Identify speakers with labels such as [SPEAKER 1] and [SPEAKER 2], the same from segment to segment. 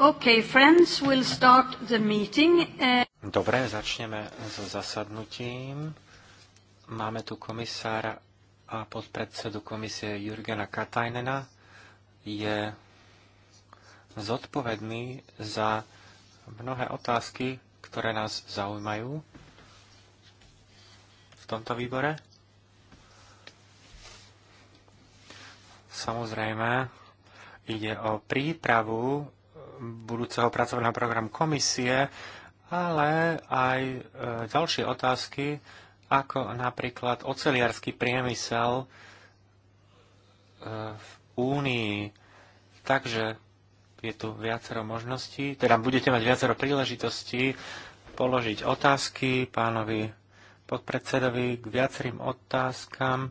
[SPEAKER 1] Eh,
[SPEAKER 2] Dobre, začneme s zasadnutím. Máme tu komisára a podpredsedu komisie Jurgena Katajnena. Je zodpovedný za mnohé otázky, ktoré nás zaujímajú v tomto výbore. Samozrejme, ide o prípravu budúceho pracovného programu komisie, ale aj e, ďalšie otázky, ako napríklad oceliarský priemysel e, v Únii. Takže je tu viacero možností, teda budete mať viacero príležitostí položiť otázky pánovi podpredsedovi k viacerým otázkam.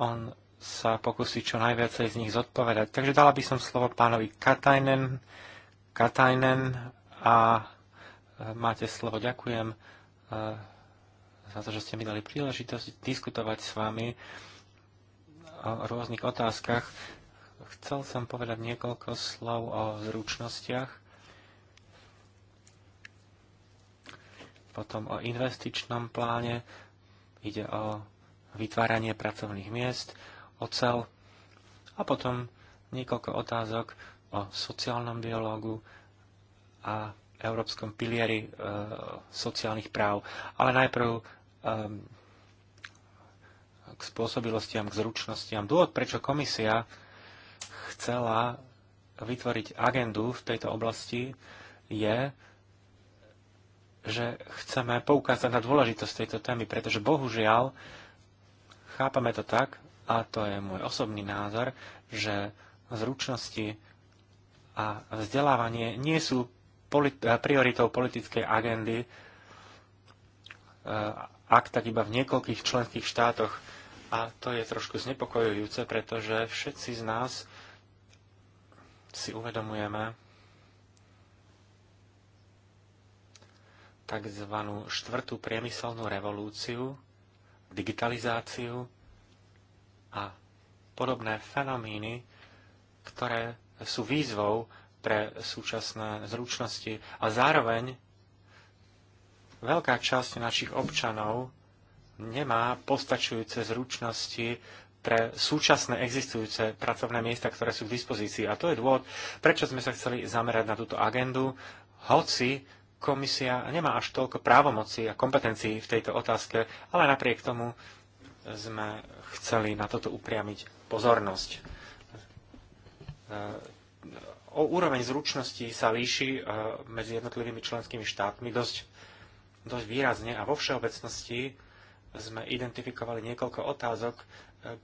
[SPEAKER 2] On sa pokusí čo najviacej z nich zodpovedať. Takže dala by som slovo pánovi Katajnen, Katajnen a e, máte slovo. Ďakujem e, za to, že ste mi dali príležitosť diskutovať s vami o rôznych otázkach. Chcel som povedať niekoľko slov o zručnostiach, potom o investičnom pláne, ide o vytváranie pracovných miest, ocel a potom niekoľko otázok o sociálnom dialogu a európskom pilieri e, sociálnych práv. Ale najprv e, k spôsobilostiam, k zručnostiam. Dôvod, prečo komisia chcela vytvoriť agendu v tejto oblasti, je, že chceme poukázať na dôležitosť tejto témy, pretože bohužiaľ chápame to tak, a to je môj osobný názor, že zručnosti a vzdelávanie nie sú polit- eh, prioritou politickej agendy, eh, ak tak iba v niekoľkých členských štátoch. A to je trošku znepokojujúce, pretože všetci z nás si uvedomujeme tzv. štvrtú priemyselnú revolúciu, digitalizáciu a podobné fenomény, ktoré sú výzvou pre súčasné zručnosti a zároveň veľká časť našich občanov nemá postačujúce zručnosti pre súčasné existujúce pracovné miesta, ktoré sú k dispozícii. A to je dôvod, prečo sme sa chceli zamerať na túto agendu, hoci komisia nemá až toľko právomocí a kompetencií v tejto otázke, ale napriek tomu sme chceli na toto upriamiť pozornosť o úroveň zručnosti sa líši e, medzi jednotlivými členskými štátmi dosť, dosť výrazne a vo všeobecnosti sme identifikovali niekoľko otázok, e,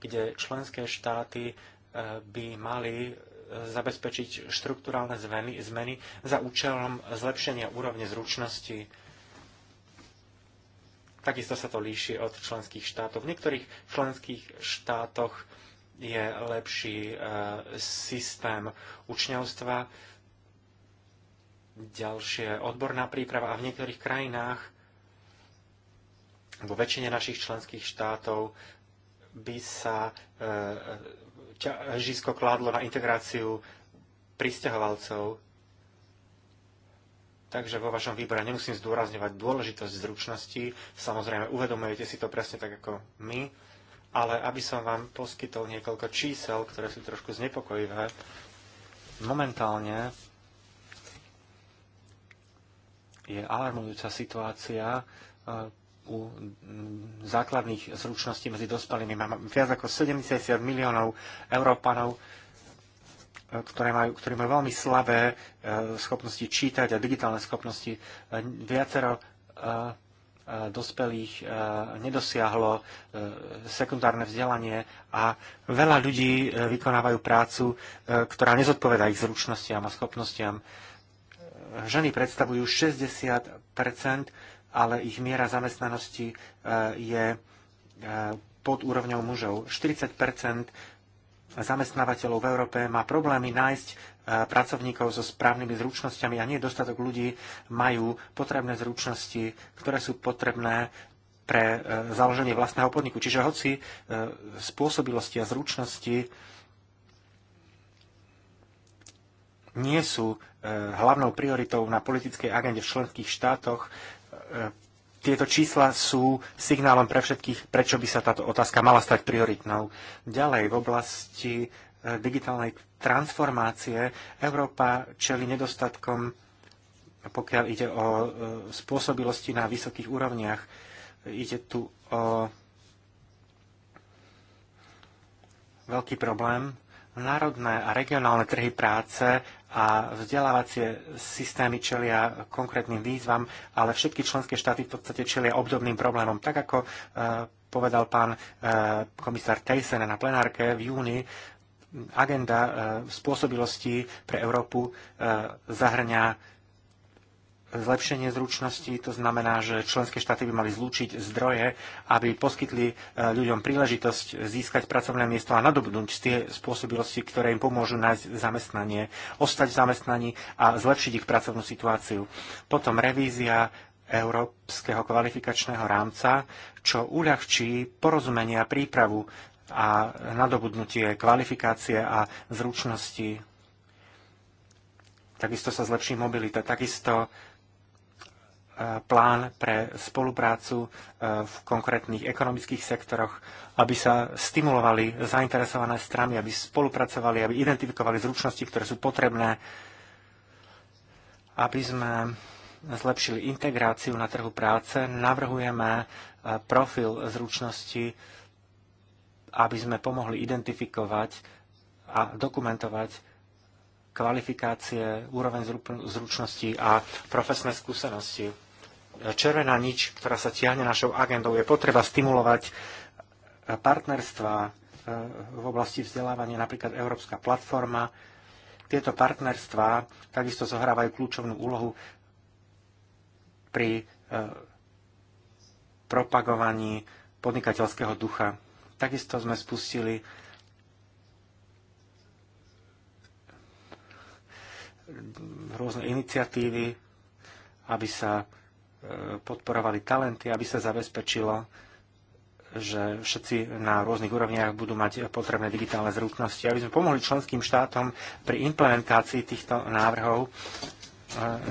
[SPEAKER 2] kde členské štáty e, by mali zabezpečiť štruktúrálne zmeny, zmeny za účelom zlepšenia úrovne zručnosti. Takisto sa to líši od členských štátov. V niektorých členských štátoch je lepší e, systém učňovstva, ďalšie odborná príprava a v niektorých krajinách, vo väčšine našich členských štátov, by sa e, ťažisko kládlo na integráciu pristahovalcov. Takže vo vašom výbore nemusím zdôrazňovať dôležitosť zručnosti, Samozrejme, uvedomujete si to presne tak ako my ale aby som vám poskytol niekoľko čísel, ktoré sú trošku znepokojivé. Momentálne je alarmujúca situácia e, u základných zručností medzi dospelými. Máme viac ako 70 miliónov Európanov, e, ktoré majú, ktorí majú veľmi slabé e, schopnosti čítať a digitálne schopnosti. Viacero dospelých nedosiahlo e, sekundárne vzdelanie a veľa ľudí e, vykonávajú prácu, e, ktorá nezodpovedá ich zručnostiam a schopnostiam. Ženy predstavujú 60 ale ich miera zamestnanosti je pod úrovňou mužov. 40 zamestnávateľov v Európe má problémy nájsť e, pracovníkov so správnymi zručnosťami a nie dostatok ľudí majú potrebné zručnosti, ktoré sú potrebné pre e, založenie vlastného podniku. Čiže hoci e, spôsobilosti a zručnosti nie sú hlavnou prioritou na politickej agende v členských štátoch, tieto čísla sú signálom pre všetkých, prečo by sa táto otázka mala stať prioritnou. Ďalej v oblasti e, digitálnej transformácie Európa čeli nedostatkom, pokiaľ ide o e, spôsobilosti na vysokých úrovniach. Ide tu o veľký problém. Národné a regionálne trhy práce a vzdelávacie systémy čelia konkrétnym výzvam, ale všetky členské štáty v podstate čelia obdobným problémom. Tak ako e, povedal pán e, komisár Tejsen na plenárke v júni, agenda e, spôsobilosti pre Európu zahrňa zlepšenie zručnosti, to znamená, že členské štáty by mali zlúčiť zdroje, aby poskytli e, ľuďom príležitosť získať pracovné miesto a nadobudnúť tie spôsobilosti, ktoré im pomôžu nájsť zamestnanie, ostať v zamestnaní a zlepšiť ich pracovnú situáciu. Potom revízia európskeho kvalifikačného rámca, čo uľahčí porozumenie a prípravu a nadobudnutie kvalifikácie a zručnosti. Takisto sa zlepší mobilita, takisto E, plán pre spoluprácu e, v konkrétnych ekonomických sektoroch, aby sa stimulovali zainteresované strany, aby spolupracovali, aby identifikovali zručnosti, ktoré sú potrebné, aby sme zlepšili integráciu na trhu práce. Navrhujeme e, profil zručnosti, aby sme pomohli identifikovať a dokumentovať kvalifikácie, úroveň zručnosti a profesné skúsenosti červená nič, ktorá sa tiahne našou agendou. Je potreba stimulovať partnerstva eh, v oblasti vzdelávania, napríklad Európska platforma. Tieto partnerstva takisto zohrávajú kľúčovnú úlohu pri eh, propagovaní podnikateľského ducha. Takisto sme spustili mm, rôzne iniciatívy, aby sa podporovali talenty, aby sa zabezpečilo, že všetci na rôznych úrovniach budú mať potrebné digitálne zručnosti, aby sme pomohli členským štátom pri implementácii týchto návrhov eh,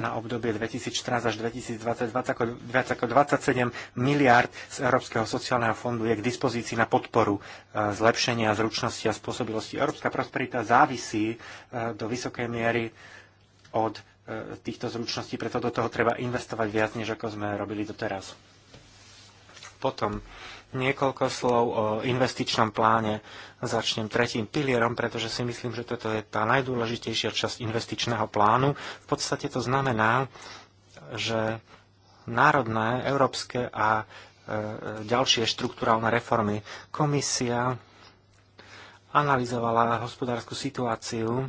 [SPEAKER 2] na obdobie 2014 až 2020 viac ako, viac ako 27 miliard z Európskeho sociálneho fondu je k dispozícii na podporu eh, zlepšenia zručnosti a spôsobilosti. Európska prosperita závisí eh, do vysokej miery od E, týchto zručností, preto do toho treba investovať viac, než ako sme robili doteraz. Potom niekoľko slov o investičnom pláne. Začnem tretím pilierom, pretože si myslím, že toto je tá najdôležitejšia časť investičného plánu. V podstate to znamená, že národné, európske a e, ďalšie štruktúralne reformy. Komisia analyzovala hospodárskú situáciu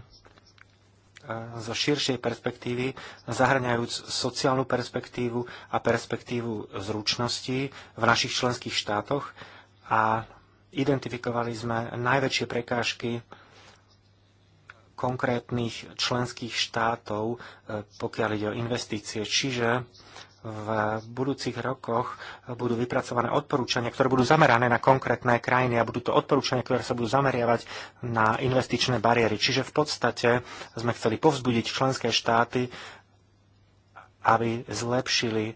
[SPEAKER 2] zo širšej perspektívy, zahrňajúc sociálnu perspektívu a perspektívu zručností v našich členských štátoch a identifikovali sme najväčšie prekážky konkrétnych členských štátov, e, pokiaľ ide o investície. Čiže v budúcich rokoch budú vypracované odporúčania, ktoré budú zamerané na konkrétne krajiny a budú to odporúčania, ktoré sa budú zameriavať na investičné bariéry. Čiže v podstate sme chceli povzbudiť členské štáty, aby zlepšili e,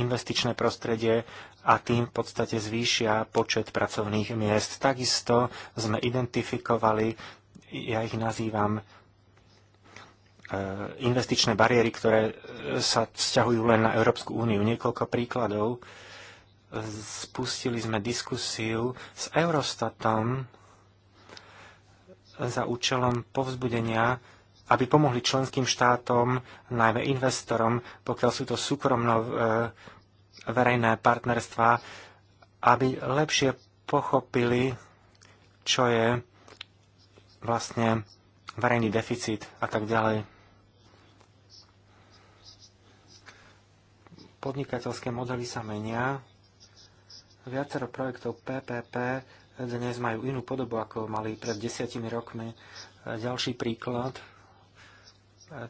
[SPEAKER 2] investičné prostredie a tým v podstate zvýšia počet pracovných miest. Takisto sme identifikovali, ja ich nazývam E, investičné bariéry, ktoré e, sa vzťahujú len na Európsku úniu. Niekoľko príkladov. Spustili sme diskusiu s Eurostatom za účelom povzbudenia, aby pomohli členským štátom, najmä investorom, pokiaľ sú to súkromno e, verejné partnerstvá, aby lepšie pochopili, čo je vlastne verejný deficit a tak ďalej. podnikateľské modely sa menia. Viacero projektov PPP dnes majú inú podobu, ako mali pred desiatimi rokmi. E, ďalší príklad e,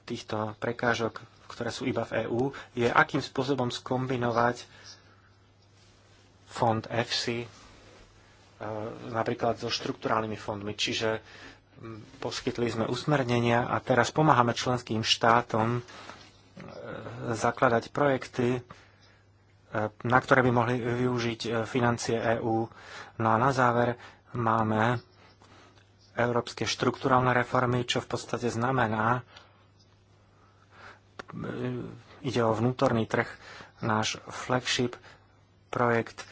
[SPEAKER 2] týchto prekážok, ktoré sú iba v EÚ, je, akým spôsobom skombinovať fond EFSI e, napríklad so štrukturálnymi fondmi. Čiže poskytli sme usmernenia a teraz pomáhame členským štátom zakladať projekty, e, na ktoré by mohli využiť e, financie EÚ. No a na záver máme európske štruktúralne reformy, čo v podstate znamená, e, ide o vnútorný trh, náš flagship projekt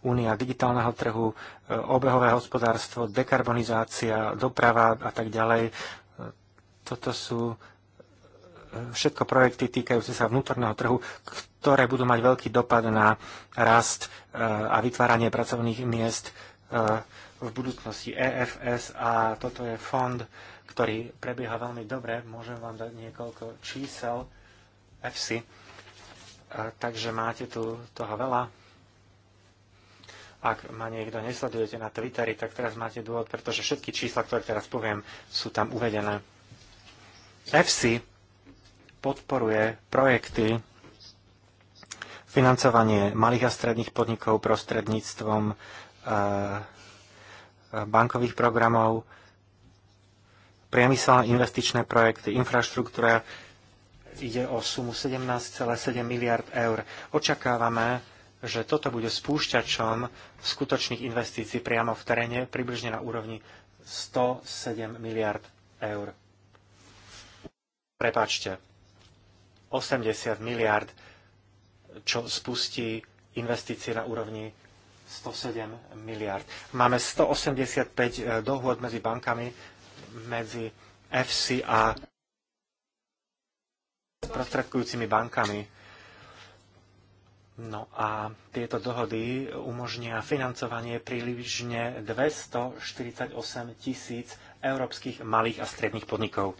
[SPEAKER 2] Únia digitálneho trhu, obehové hospodárstvo, dekarbonizácia, doprava a tak ďalej. Toto sú e, všetko projekty týkajúce sa vnútorného trhu, ktoré budú mať veľký dopad na rast e, a vytváranie pracovných miest e, v budúcnosti EFS a toto je fond, ktorý prebieha veľmi dobre. Môžem vám dať niekoľko čísel EFSI, takže máte tu toho veľa. Ak ma niekto nesledujete na Twitteri, tak teraz máte dôvod, pretože všetky čísla, ktoré teraz poviem, sú tam uvedené. EFSI podporuje projekty financovanie malých a stredných podnikov prostredníctvom e, e, bankových programov, priemyselné investičné projekty, infraštruktúra. Ide o sumu 17,7 miliard eur. Očakávame, že toto bude spúšťačom skutočných investícií priamo v teréne, približne na úrovni 107 miliard eur prepáčte, 80 miliard, čo spustí investície na úrovni 107 miliard. Máme 185 e, dohôd medzi bankami, medzi FC a prostredkujúcimi bankami. No a tieto dohody umožnia financovanie prílišne 248 tisíc európskych malých a stredných podnikov.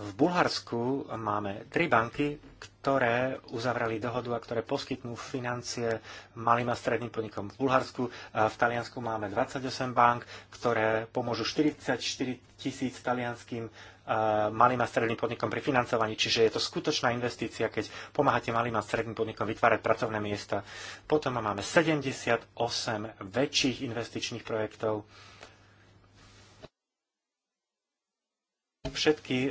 [SPEAKER 2] V Bulharsku máme tri banky, ktoré uzavrali dohodu a ktoré poskytnú financie malým a stredným podnikom. V Bulharsku a v Taliansku máme 28 bank, ktoré pomôžu 44 tisíc talianským e, malým a stredným podnikom pri financovaní. Čiže je to skutočná investícia, keď pomáhate malým a stredným podnikom vytvárať pracovné miesta. Potom máme 78 väčších investičných projektov, Všetky e,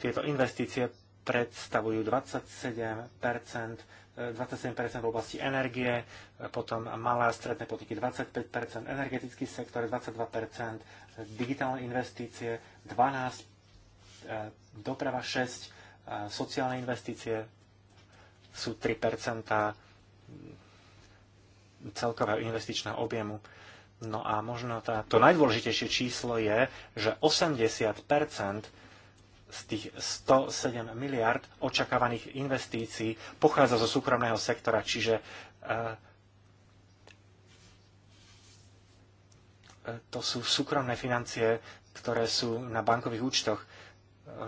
[SPEAKER 2] tieto investície predstavujú 27 27 e, v oblasti energie, e, potom malé a stredné podniky 25 energetický sektor 22 digitálne investície 12 doprava 6 sociálne investície sú 3 celkového investičného objemu. No a možno tá, to najdôležitejšie číslo je, že 80 z tých 107 miliard očakávaných investícií pochádza zo súkromného sektora, čiže eh, eh, to sú súkromné financie, ktoré sú na bankových účtoch.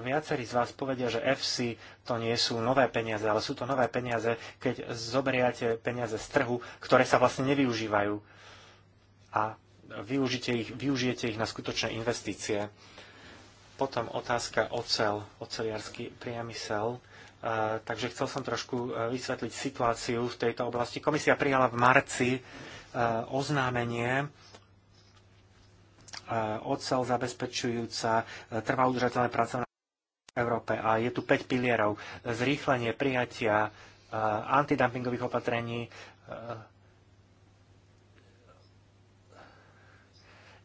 [SPEAKER 2] Viacerí z vás povedia, že FC to nie sú nové peniaze, ale sú to nové peniaze, keď zoberiate peniaze z trhu, ktoré sa vlastne nevyužívajú a využite ich, využijete ich na skutočné investície. Potom otázka ocel, oceliarský priemysel. E, takže chcel som trošku e, vysvetliť situáciu v tejto oblasti. Komisia prijala v marci e, oznámenie ocel zabezpečujúca trvá udržateľné pracovné v Európe. A je tu 5 pilierov. Zrýchlenie prijatia antidumpingových opatrení,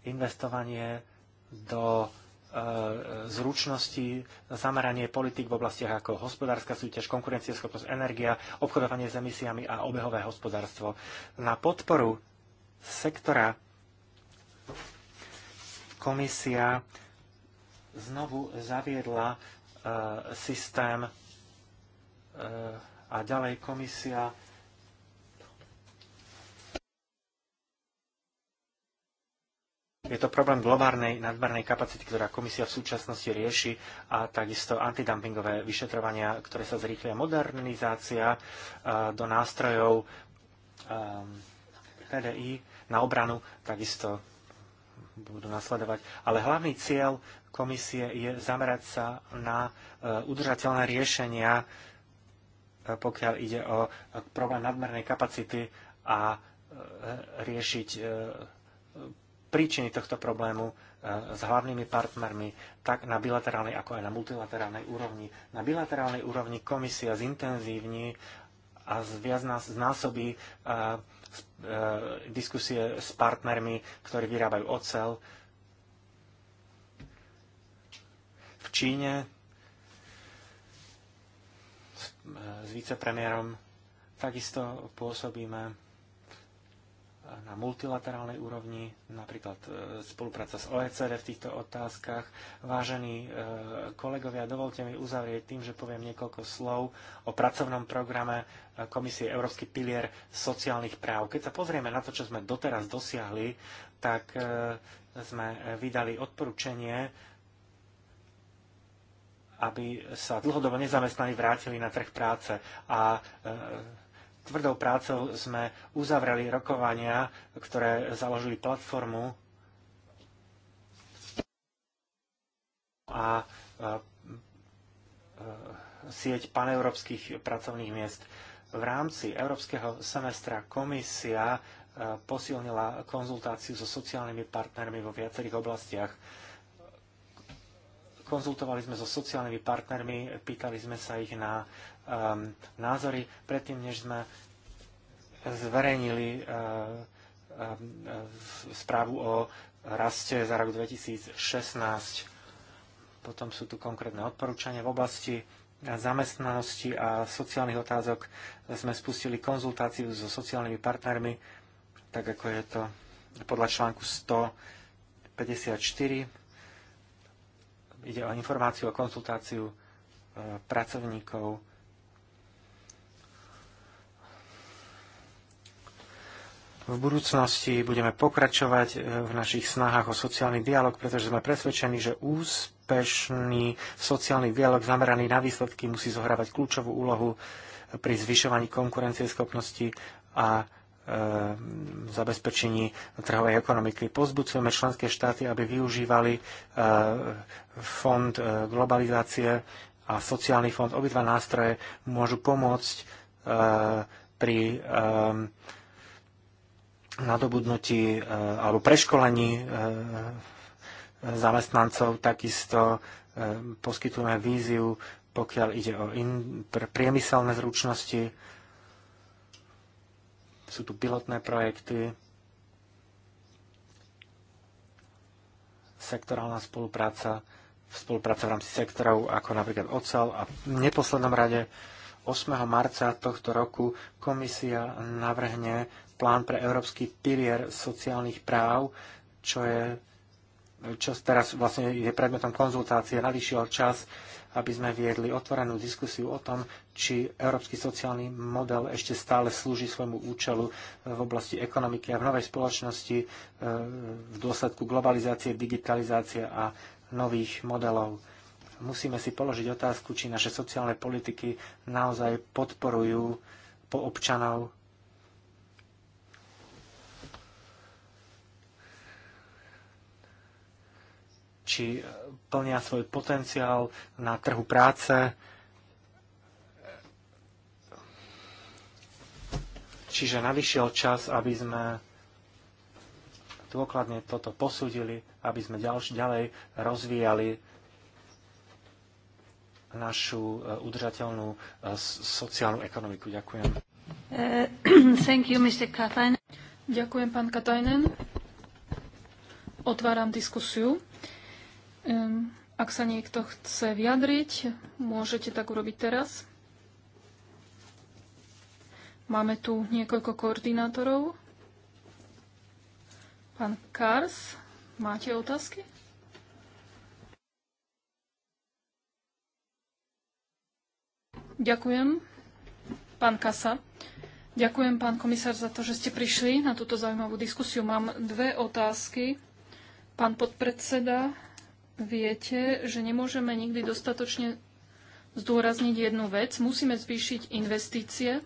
[SPEAKER 2] investovanie do e, zručnosti, zameranie politik v oblastiach ako hospodárska súťaž, konkurencieschopnosť, energia, obchodovanie s emisiami a obehové hospodárstvo. Na podporu sektora komisia znovu zaviedla e, systém e, a ďalej komisia Je to problém globárnej nadmernej kapacity, ktorá komisia v súčasnosti rieši a takisto antidumpingové vyšetrovania, ktoré sa zrýchlia, modernizácia eh, do nástrojov TDI eh, na obranu, takisto budú nasledovať. Ale hlavný cieľ komisie je zamerať sa na eh, udržateľné riešenia, pokiaľ ide o problém nadmernej kapacity a riešiť príčiny tohto problému e, s hlavnými partnermi, tak na bilaterálnej, ako aj na multilaterálnej úrovni. Na bilaterálnej úrovni komisia zintenzívni a viac nás znásobí e, e, diskusie s partnermi, ktorí vyrábajú ocel. V Číne s vicepremiérom takisto pôsobíme na multilaterálnej úrovni, napríklad e, spolupráca s OECD v týchto otázkach. Vážení e, kolegovia, dovolte mi uzavrieť tým, že poviem niekoľko slov o pracovnom programe e, Komisie Európsky pilier sociálnych práv. Keď sa pozrieme na to, čo sme doteraz dosiahli, tak sme vydali odporúčanie, aby sa dlhodobo nezamestnaní vrátili na trh práce a Tvrdou prácou sme uzavreli rokovania, ktoré založili platformu a sieť paneurópskych pracovných miest. V rámci európskeho semestra komisia posilnila konzultáciu so sociálnymi partnermi vo viacerých oblastiach Konzultovali sme so sociálnymi partnermi, pýtali sme sa ich na um, názory predtým, než sme zverejnili uh, uh, správu o raste za rok 2016. Potom sú tu konkrétne odporúčania v oblasti zamestnanosti a sociálnych otázok sme spustili konzultáciu so sociálnymi partnermi, tak ako je to podľa článku 154 Ide o informáciu, o konzultáciu e, pracovníkov. V budúcnosti budeme pokračovať e, v našich snahách o sociálny dialog, pretože sme presvedčení, že úspešný sociálny dialog zameraný na výsledky musí zohrávať kľúčovú úlohu pri zvyšovaní konkurencieschopnosti a Eh, zabezpečení trhovej ekonomiky. Pozbucujeme členské štáty, aby využívali eh, fond eh, globalizácie a sociálny fond. Obidva nástroje môžu pomôcť pri nadobudnutí alebo preškolení zamestnancov. Takisto poskytujeme víziu, pokiaľ ide o priemyselné zručnosti, sú tu pilotné projekty, sektorálna spolupráca, spolupráca v rámci sektorov ako napríklad OCEL a v neposlednom rade 8. marca tohto roku komisia navrhne plán pre európsky pilier sociálnych práv, čo je čo teraz vlastne je predmetom konzultácie, navýšil čas aby sme viedli otvorenú diskusiu o tom, či európsky sociálny model ešte stále slúži svojmu účelu e, v oblasti ekonomiky a v novej spoločnosti e, v dôsledku globalizácie, digitalizácie a nových modelov. Musíme si položiť otázku, či naše sociálne politiky naozaj podporujú po občanov či plnia svoj potenciál na trhu práce, Čiže navyšiel čas, aby sme dôkladne toto posúdili, aby sme ďalš, ďalej rozvíjali našu e, udržateľnú e, sociálnu ekonomiku. Ďakujem.
[SPEAKER 1] Eh, thank you, Mr. Ďakujem, pán Katajnen. Otváram
[SPEAKER 3] diskusiu. Ak sa niekto chce vyjadriť, môžete tak urobiť teraz. Máme tu niekoľko koordinátorov. Pán Kars, máte otázky? Ďakujem, pán Kasa. Ďakujem, pán komisár, za to, že ste prišli na túto zaujímavú diskusiu. Mám dve otázky. Pán podpredseda viete, že nemôžeme nikdy dostatočne zdôrazniť jednu vec. Musíme zvýšiť investície,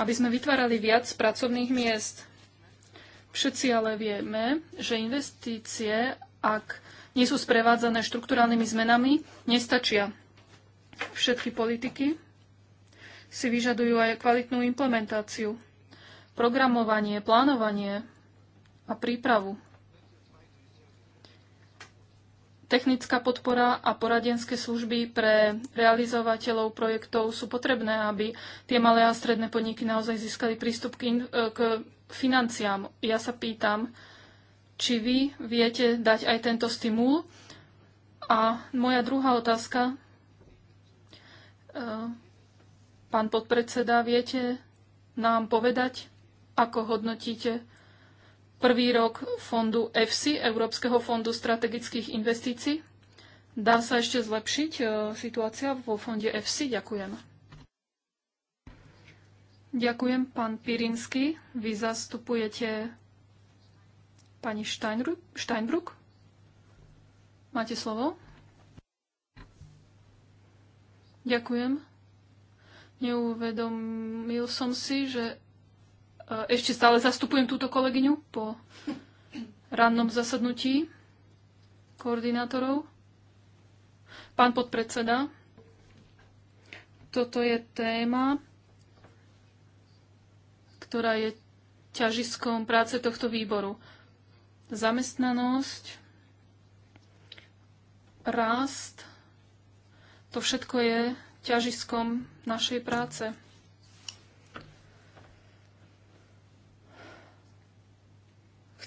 [SPEAKER 3] aby sme vytvárali viac pracovných miest. Všetci ale vieme, že investície, ak nie sú sprevádzané štruktúrálnymi zmenami, nestačia. Všetky politiky si vyžadujú aj kvalitnú implementáciu, programovanie, plánovanie a prípravu. Technická podpora a poradenské služby pre realizovateľov projektov sú potrebné, aby tie malé a stredné podniky naozaj získali prístup k, in- e, k financiám. Ja sa pýtam, či vy viete dať aj tento stimul. A moja druhá otázka. E, pán podpredseda, viete nám povedať, ako hodnotíte Prvý rok fondu EFSI, Európskeho fondu strategických investícií. Dá sa ešte zlepšiť e, situácia vo fonde EFSI? Ďakujem. Ďakujem, pán Pirinsky. Vy zastupujete pani Steinru Steinbrück. Máte slovo? Ďakujem. Neuvedomil som si, že E, ešte stále zastupujem túto kolegyňu po rannom zasadnutí koordinátorov. Pán podpredseda, toto je téma, ktorá je ťažiskom práce tohto výboru. Zamestnanosť, rast, to všetko je ťažiskom našej práce.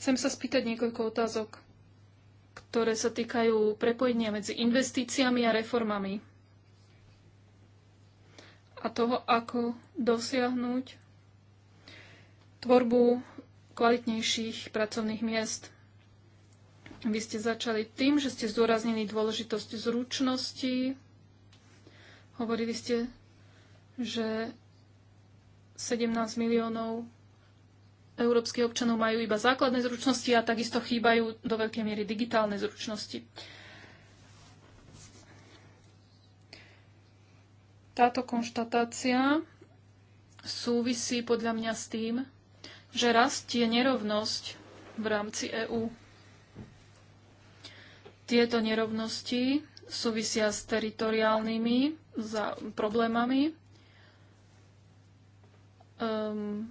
[SPEAKER 3] Chcem sa spýtať niekoľko otázok, ktoré sa týkajú prepojenia medzi investíciami a reformami a toho, ako dosiahnuť tvorbu kvalitnejších pracovných miest. Vy ste začali tým, že ste zdôraznili dôležitosť zručnosti. Hovorili ste, že 17 miliónov európskych občanov majú iba základné zručnosti a takisto chýbajú do veľkej miery digitálne zručnosti. Táto konštatácia súvisí podľa mňa s tým, že rastie nerovnosť v rámci EÚ. Tieto nerovnosti súvisia s teritoriálnymi problémami, um,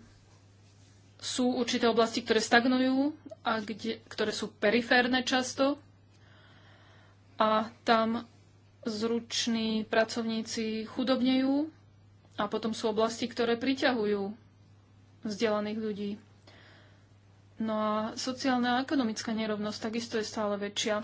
[SPEAKER 3] sú určité oblasti, ktoré stagnujú a kde, ktoré sú periférne často. A tam zruční pracovníci chudobnejú a potom sú oblasti, ktoré priťahujú vzdelaných ľudí. No a sociálna a ekonomická nerovnosť takisto je stále väčšia.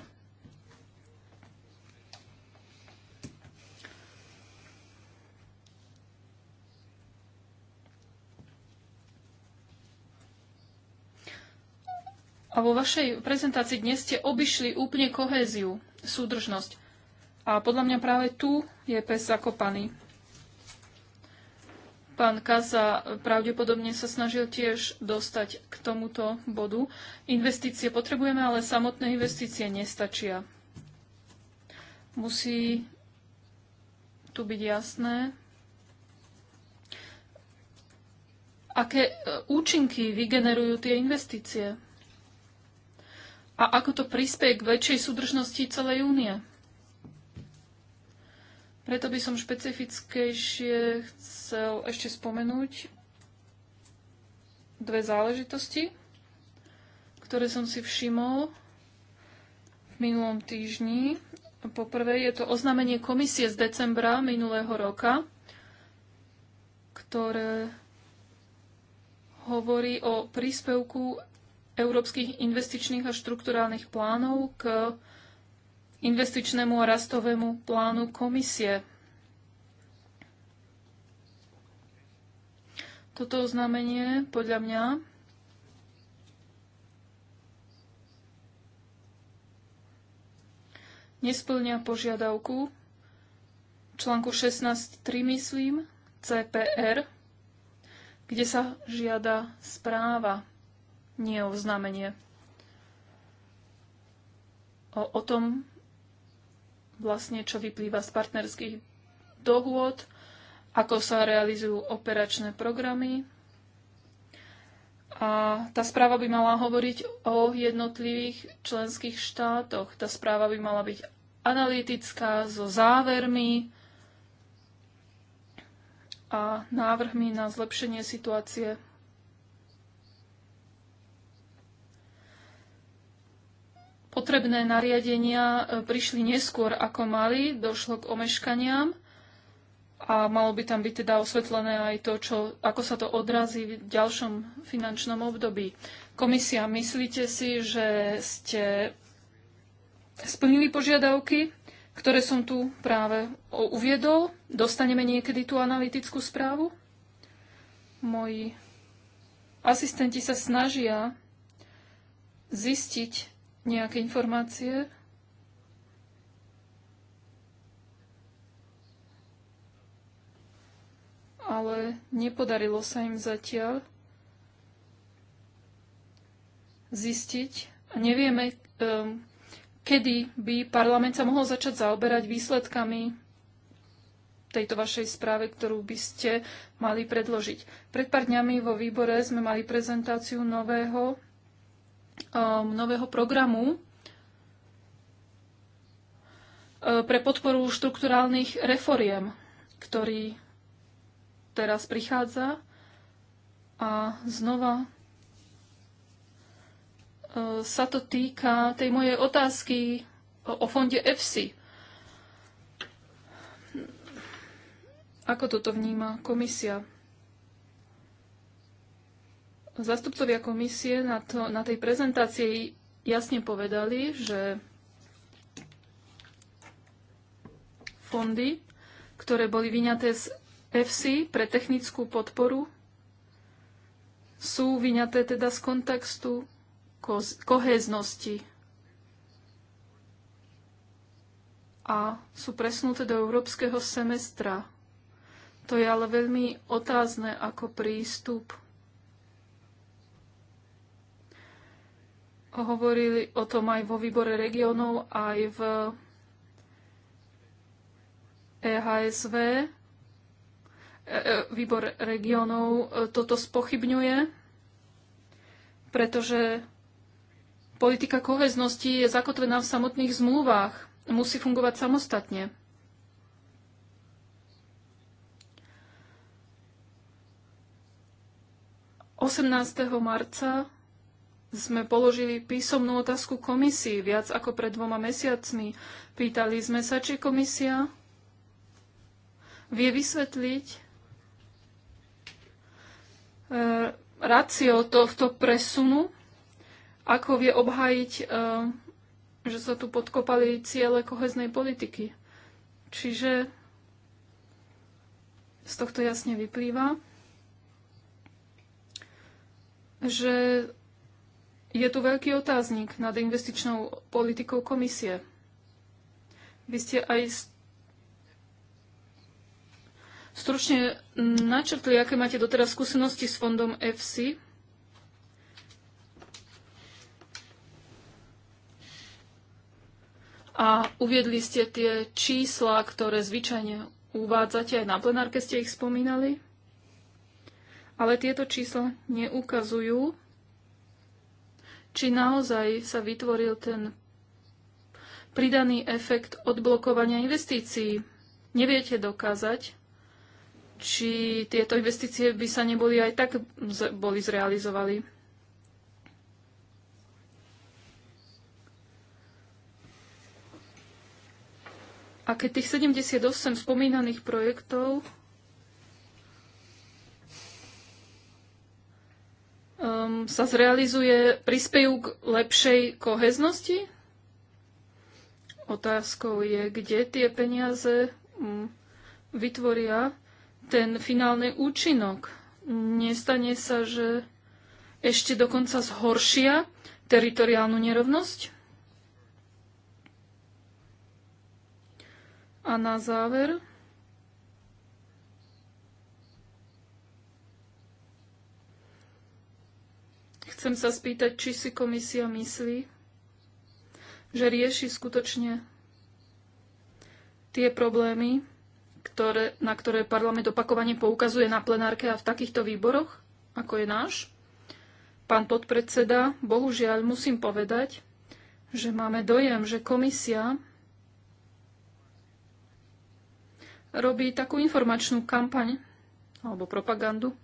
[SPEAKER 3] A vo vašej prezentácii dnes ste obišli úplne kohéziu, súdržnosť. A podľa mňa práve tu je pes zakopaný. Pán Kaza pravdepodobne sa snažil tiež dostať k tomuto bodu. Investície potrebujeme, ale samotné investície nestačia. Musí tu byť jasné, aké e, účinky vygenerujú tie investície a ako to prispieje k väčšej súdržnosti celej únie. Preto by som špecifickejšie chcel ešte spomenúť dve záležitosti, ktoré som si všimol v minulom týždni. Poprvé je to oznámenie komisie z decembra minulého roka, ktoré hovorí o príspevku európskych investičných a štrukturálnych plánov k investičnému a rastovému plánu komisie. Toto oznámenie podľa mňa nesplňa požiadavku článku 16.3, myslím, CPR, kde sa žiada správa nie o znamenie. O, o tom vlastne, čo vyplýva z partnerských dohôd, ako sa realizujú operačné programy. A tá správa by mala hovoriť o jednotlivých členských štátoch. Tá správa by mala byť analytická, so závermi a návrhmi na zlepšenie situácie potrebné nariadenia e, prišli neskôr, ako mali, došlo k omeškaniam a malo by tam byť teda osvetlené aj to, čo, ako sa to odrazí v ďalšom finančnom období. Komisia, myslíte si, že ste splnili požiadavky, ktoré som tu práve uviedol? Dostaneme niekedy tú analytickú správu? Moji asistenti sa snažia zistiť, nejaké informácie? Ale nepodarilo sa im zatiaľ zistiť. a Nevieme, ehm, kedy by parlament sa mohol začať zaoberať výsledkami tejto vašej správe, ktorú by ste mali predložiť. Pred pár dňami vo výbore sme mali prezentáciu nového um, nového programu uh, pre podporu štrukturálnych reforiem, ktorý teraz prichádza a znova uh, sa to týka tej mojej otázky o fonde EFSI. Ako toto vníma komisia? Zastupcovia komisie na, to, na tej prezentácii jasne povedali, že fondy, ktoré boli vyňaté z FC pre technickú podporu, sú vyňaté teda z kontextu kohéznosti a sú presnuté do európskeho semestra. To je ale veľmi otázne ako prístup hovorili o tom aj vo výbore regionov, aj v EHSV. E, e, výbor regionov e, toto spochybňuje, pretože politika koheznosti je zakotvená v samotných zmluvách. Musí fungovať samostatne. 18. marca sme položili písomnú otázku komisii viac ako pred dvoma mesiacmi. Pýtali sme sa, či komisia vie vysvetliť e, racio tohto presunu, ako vie obhájiť, e, že sa tu podkopali ciele koheznej politiky. Čiže z tohto jasne vyplýva, že je tu veľký otáznik nad investičnou politikou komisie. Vy ste aj stručne načrtli, aké máte doteraz skúsenosti s fondom FC. A uviedli ste tie čísla, ktoré zvyčajne uvádzate, aj na plenárke ste ich spomínali. Ale tieto čísla neukazujú, či naozaj sa vytvoril ten pridaný efekt odblokovania investícií. Neviete dokázať, či tieto investície by sa neboli aj tak boli zrealizovali. A keď tých 78 spomínaných projektov um, sa zrealizuje, prispejú k lepšej koheznosti? Otázkou je, kde tie peniaze um, vytvoria ten finálny účinok. Nestane sa, že ešte dokonca zhoršia teritoriálnu nerovnosť? A na záver Chcem sa spýtať, či si komisia myslí, že rieši skutočne tie problémy, ktoré, na ktoré parlament opakovane poukazuje na plenárke a v takýchto výboroch, ako je náš. Pán podpredseda, bohužiaľ musím povedať, že máme dojem, že komisia robí takú informačnú kampaň alebo propagandu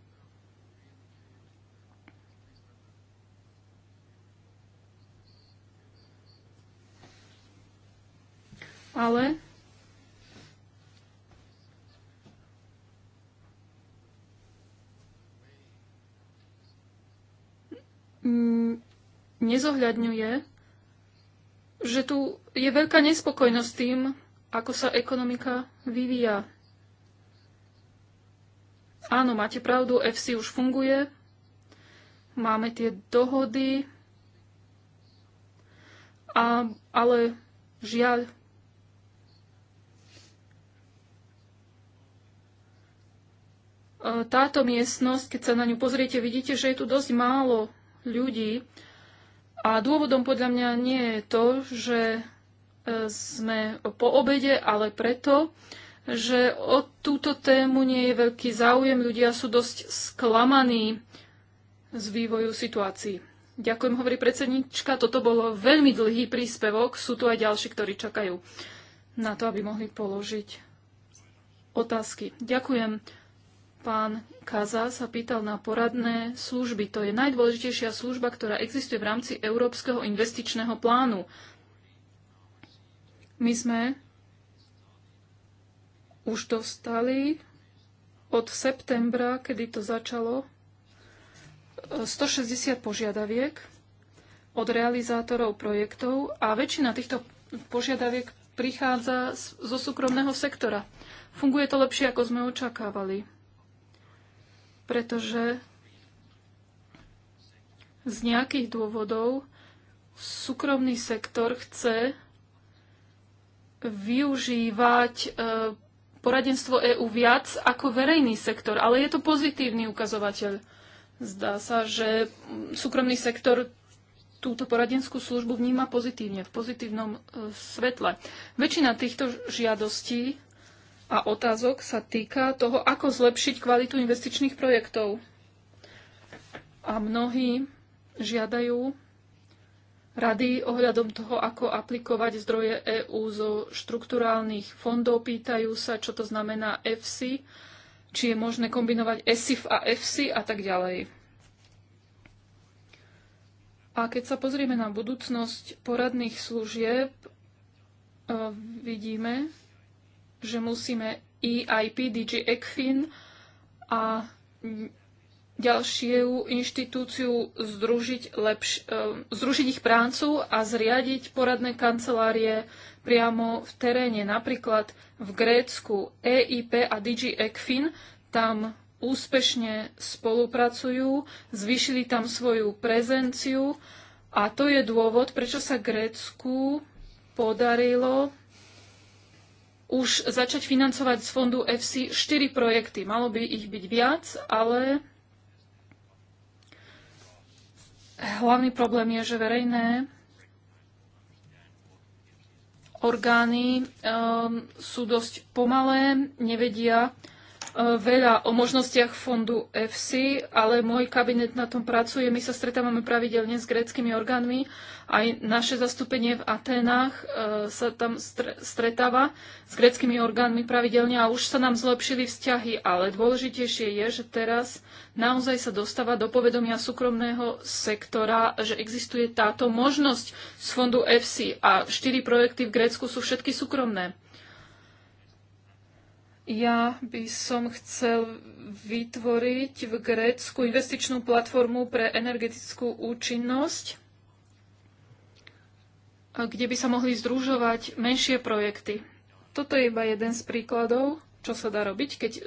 [SPEAKER 3] ale nezohľadňuje, že tu je veľká nespokojnosť tým, ako sa ekonomika vyvíja. Áno, máte pravdu, FC už funguje, máme tie dohody, a, ale žiaľ, táto miestnosť, keď sa na ňu pozriete, vidíte, že je tu dosť málo ľudí. A dôvodom podľa mňa nie je to, že e, sme po obede, ale preto, že o túto tému nie je veľký záujem. Ľudia sú dosť sklamaní z vývoju situácií. Ďakujem, hovorí predsednička. Toto bolo veľmi dlhý príspevok. Sú tu aj ďalší, ktorí čakajú na to, aby mohli položiť otázky. Ďakujem. Pán Kaza sa pýtal na poradné služby. To je najdôležitejšia služba, ktorá existuje v rámci Európskeho investičného plánu. My sme už dostali od septembra, kedy to začalo, 160 požiadaviek od realizátorov projektov a väčšina týchto požiadaviek prichádza zo súkromného sektora. Funguje to lepšie, ako sme očakávali pretože z nejakých dôvodov súkromný sektor chce využívať e, poradenstvo EÚ viac ako verejný sektor, ale je to pozitívny ukazovateľ. Zdá sa, že súkromný sektor túto poradenskú službu vníma pozitívne, v pozitívnom e, svetle. Väčšina týchto žiadostí a otázok sa týka toho, ako zlepšiť kvalitu investičných projektov. A mnohí žiadajú rady ohľadom toho, ako aplikovať zdroje EÚ zo štrukturálnych fondov. Pýtajú sa, čo to znamená EFSI, či je možné kombinovať ESIF a EFSI a tak ďalej. A keď sa pozrieme na budúcnosť poradných služieb, e, vidíme, že musíme EIP, DG ECFIN a ďalšiu inštitúciu združiť, lepš- eh, združiť ich prácu a zriadiť poradné kancelárie priamo v teréne. Napríklad v Grécku EIP a DG ECFIN tam úspešne spolupracujú, zvyšili tam svoju prezenciu a to je dôvod, prečo sa Grécku podarilo už začať financovať z fondu FC 4 projekty. Malo by ich byť viac, ale hlavný problém je, že verejné orgány um, sú dosť pomalé, nevedia, E, veľa o možnostiach fondu FC, ale môj kabinet na tom pracuje. My sa stretávame pravidelne s gréckými orgánmi. Aj naše zastúpenie v Aténách e, sa tam stretáva s gréckými orgánmi pravidelne a už sa nám zlepšili vzťahy. Ale dôležitejšie je, že teraz naozaj sa dostáva do povedomia súkromného sektora, že existuje táto možnosť z fondu FC a štyri projekty v Grécku sú všetky súkromné. Ja by som chcel vytvoriť v Grécku investičnú platformu pre energetickú účinnosť, kde by sa mohli združovať menšie projekty. Toto je iba jeden z príkladov, čo sa dá robiť, keď e,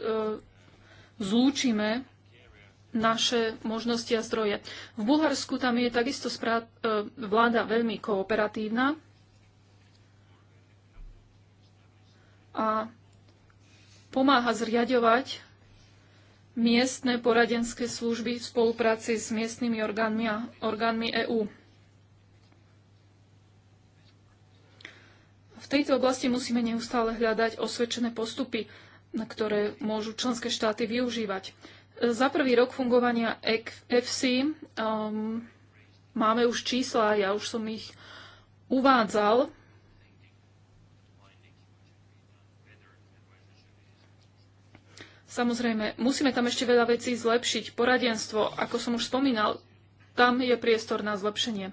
[SPEAKER 3] zlúčime naše možnosti a zdroje. V Bulharsku tam je takisto správ, e, vláda veľmi kooperatívna a pomáha zriadovať miestne poradenské služby v spolupráci s miestnymi orgánmi a orgánmi EÚ. V tejto oblasti musíme neustále hľadať osvedčené postupy, ktoré môžu členské štáty využívať. Za prvý rok fungovania e FC um, máme už čísla, ja už som ich uvádzal Samozrejme, musíme tam ešte veľa vecí zlepšiť. Poradenstvo, ako som už spomínal, tam je priestor na zlepšenie.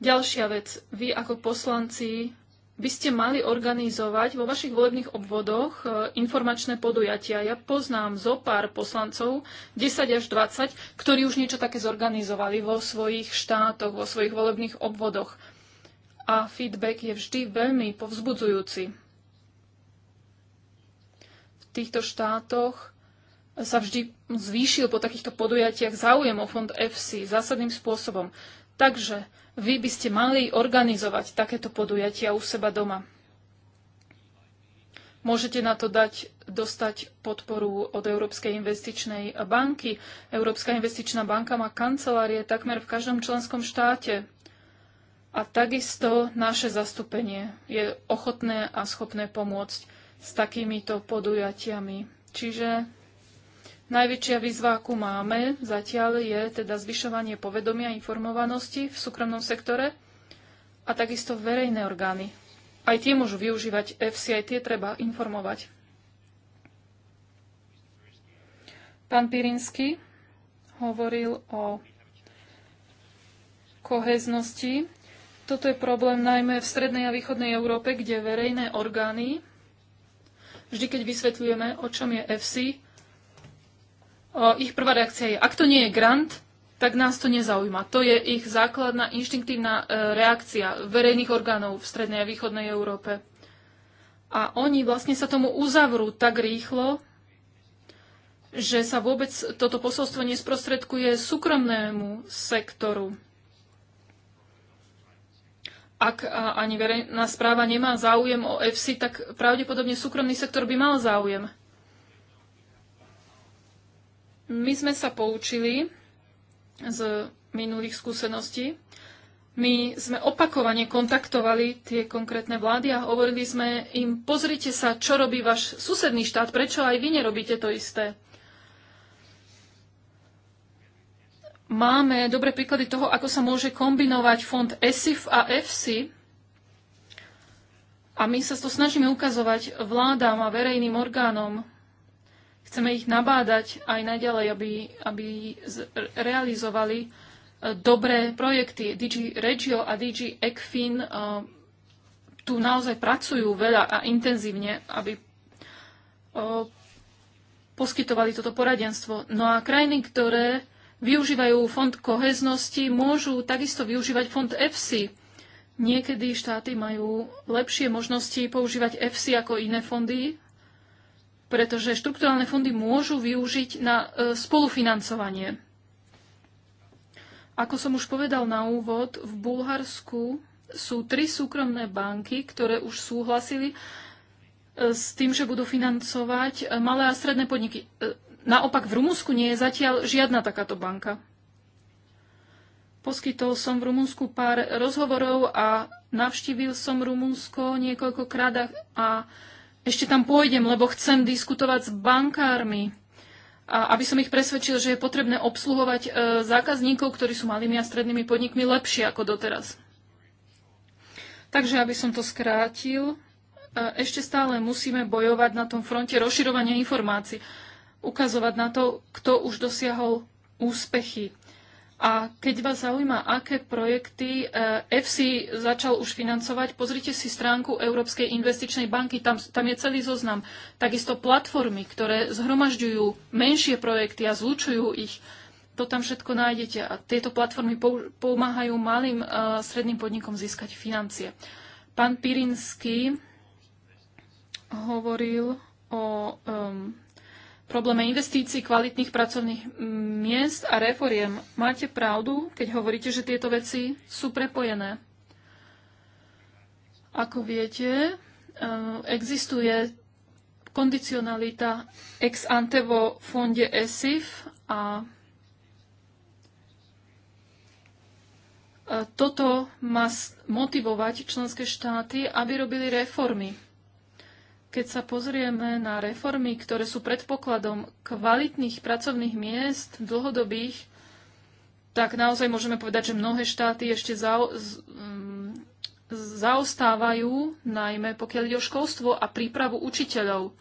[SPEAKER 3] Ďalšia vec, vy ako poslanci by ste mali organizovať vo vašich volebných obvodoch e, informačné podujatia. Ja poznám zo pár poslancov, 10 až 20, ktorí už niečo také zorganizovali vo svojich štátoch, vo svojich volebných obvodoch. A feedback je vždy veľmi povzbudzujúci týchto štátoch sa vždy zvýšil po takýchto podujatiach záujem o fond FC zásadným spôsobom. Takže vy by ste mali organizovať takéto podujatia u seba doma. Môžete na to dať, dostať podporu od Európskej investičnej banky. Európska investičná banka má kancelárie takmer v každom členskom štáte. A takisto naše zastúpenie je ochotné a schopné pomôcť s takýmito podujatiami. Čiže najväčšia výzva, akú máme zatiaľ, je teda zvyšovanie povedomia a informovanosti v súkromnom sektore a takisto verejné orgány. Aj tie môžu využívať EFSI, aj tie treba informovať. Pán Pirinsky hovoril o koheznosti. Toto je problém najmä v strednej a východnej Európe, kde verejné orgány vždy keď vysvetľujeme, o čom je FC, o, ich prvá reakcia je, ak to nie je grant, tak nás to nezaujíma. To je ich základná inštinktívna e, reakcia verejných orgánov v strednej a východnej Európe. A oni vlastne sa tomu uzavrú tak rýchlo, že sa vôbec toto posolstvo nesprostredkuje súkromnému sektoru ak ani verejná správa nemá záujem o EFSI, tak pravdepodobne súkromný sektor by mal záujem. My sme sa poučili z minulých skúseností. My sme opakovane kontaktovali tie konkrétne vlády a hovorili sme im, pozrite sa, čo robí váš susedný štát, prečo aj vy nerobíte to isté. máme dobré príklady toho, ako sa môže kombinovať fond ESIF a EFSI. A my sa to snažíme ukazovať vládám a verejným orgánom. Chceme ich nabádať aj naďalej, aby, aby realizovali e, dobré projekty. DG Regio a DG ECFIN e, tu naozaj pracujú veľa a intenzívne, aby e, poskytovali toto poradenstvo. No a krajiny, ktoré využívajú fond koheznosti, môžu takisto využívať fond EFSI. Niekedy štáty majú lepšie možnosti používať EFSI ako iné fondy, pretože štrukturálne fondy môžu využiť na e, spolufinancovanie. Ako som už povedal na úvod, v Bulharsku sú tri súkromné banky, ktoré už súhlasili e, s tým, že budú financovať e, malé a stredné podniky naopak v Rumunsku nie je zatiaľ žiadna takáto banka. Poskytol som v Rumunsku pár rozhovorov a navštívil som Rumunsko niekoľkokrát a ešte tam pôjdem, lebo chcem diskutovať s bankármi, a aby som ich presvedčil, že je potrebné obsluhovať e, zákazníkov, ktorí sú malými a strednými podnikmi lepšie ako doteraz. Takže aby som to skrátil, e, ešte stále musíme bojovať na tom fronte rozširovania informácií ukazovať na to, kto už dosiahol úspechy. A keď vás zaujíma, aké projekty EFSI eh, začal už financovať, pozrite si stránku Európskej investičnej banky, tam, tam je celý zoznam. Takisto platformy, ktoré zhromažďujú menšie projekty a zlučujú ich, to tam všetko nájdete. A tieto platformy pomáhajú malým a eh, stredným podnikom získať financie. Pán Pirinsky hovoril o um, probléme investícií, kvalitných pracovných mm, miest a reforiem. Máte pravdu, keď hovoríte, že tieto veci sú prepojené. Ako viete, e, existuje kondicionalita ex ante vo fonde ESIF a e, toto má motivovať členské štáty, aby robili reformy keď sa pozrieme na reformy, ktoré sú predpokladom kvalitných pracovných miest, dlhodobých, tak naozaj môžeme povedať, že mnohé štáty ešte zao- mm, zaostávajú, najmä pokiaľ ide o školstvo a prípravu učiteľov.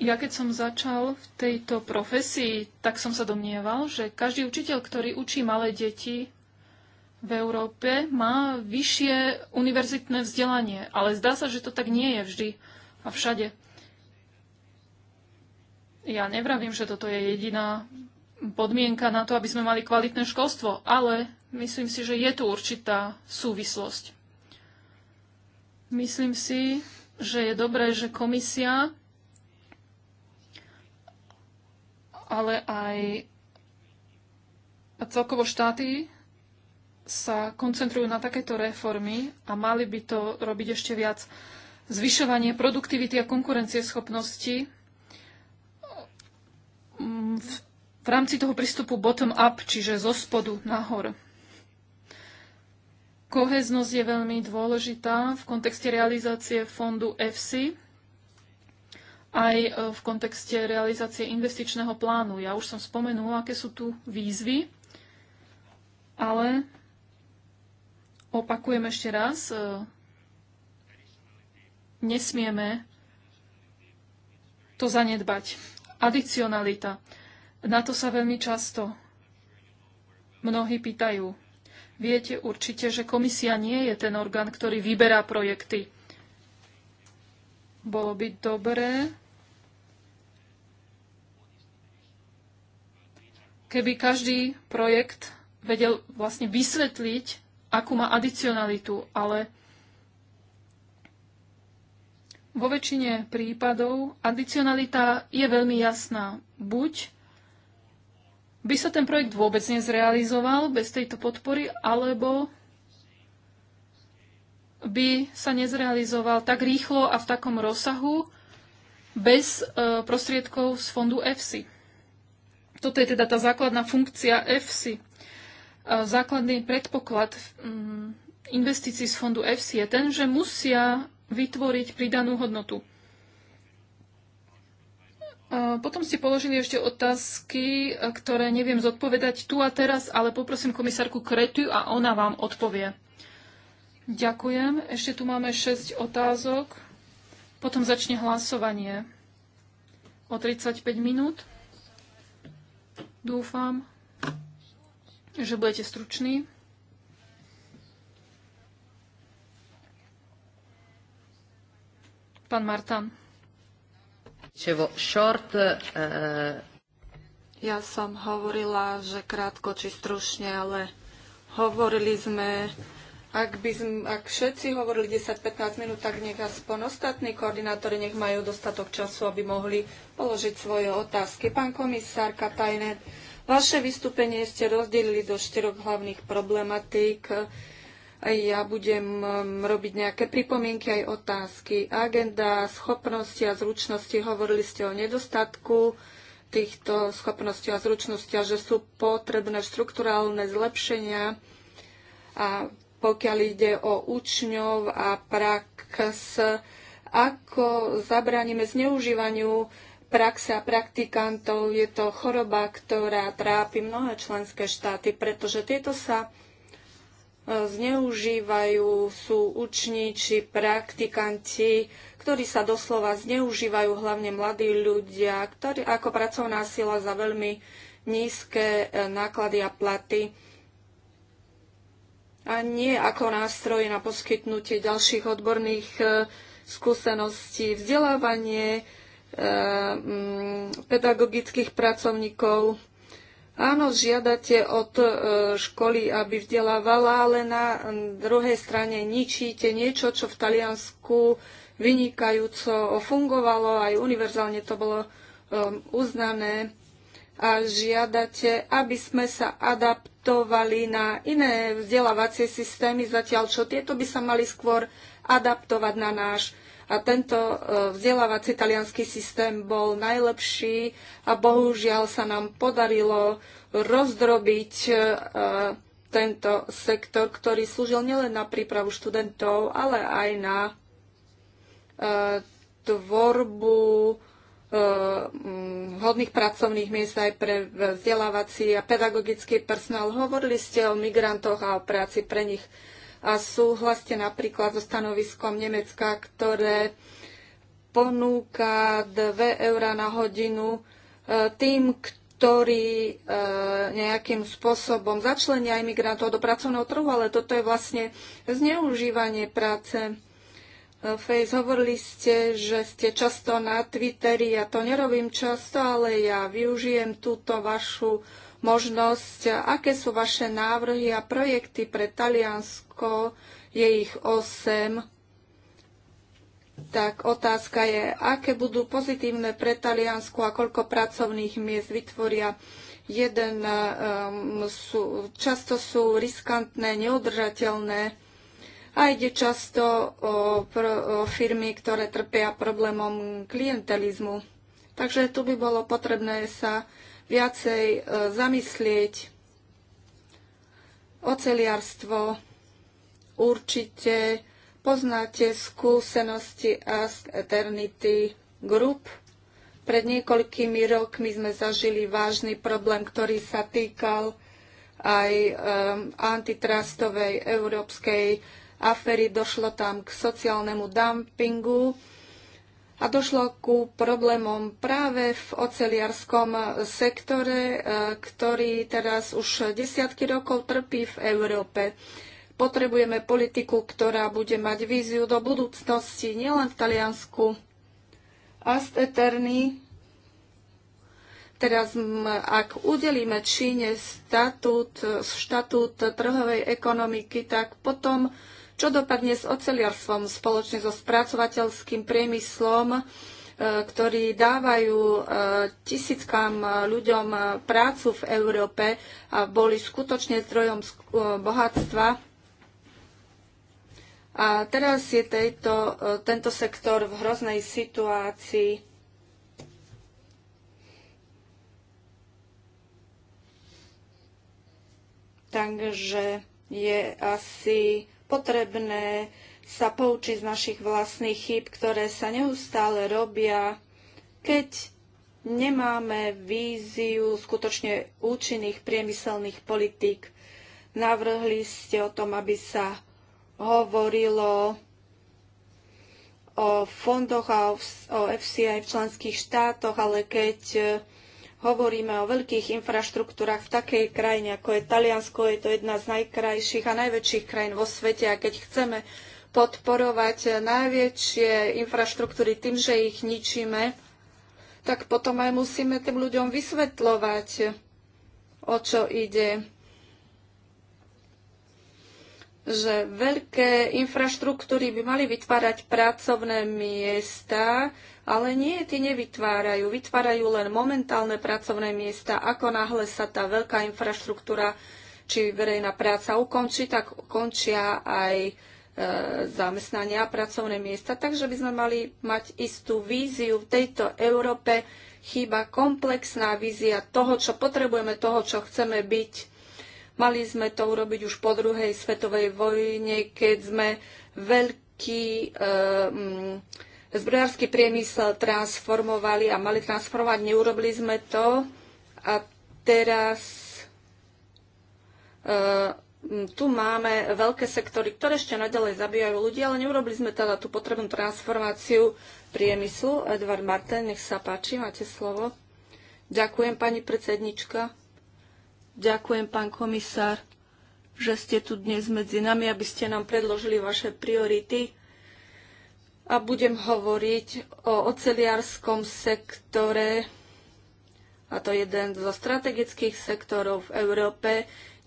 [SPEAKER 3] Ja keď som začal v tejto profesii, tak som sa domnieval, že každý učiteľ, ktorý učí malé deti v Európe, má vyššie univerzitné vzdelanie. Ale zdá sa, že to tak nie je vždy a všade. Ja nevravím, že toto je jediná podmienka na to, aby sme mali kvalitné školstvo, ale myslím si, že je tu určitá súvislosť. Myslím si, že je dobré, že komisia ale aj celkovo štáty sa koncentrujú na takéto reformy a mali by to robiť ešte viac. Zvyšovanie produktivity a konkurencieschopnosti mm, v rámci toho prístupu bottom-up, čiže zo spodu nahor. Koheznosť je veľmi dôležitá v kontexte realizácie fondu EFSI aj e, v kontexte realizácie investičného plánu. Ja už som spomenula, aké sú tu výzvy, ale opakujem ešte raz, e, nesmieme to zanedbať. Adicionalita. Na to sa veľmi často mnohí pýtajú. Viete určite, že komisia nie je ten orgán, ktorý vyberá projekty. Bolo by dobré, keby každý projekt vedel vlastne vysvetliť, akú má adicionalitu, ale vo väčšine prípadov adicionalita je veľmi jasná. Buď by sa ten projekt vôbec nezrealizoval bez tejto podpory, alebo by sa nezrealizoval tak rýchlo a v takom rozsahu bez e, prostriedkov z fondu EFSI. Toto je teda tá základná funkcia EFSI. E, základný predpoklad mm, investícií z fondu EFSI je ten, že musia vytvoriť pridanú hodnotu. E, potom ste položili ešte otázky, ktoré neviem zodpovedať tu a teraz, ale poprosím komisárku Kretu a ona vám odpovie. Ďakujem. Ešte tu máme 6 otázok. Potom začne hlasovanie o 35 minút. Dúfam, že budete struční. Pán Martan.
[SPEAKER 4] Eh, eh. Ja som hovorila, že krátko či stručne, ale hovorili sme ak, by sme, ak všetci hovorili 10-15 minút, tak nech aspoň ostatní koordinátori nech majú dostatok času, aby mohli položiť svoje otázky. Pán komisár Katajnet, vaše vystúpenie ste rozdelili do štyroch hlavných problematík. Ja budem mm, robiť nejaké pripomienky aj otázky. Agenda, schopnosti a zručnosti, hovorili ste o nedostatku týchto schopností a zručnosti a že sú potrebné štrukturálne zlepšenia a pokiaľ ide o učňov a prax, ako zabránime zneužívaniu praxe a praktikantov. Je to choroba, ktorá trápi mnohé členské štáty, pretože tieto sa e, zneužívajú, sú uční či praktikanti, ktorí sa doslova zneužívajú, hlavne mladí ľudia, ktorí ako pracovná sila za veľmi nízke e, náklady a platy a nie ako nástroj na poskytnutie ďalších odborných e, skúseností, vzdelávanie e, pedagogických pracovníkov. Áno, žiadate od e, školy, aby vzdelávala, ale na druhej strane ničíte niečo, čo v Taliansku vynikajúco fungovalo, aj univerzálne to bolo uznané a žiadate, aby sme sa adaptovali na iné vzdelávacie systémy, zatiaľ čo tieto by sa mali skôr adaptovať na náš. A tento e, vzdelávací talianský systém bol najlepší a bohužiaľ sa nám podarilo rozdrobiť e, tento sektor, ktorý slúžil nielen na prípravu študentov, ale aj na e, tvorbu Eh, mm, hodných pracovných miest aj pre vzdelávací a pedagogický personál. Hovorili ste o migrantoch a o práci pre nich a súhlaste napríklad so stanoviskom Nemecka, ktoré ponúka 2 eurá na hodinu eh, tým, ktorí eh, nejakým spôsobom začlenia imigrantov do pracovného trhu, ale toto je vlastne zneužívanie práce E, Face, hovorili ste, že ste často na Twitteri. Ja to nerobím často, ale ja využijem túto vašu možnosť. Aké sú vaše návrhy a projekty pre Taliansko? Je ich 8. Tak otázka je, aké budú pozitívne pre Taliansko a koľko pracovných miest vytvoria. Jeden, um, sú, často sú riskantné, neudržateľné a ide často o, o firmy, ktoré trpia problémom klientelizmu. Takže tu by bolo potrebné sa viacej e, zamyslieť. Oceliarstvo určite poznáte skúsenosti Ask Eternity Group. Pred niekoľkými rokmi sme zažili vážny problém, ktorý sa týkal aj um, antitrustovej európskej afery, došlo tam k sociálnemu dumpingu a došlo ku problémom práve v oceliarskom sektore, e, ktorý teraz už desiatky rokov trpí v Európe. Potrebujeme politiku, ktorá bude mať víziu do budúcnosti, nielen v Taliansku. Ast eterni. Teraz, ak udelíme Číne štatút, štatút trhovej ekonomiky, tak potom čo dopadne s oceliarstvom spoločne so spracovateľským priemyslom, e, ktorí dávajú e, tisíckam ľuďom e, prácu v Európe a boli skutočne zdrojom bohatstva a teraz je tejto, tento sektor v hroznej situácii. Takže je asi potrebné sa poučiť z našich vlastných chyb, ktoré sa neustále robia, keď nemáme víziu skutočne účinných priemyselných politík. Navrhli ste o tom, aby sa hovorilo o fondoch a o FCI v členských štátoch, ale keď hovoríme o veľkých infraštruktúrach v takej krajine, ako je Taliansko, je to jedna z najkrajších a najväčších krajín vo svete a keď chceme podporovať najväčšie infraštruktúry tým, že ich ničíme, tak potom aj musíme tým ľuďom vysvetľovať, o čo ide že veľké infraštruktúry by mali vytvárať pracovné miesta, ale nie, tie nevytvárajú. Vytvárajú len momentálne pracovné miesta. Ako náhle sa tá veľká infraštruktúra či verejná práca ukončí, tak končia aj e, zamestnania a pracovné miesta. Takže by sme mali mať istú víziu. V tejto Európe chýba komplexná vízia toho, čo potrebujeme, toho, čo chceme byť. Mali sme to urobiť už po druhej svetovej vojne, keď sme veľký e, m, zbrojársky priemysel transformovali a mali transformovať. Neurobili sme to a teraz e, tu máme veľké sektory, ktoré ešte nadalej zabíjajú ľudí, ale neurobili sme teda tú potrebnú transformáciu priemyslu. Edvard Martin, nech sa páči, máte slovo. Ďakujem, pani predsednička. Ďakujem, pán komisár, že ste tu dnes medzi nami, aby ste nám predložili vaše priority a budem hovoriť o oceliarskom sektore, a to jeden zo strategických sektorov v Európe,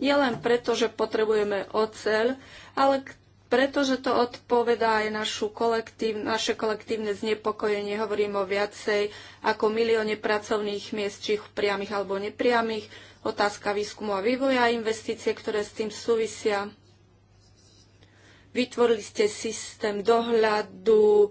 [SPEAKER 4] nielen preto, že potrebujeme oceľ, ale pretože to odpovedá aj našu kolektív, naše kolektívne znepokojenie. Hovorím o viacej ako milióne pracovných miest, či priamých alebo nepriamých, otázka výskumu a vývoja, investície, ktoré s tým súvisia Vytvorili ste systém dohľadu, e,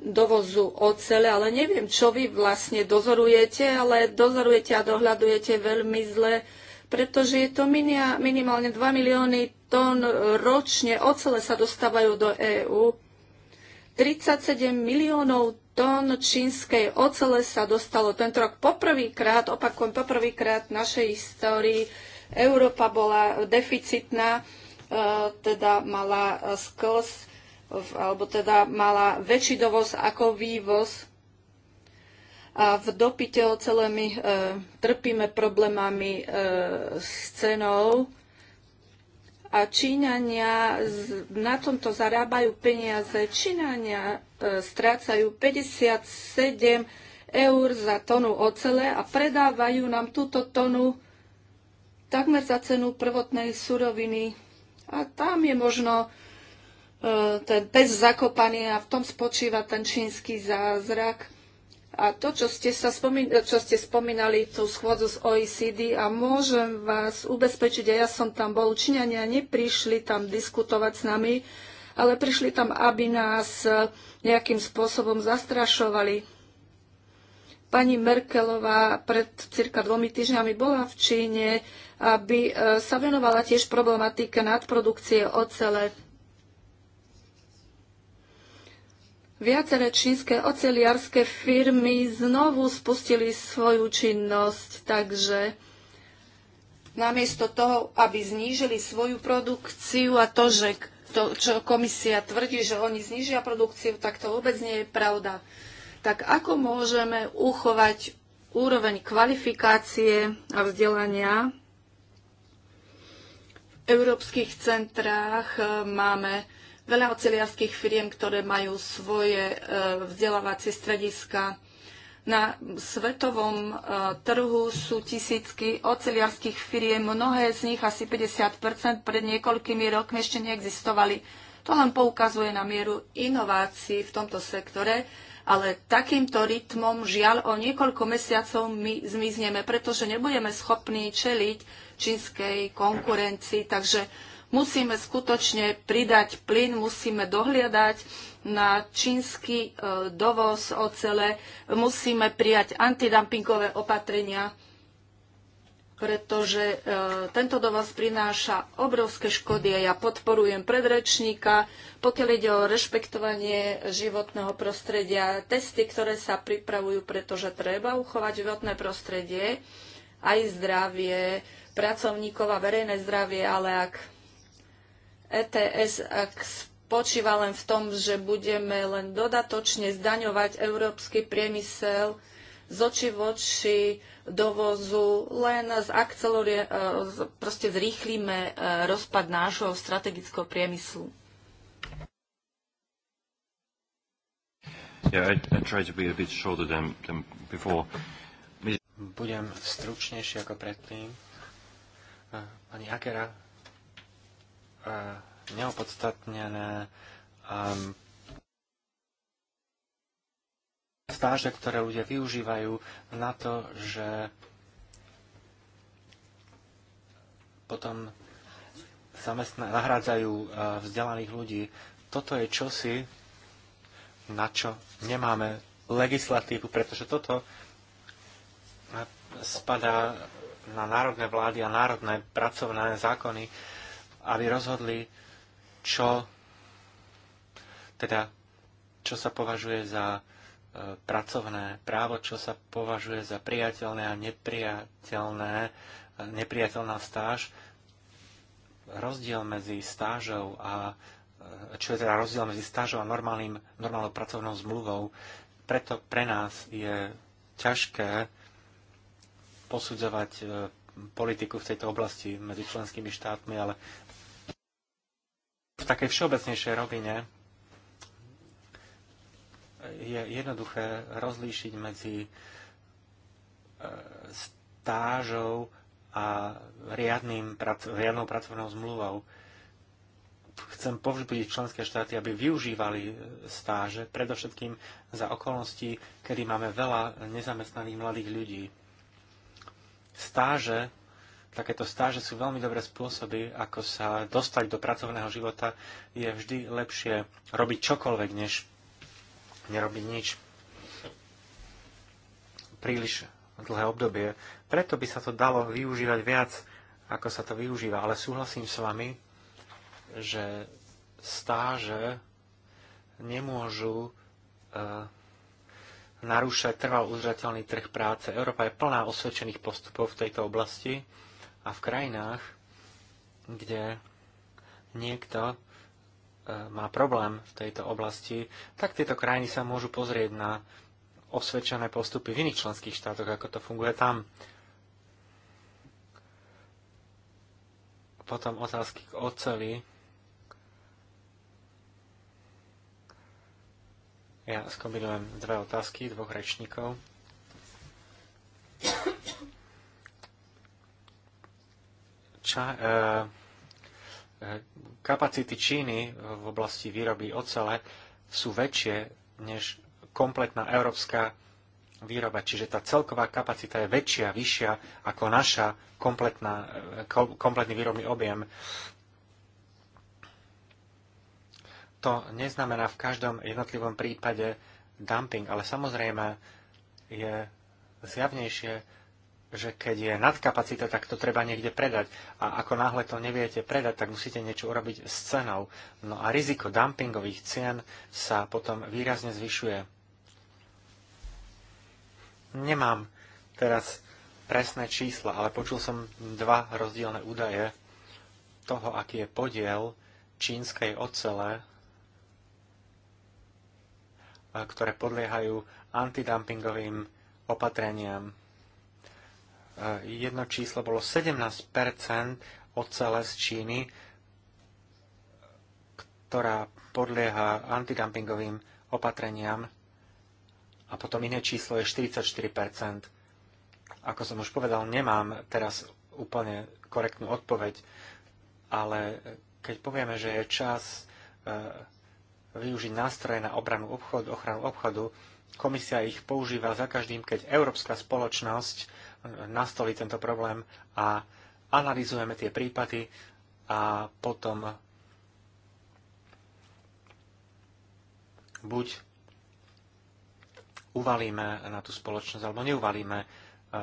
[SPEAKER 4] dovozu ocele, ale neviem, čo vy vlastne dozorujete, ale dozorujete a dohľadujete veľmi zle, pretože je to minia, minimálne 2 milióny tón ročne ocele sa dostávajú do EÚ. 37 miliónov tón čínskej ocele sa dostalo tento rok poprvýkrát, opakujem, poprvýkrát v našej histórii Európa bola deficitná E, teda mala e, sklz, alebo teda mala väčší dovoz ako vývoz. A v dopite ocele my e, trpíme problémami e, s cenou a Číňania z, na tomto zarábajú peniaze. Číňania e, strácajú 57 eur za tonu ocele a predávajú nám túto tonu takmer za cenu prvotnej suroviny a tam je možno e, ten pes zakopaný a v tom spočíva ten čínsky zázrak. A to, čo ste, sa spomín- čo ste spomínali, tú schôdzu z OECD a môžem vás ubezpečiť, a ja som tam bol, Číňania neprišli tam diskutovať s nami, ale prišli tam, aby nás e, nejakým spôsobom zastrašovali. Pani Merkelová pred cirka dvomi týždňami bola v Číne, aby e, sa venovala tiež problematike nadprodukcie ocele. Viaceré čínske oceliarské firmy znovu spustili svoju činnosť, takže namiesto toho, aby znížili svoju produkciu a to, že to, čo komisia tvrdí, že oni znížia produkciu, tak to vôbec nie je pravda tak ako môžeme uchovať úroveň kvalifikácie a vzdelania v európskych centrách e, máme veľa oceliarských firiem, ktoré majú svoje e, vzdelávacie strediska. Na svetovom e, trhu sú tisícky oceliarských firiem, mnohé z nich, asi 50 pred niekoľkými rokmi ešte neexistovali. To len poukazuje na mieru inovácií v tomto sektore ale takýmto rytmom žiaľ o niekoľko mesiacov my zmizneme, pretože nebudeme schopní čeliť čínskej konkurencii, takže musíme skutočne pridať plyn, musíme dohliadať na čínsky e, dovoz ocele, musíme prijať antidumpingové opatrenia pretože e, tento do vás prináša obrovské škody a ja podporujem predrečníka, pokiaľ ide o rešpektovanie životného prostredia, testy, ktoré sa pripravujú, pretože treba uchovať životné prostredie, aj zdravie pracovníkov a verejné zdravie, ale ak ETS, ak spočíva len v tom, že budeme len dodatočne zdaňovať európsky priemysel, z oči v oči dovozu, len zakceleruje, e, proste zrýchlíme e, rozpad nášho strategického priemyslu.
[SPEAKER 2] Budem stručnejší ako predtým. E, pani Akera, neopodstatnené um, stáže, ktoré ľudia využívajú na to, že potom zamestná, nahrádzajú e, vzdelaných ľudí. Toto je čosi, na čo nemáme legislatívu, pretože toto e, spadá na národné vlády a národné pracovné zákony, aby rozhodli, čo, teda, čo sa považuje za pracovné právo, čo sa považuje za priateľné a nepriateľné, nepriateľná stáž. Rozdiel medzi stážou a čo je teda rozdiel medzi stážou a normálnym, normálnou pracovnou zmluvou. Preto pre nás je ťažké posudzovať e, politiku v tejto oblasti medzi členskými štátmi, ale v takej všeobecnejšej rovine je jednoduché rozlíšiť medzi e, stážou a riadným, riadnou pracovnou zmluvou. Chcem povzbudiť členské štáty, aby využívali e, stáže, predovšetkým za okolností, kedy máme veľa nezamestnaných mladých ľudí. Stáže, takéto stáže sú veľmi dobré spôsoby, ako sa dostať do pracovného života. Je vždy lepšie robiť čokoľvek, než Nerobí nič príliš dlhé obdobie. Preto by sa to dalo využívať viac, ako sa to využíva. Ale súhlasím s vami, že stáže nemôžu e, narúšať trval uzrateľný trh práce. Európa je plná osvedčených postupov v tejto oblasti a v krajinách, kde niekto E, má problém v tejto oblasti, tak tieto krajiny sa môžu pozrieť na osvedčené postupy v iných členských štátoch, ako to funguje tam. Potom otázky k oceli. Ja skombinujem dve otázky dvoch rečníkov. Ča, e, kapacity Číny v oblasti výroby ocele sú väčšie než kompletná európska výroba. Čiže tá celková kapacita je väčšia, vyššia ako naša kompletná, kompletný výrobný objem. To neznamená v každom jednotlivom prípade dumping, ale samozrejme je zjavnejšie, že keď je nadkapacita, tak to treba niekde predať. A ako náhle to neviete predať, tak musíte niečo urobiť s cenou. No a riziko dumpingových cien sa potom výrazne zvyšuje. Nemám teraz presné čísla, ale počul som dva rozdielne údaje toho, aký je podiel čínskej ocele, ktoré podliehajú antidumpingovým opatreniam Eh, jedno číslo bolo 17% ocele z Číny, ktorá podlieha antidumpingovým opatreniam a potom iné číslo je 44%. Ako som už povedal, nemám teraz úplne korektnú odpoveď, ale keď povieme, že je čas eh, využiť nástroje na obranu obchodu, ochranu obchodu, komisia ich používa za každým, keď európska spoločnosť nastoliť tento problém a analizujeme tie prípady a potom buď uvalíme na tú spoločnosť alebo neuvalíme e,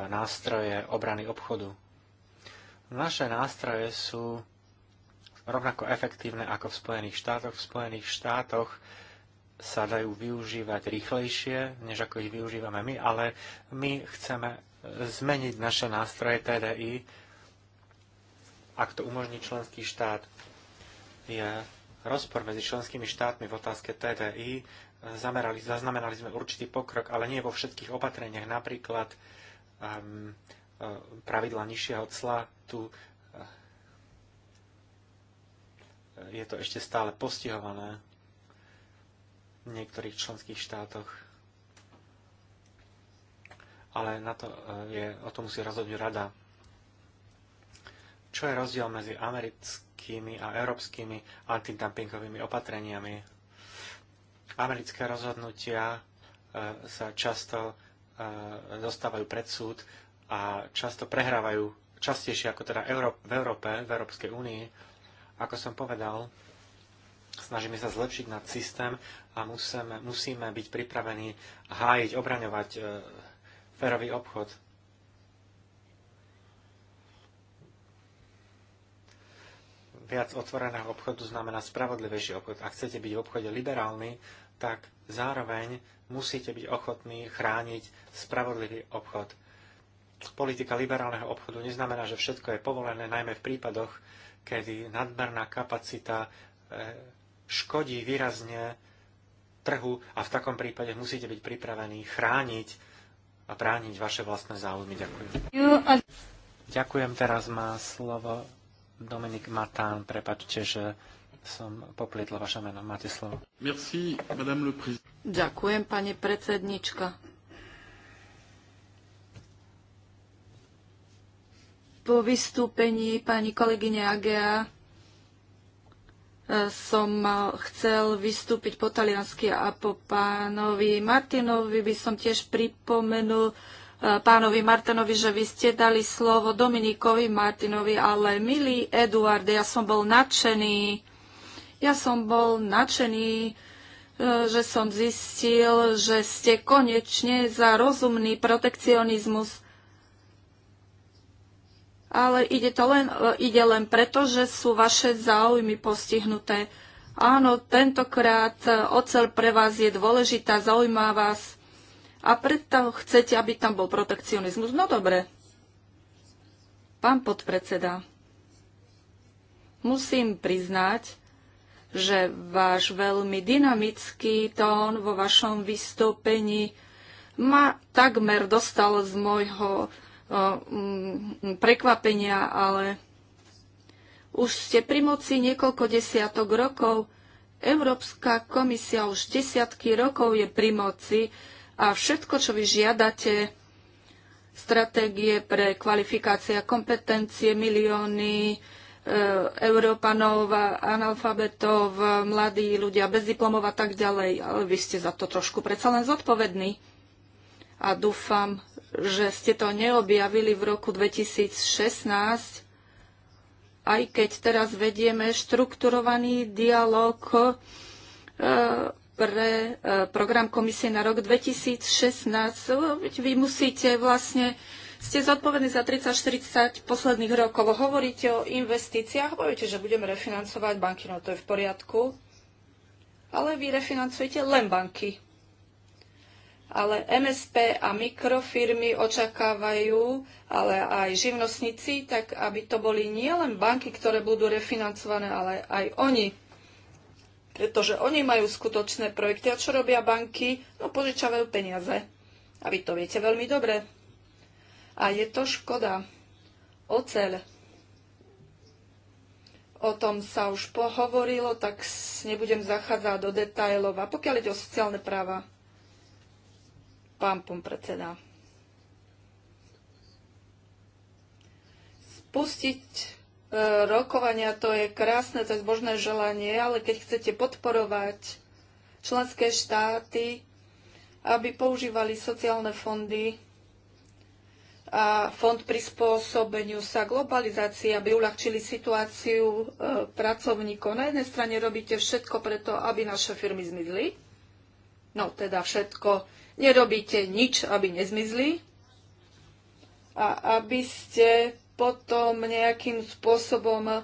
[SPEAKER 2] nástroje obrany obchodu. Naše nástroje sú rovnako efektívne ako v Spojených štátoch. V Spojených štátoch sa dajú využívať rýchlejšie, než ako ich využívame my, ale my chceme zmeniť naše nástroje TDI, ak to umožní členský štát. Je rozpor medzi členskými štátmi v otázke TDI. Zamerali, zaznamenali sme určitý pokrok, ale nie vo všetkých opatreniach. Napríklad um, pravidla nižšieho cla tu e, je to ešte stále postihované v niektorých členských štátoch ale na to e, je, o tom musí rozhodnúť rada. Čo je rozdiel medzi americkými a európskymi antidumpingovými opatreniami? Americké rozhodnutia e, sa často e, dostávajú pred súd a často prehrávajú, častejšie ako teda v Európe, v Európskej únii. Ako som povedal, snažíme sa zlepšiť nad systém a musíme, musíme byť pripravení hájiť, obraňovať Ferový obchod. Viac otvoreného obchodu znamená spravodlivejší obchod. Ak chcete byť v obchode liberálny, tak zároveň musíte byť ochotní chrániť spravodlivý obchod. Politika liberálneho obchodu neznamená, že všetko je povolené, najmä v prípadoch, kedy nadmerná kapacita e, škodí výrazne trhu a v takom prípade musíte byť pripravení chrániť a brániť vaše vlastné záujmy. Ďakujem. Ďakujem, teraz má slovo Dominik Matán. Prepačte, že som poplietla vaše meno. Máte slovo. Merci, madame le président.
[SPEAKER 4] Ďakujem, pani predsednička. Po vystúpení pani kolegyne Agea som chcel vystúpiť po taliansky a po pánovi Martinovi by som tiež pripomenul e, pánovi Martinovi, že vy ste dali slovo Dominikovi Martinovi, ale milý Eduard, ja som bol nadšený, ja som bol nadšený, e, že som zistil, že ste konečne za rozumný protekcionizmus ale ide, to len, ide len preto, že sú vaše záujmy postihnuté. Áno, tentokrát e, ocel pre vás je dôležitá, zaujímá vás a preto chcete, aby tam bol protekcionizmus. No dobre. Pán podpredseda, musím priznať, že váš veľmi dynamický tón vo vašom vystúpení ma takmer dostal z môjho Mm, prekvapenia, ale už ste pri moci niekoľko desiatok rokov. Európska komisia už desiatky rokov je pri moci a všetko, čo vy žiadate, stratégie pre kvalifikácia kompetencie, milióny e, Európanov, analfabetov, e, mladí ľudia bez diplomov a tak ďalej. Ale vy ste za to trošku predsa len zodpovední. A dúfam, že ste to neobjavili v roku 2016, aj keď teraz vedieme štrukturovaný dialog e, pre e, program komisie na rok 2016. E, vy musíte vlastne, ste zodpovední za 30-40 posledných rokov. Hovoríte o investíciách, poviete, že budeme refinancovať banky, no to je v poriadku. Ale vy refinancujete len banky ale MSP a mikrofirmy očakávajú, ale aj živnostníci, tak aby to boli nielen banky, ktoré budú refinancované, ale aj oni. Pretože oni majú skutočné projekty. A čo robia banky? No požičavajú peniaze. A vy to viete veľmi dobre. A je to škoda. Oceľ. O tom sa už pohovorilo, tak nebudem zachádzať do detajlov. A pokiaľ ide o sociálne práva, pampom predseda. Spustiť e, rokovania, to je krásne, to je zbožné želanie, ale keď chcete podporovať členské štáty, aby používali sociálne fondy a fond prispôsobeniu sa globalizácii, aby uľahčili situáciu e, pracovníkov. Na jednej strane robíte všetko preto, aby naše firmy zmizli, no teda všetko nerobíte nič, aby nezmizli a aby ste potom nejakým spôsobom e,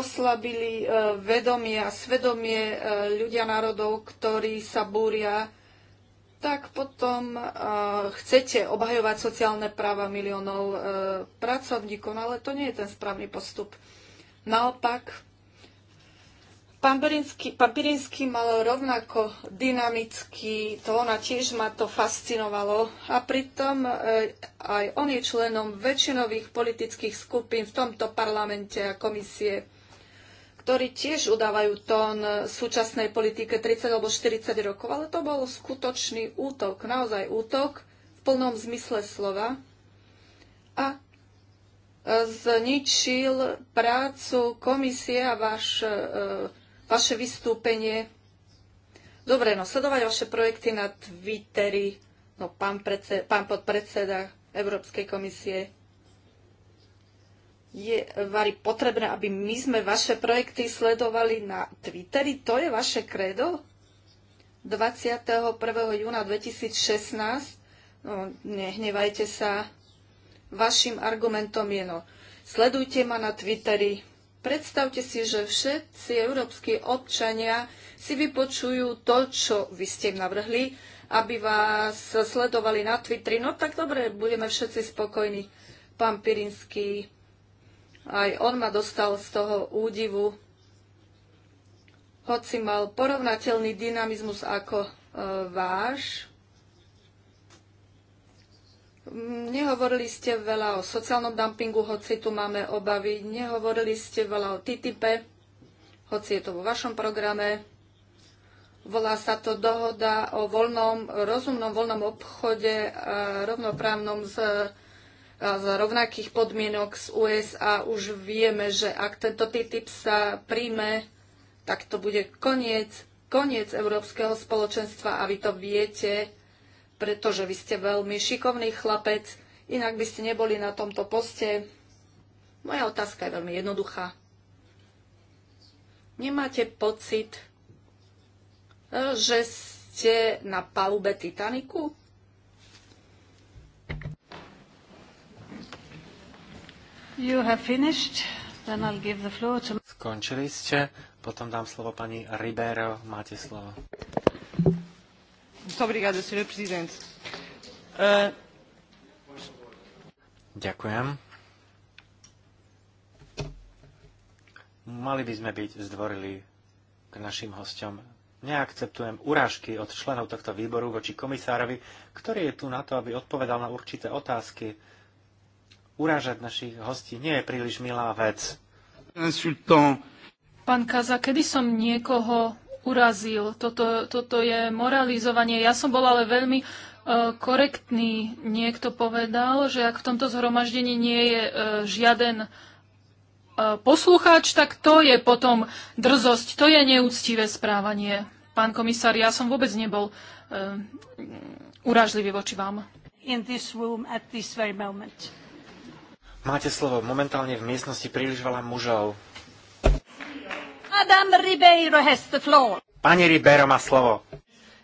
[SPEAKER 4] oslabili e, vedomie a svedomie e, ľudia národov, ktorí sa búria, tak potom chcete obhajovať sociálne práva miliónov pracovníkov, no ale to nie je ten správny postup. Naopak, Pán, mal rovnako dynamický tón a tiež ma to fascinovalo. A pritom e, aj on je členom väčšinových politických skupín v tomto parlamente a komisie, ktorí tiež udávajú tón súčasnej politike 30 alebo 40 rokov. Ale to bol skutočný útok, naozaj útok v plnom zmysle slova. A e, zničil prácu komisie a váš e, vaše vystúpenie. Dobre, no sledovať vaše projekty na Twitteri, no pán, predsed, pán podpredseda Európskej komisie. Je Vary potrebné, aby my sme vaše projekty sledovali na Twitteri? To je vaše kredo? 21. júna 2016. No, nehnevajte sa. Vašim argumentom je no. Sledujte ma na Twitteri Predstavte si, že všetci európsky občania si vypočujú to, čo vy ste im navrhli, aby vás sledovali na Twitteri. No tak dobre, budeme všetci spokojní. Pán Pirinský, aj on ma dostal z toho údivu, hoci mal porovnateľný dynamizmus ako e, váš, Nehovorili ste veľa o sociálnom dumpingu, hoci tu máme obavy. Nehovorili ste veľa o TTIP, hoci je to vo vašom programe. Volá sa to dohoda o voľnom, rozumnom voľnom obchode, rovnoprávnom z, z rovnakých podmienok z USA. Už vieme, že ak tento TTIP sa príjme, tak to bude koniec, koniec Európskeho spoločenstva a vy to viete pretože vy ste veľmi šikovný chlapec, inak by ste neboli na tomto poste. Moja otázka je veľmi jednoduchá. Nemáte pocit, že ste na palube Titaniku?
[SPEAKER 1] You have finished. Then I'll give the floor to...
[SPEAKER 2] Skončili ste, potom dám slovo pani Ribero, máte slovo. Muito obrigada, Presidente. Uh... Ďakujem. Mali by sme byť zdvorili k našim hostom. Neakceptujem urážky od členov tohto výboru voči komisárovi, ktorý je tu na to, aby odpovedal na určité otázky. Urážať našich hostí nie je príliš milá vec.
[SPEAKER 3] Pán Kaza, kedy som niekoho urazil. Toto, toto je moralizovanie. Ja som bol ale veľmi e, korektný. Niekto povedal, že ak v tomto zhromaždení nie je e, žiaden e, poslucháč, tak to je potom drzosť, to je neúctivé správanie. Pán komisár, ja som vôbec nebol urážlivý uražlivý
[SPEAKER 1] voči vám.
[SPEAKER 2] Máte slovo. Momentálne v miestnosti príliš veľa mužov.
[SPEAKER 1] Madame Ribeiro has the floor.
[SPEAKER 2] Pani Ribeiro má slovo.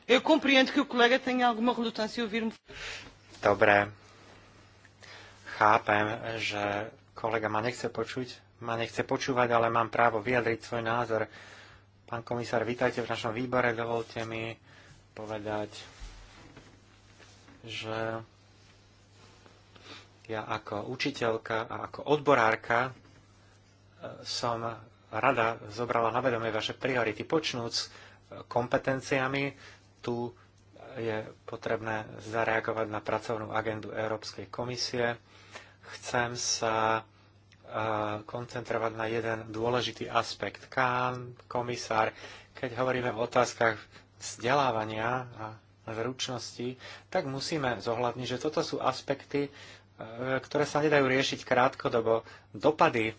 [SPEAKER 1] Eu compreendo que o colega tenha alguma relutância em ouvir-me.
[SPEAKER 2] Dobre. Chápem, že kolega ma nechce počuť, ma nechce počúvať, ale mám právo vyjadriť svoj názor. Pán komisár, vítajte v našom výbore. Dovolte mi povedať, že ja ako učiteľka a ako odborárka eh, som rada zobrala na vedomie vaše priority, počnúc eh, kompetenciami. Tu je potrebné zareagovať na pracovnú agendu Európskej komisie. Chcem sa eh, koncentrovať na jeden dôležitý aspekt. Kán, komisár, keď hovoríme o otázkach vzdelávania a zručnosti, tak musíme zohľadniť, že toto sú aspekty, eh, ktoré sa nedajú riešiť krátkodobo. Dopady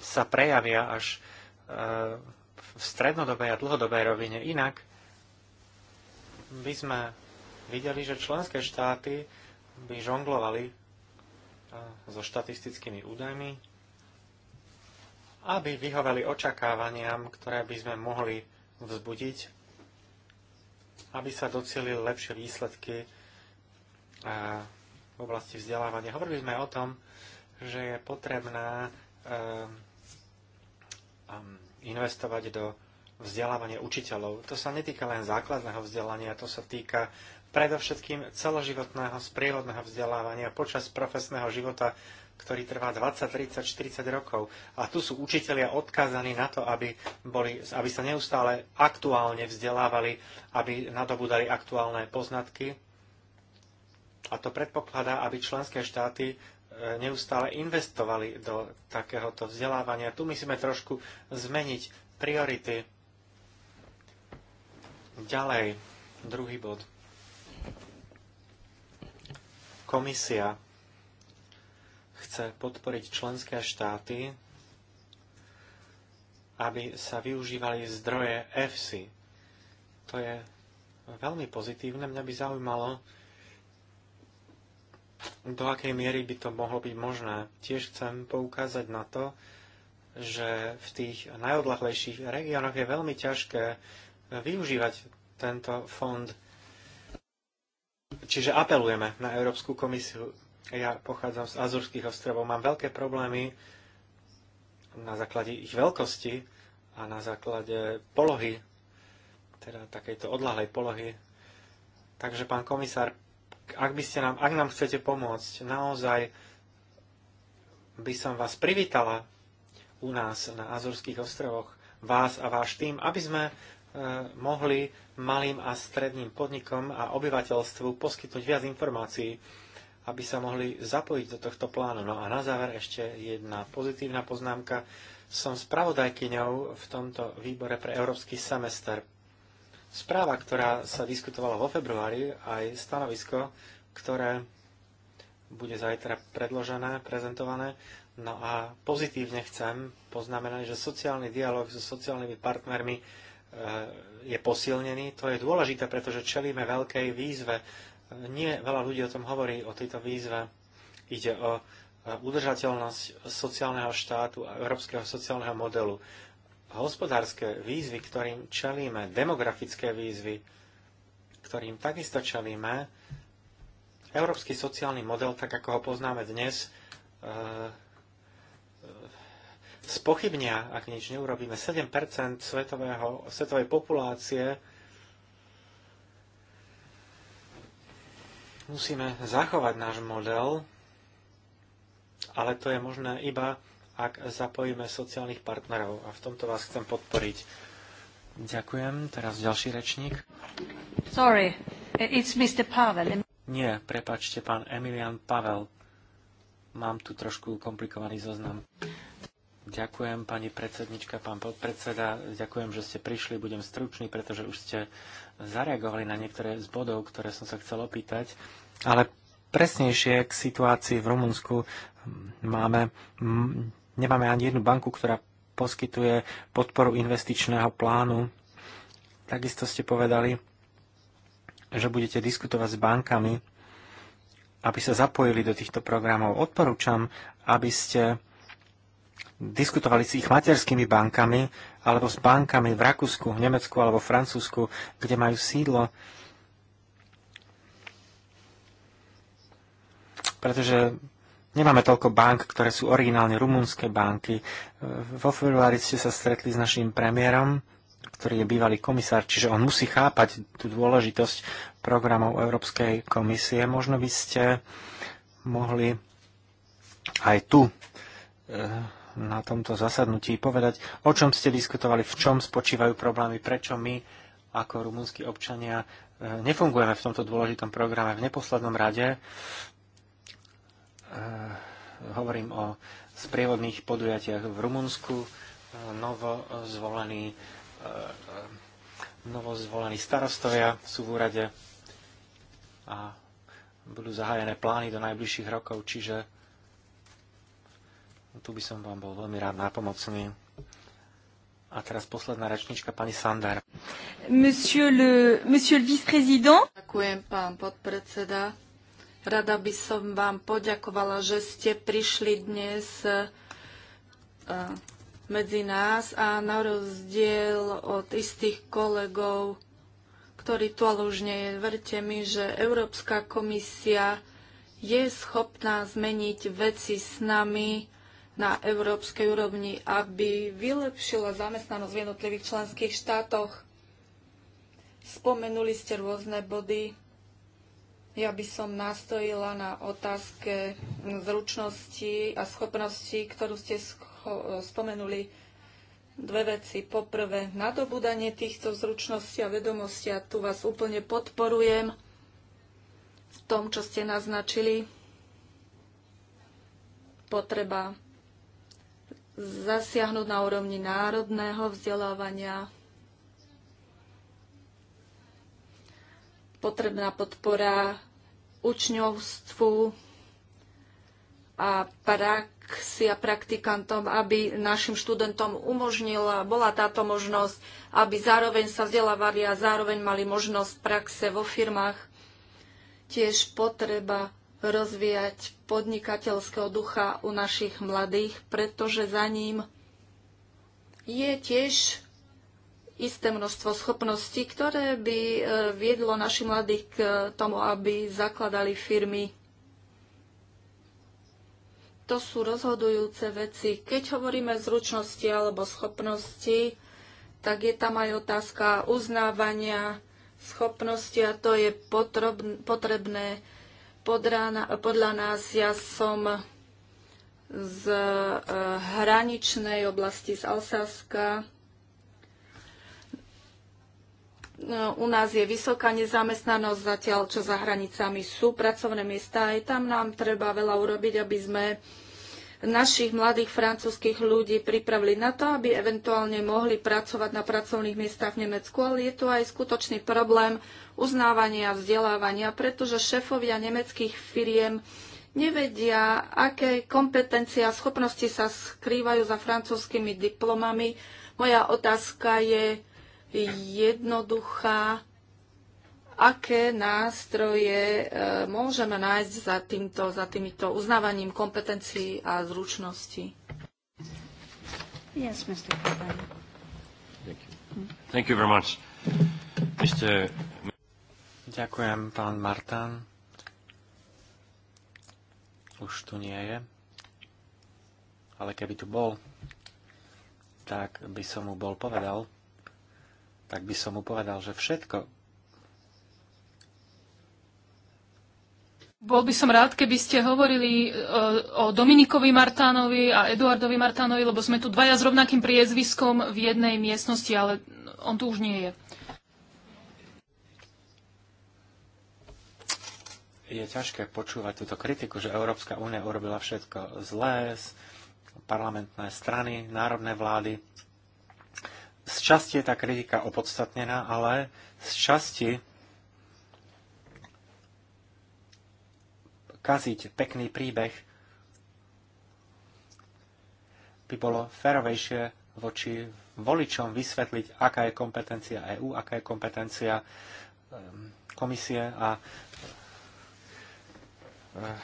[SPEAKER 2] sa prejavia až e, v strednodobej a dlhodobej rovine. Inak by sme videli, že členské štáty by žonglovali e, so štatistickými údajmi, aby vyhoveli očakávaniam, ktoré by sme mohli vzbudiť, aby sa docelili lepšie výsledky e, v oblasti vzdelávania. Hovorili sme o tom, že je potrebná Ehm, ehm, investovať do vzdelávania učiteľov. To sa netýka len základného vzdelania, to sa týka predovšetkým celoživotného sprievodného vzdelávania počas profesného života, ktorý trvá 20, 30, 40 rokov. A tu sú učitelia odkázaní na to, aby, boli, aby sa neustále aktuálne vzdelávali, aby nadobudali aktuálne poznatky. A to predpokladá, aby členské štáty neustále investovali do takéhoto vzdelávania. Tu musíme trošku zmeniť priority. Ďalej, druhý bod. Komisia chce podporiť členské štáty, aby sa využívali zdroje EFSI. To je veľmi pozitívne. Mňa by zaujímalo, do akej miery by to mohlo byť možné. Tiež chcem poukázať na to, že v tých najodlahlejších regiónoch je veľmi ťažké využívať tento fond. Čiže apelujeme na Európsku komisiu. Ja pochádzam z Azurských ostrovov, mám veľké problémy na základe ich veľkosti a na základe polohy, teda takejto odlahlej polohy.
[SPEAKER 4] Takže, pán komisár,
[SPEAKER 2] ak, by ste nám, ak nám chcete pomôcť, naozaj by som vás privítala u nás na Azorských ostrovoch, vás a váš tým, aby sme e, mohli malým a stredným podnikom a obyvateľstvu poskytnúť viac informácií, aby sa mohli zapojiť do tohto plánu. No a na záver ešte jedna pozitívna poznámka. Som spravodajkyňou v tomto výbore pre Európsky semester Správa, ktorá sa diskutovala vo februári, aj stanovisko, ktoré bude zajtra predložené, prezentované. No a pozitívne chcem poznamenať, že sociálny dialog so sociálnymi partnermi e, je posilnený. To je dôležité, pretože čelíme veľkej výzve. Nie veľa ľudí o tom hovorí, o tejto výzve. Ide o e, udržateľnosť sociálneho štátu a európskeho sociálneho modelu hospodárske výzvy, ktorým čelíme, demografické výzvy, ktorým takisto čelíme, európsky sociálny model, tak ako ho poznáme dnes, e, e, spochybnia, ak nič neurobíme, 7 svetového, svetovej populácie. Musíme zachovať náš model, ale to je možné iba ak zapojíme sociálnych partnerov. A v tomto vás chcem podporiť. Ďakujem. Teraz ďalší rečník.
[SPEAKER 1] Sorry, it's Mr. Pavel.
[SPEAKER 2] Nie, prepačte, pán Emilian Pavel. Mám tu trošku komplikovaný zoznam. Ďakujem, pani predsednička, pán podpredseda. Ďakujem, že ste prišli. Budem stručný, pretože už ste zareagovali na niektoré z bodov, ktoré som sa chcel opýtať. Ale presnejšie k situácii v Rumunsku máme Nemáme ani jednu banku, ktorá poskytuje podporu investičného plánu. Takisto ste povedali, že budete diskutovať s bankami, aby sa zapojili do týchto programov. Odporúčam, aby ste diskutovali s ich materskými bankami alebo s bankami v Rakúsku, v Nemecku alebo v Francúzsku, kde majú sídlo. Pretože Nemáme toľko bank, ktoré sú originálne rumúnske banky. Vo februári ste sa stretli s našim premiérom, ktorý je bývalý komisár, čiže on musí chápať tú dôležitosť programov Európskej komisie. Možno by ste mohli aj tu eh, na tomto zasadnutí povedať, o čom ste diskutovali, v čom spočívajú problémy, prečo my ako rumúnsky občania eh, nefungujeme v tomto dôležitom programe. V neposlednom rade Eh, hovorím o sprievodných podujatiach v Rumunsku. Eh, novo zvolení, eh, novo zvolení starostovia sú v úrade a budú zahájené plány do najbližších rokov, čiže tu by som vám bol veľmi rád nápomocný. A teraz posledná rečnička, pani Sandar. Monsieur le, monsieur le vice-président.
[SPEAKER 4] Ďakujem, pán podpredseda. Rada by som vám poďakovala, že ste prišli dnes e, medzi nás a na rozdiel od istých kolegov, ktorí tu ale už nie je, verte mi, že Európska komisia je schopná zmeniť veci s nami na európskej úrovni, aby vylepšila zamestnanosť v jednotlivých členských štátoch. Spomenuli ste rôzne body ja by som nastojila na otázke zručnosti a schopnosti, ktorú ste spomenuli. Dve veci. Poprvé, nadobudanie týchto zručností a vedomostí. A tu vás úplne podporujem v tom, čo ste naznačili. Potreba zasiahnuť na úrovni národného vzdelávania potrebná podpora učňovstvu a praxi a praktikantom, aby našim študentom umožnila, bola táto možnosť, aby zároveň sa vzdelávali a zároveň mali možnosť praxe vo firmách. Tiež potreba rozvíjať podnikateľského ducha u našich mladých, pretože za ním je tiež isté množstvo schopností, ktoré by e, viedlo naši mladých k e, tomu, aby zakladali firmy. To sú rozhodujúce veci. Keď hovoríme zručnosti alebo schopnosti, tak je tam aj otázka uznávania schopnosti a to je potrebné. Podľa nás ja som z e, hraničnej oblasti z Alsaska u nás je vysoká nezamestnanosť zatiaľ, čo za hranicami sú pracovné miesta. Aj tam nám treba veľa urobiť, aby sme našich mladých francúzských ľudí pripravili na to, aby eventuálne mohli pracovať na pracovných miestach v Nemecku, ale je tu aj skutočný problém uznávania a vzdelávania, pretože šéfovia nemeckých firiem nevedia, aké kompetencie a schopnosti sa skrývajú za francúzskými diplomami. Moja otázka je, jednoduchá. Aké nástroje e, môžeme nájsť za, týmto, za týmito uznávaním kompetencií a zručností? Yes, Mr. Thank
[SPEAKER 2] you. Thank you very much. Mr. Ďakujem, pán Martán. Už tu nie je. Ale keby tu bol, tak by som mu bol povedal tak by som mu povedal, že všetko.
[SPEAKER 3] Bol by som rád, keby ste hovorili e, o Dominikovi Martánovi a Eduardovi Martánovi, lebo sme tu dvaja s rovnakým priezviskom v jednej miestnosti, ale on tu už nie je.
[SPEAKER 2] Je ťažké počúvať túto kritiku, že Európska únia urobila všetko zlé, parlamentné strany, národné vlády, z časti je tá kritika opodstatnená, ale z časti kaziť pekný príbeh by bolo férovejšie voči voličom vysvetliť, aká je kompetencia EÚ, aká je kompetencia ehm, komisie a eh,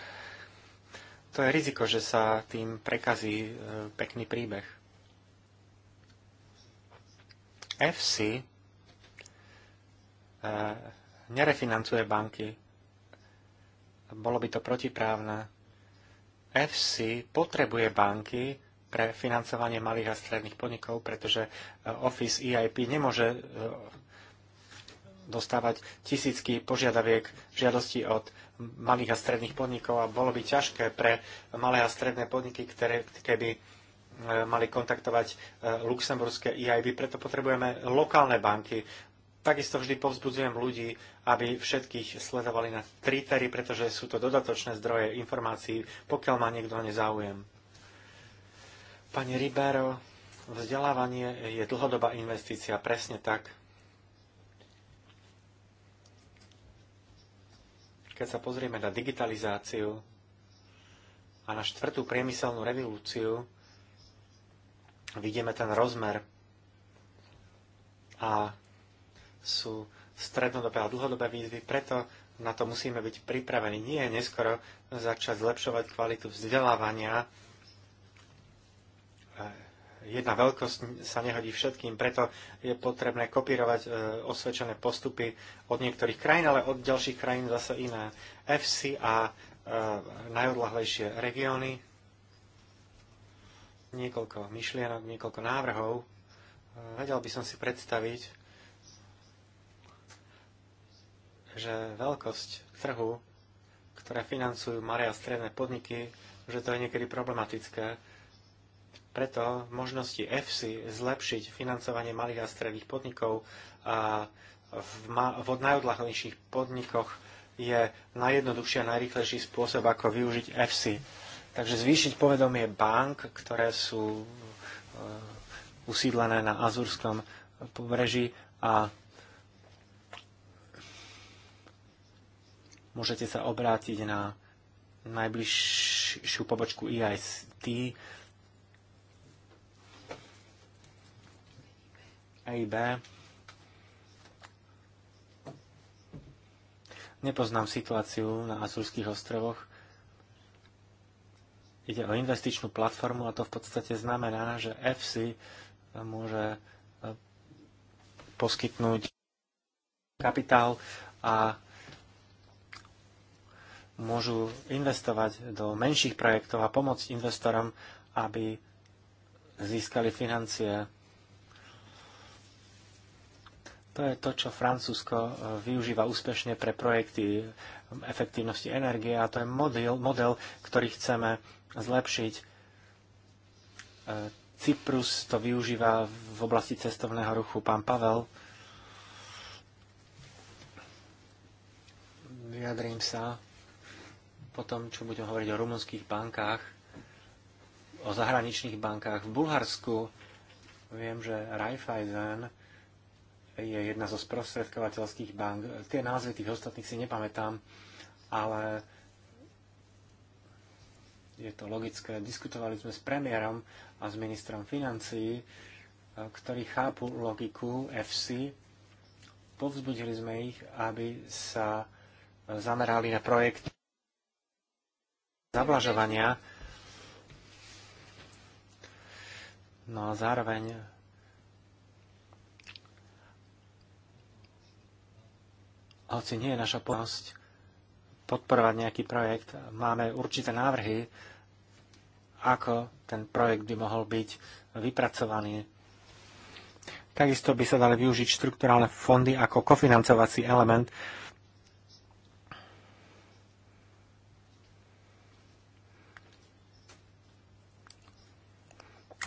[SPEAKER 2] to je riziko, že sa tým prekazí eh, pekný príbeh. FC eh, nerefinancuje banky. Bolo by to protiprávne. FC potrebuje banky pre financovanie malých a stredných podnikov, pretože eh, Office EIP nemôže eh, dostávať tisícky požiadaviek žiadosti od malých a stredných podnikov a bolo by ťažké pre malé a stredné podniky, ktoré keby E, mali kontaktovať e, luxemburské EIB, preto potrebujeme lokálne banky. Takisto vždy povzbudzujem ľudí, aby všetkých sledovali na Twittery, pretože sú to dodatočné zdroje informácií, pokiaľ má niekto nezáujem. Pani Ribero, vzdelávanie je dlhodobá investícia, presne tak. Keď sa pozrieme na digitalizáciu a na štvrtú priemyselnú revolúciu, vidíme ten rozmer a sú strednodobé a dlhodobé výzvy, preto na to musíme byť pripravení. Nie je neskoro začať zlepšovať kvalitu vzdelávania. Eh, jedna veľkosť sa nehodí všetkým, preto je potrebné kopírovať eh, osvedčené postupy od niektorých krajín, ale od ďalších krajín zase iné. FC a eh, najodlahlejšie regióny niekoľko myšlienok, niekoľko návrhov. Vedel by som si predstaviť, že veľkosť trhu, ktoré financujú malé a stredné podniky, že to je niekedy problematické. Preto možnosti EFSI zlepšiť financovanie malých a stredných podnikov a v, v najodlahlejších podnikoch je najjednoduchší a najrychlejší spôsob, ako využiť EFSI Takže zvýšiť povedomie bank, ktoré sú eh, usídlené na Azurskom pobreží a môžete sa obrátiť na najbližšiu pobočku EIST, EIB. Nepoznám situáciu na Azurských ostrovoch, Ide o investičnú platformu a to v podstate znamená, že EFSI môže e, poskytnúť kapitál a môžu investovať do menších projektov a pomôcť investorom, aby získali financie. To je to, čo Francúzsko e, využíva úspešne pre projekty efektívnosti energie a to je model, model ktorý chceme zlepšiť. E, Cyprus to využíva v oblasti cestovného ruchu pán Pavel. Vyjadrím sa po tom, čo budem hovoriť o rumunských bankách, o zahraničných bankách. V Bulharsku viem, že Raiffeisen je jedna zo sprostredkovateľských bank. Tie názvy tých ostatných si nepamätám, ale je to logické. Diskutovali sme s premiérom a s ministrom financií, e, ktorí chápu logiku FC. Povzbudili sme ich, aby sa e, zamerali na projekt zavlažovania. No a zároveň hoci nie je naša povinnosť podporovať nejaký projekt, máme určité návrhy, ako ten projekt by mohol byť vypracovaný. Takisto by sa dali využiť štrukturálne fondy ako kofinancovací element.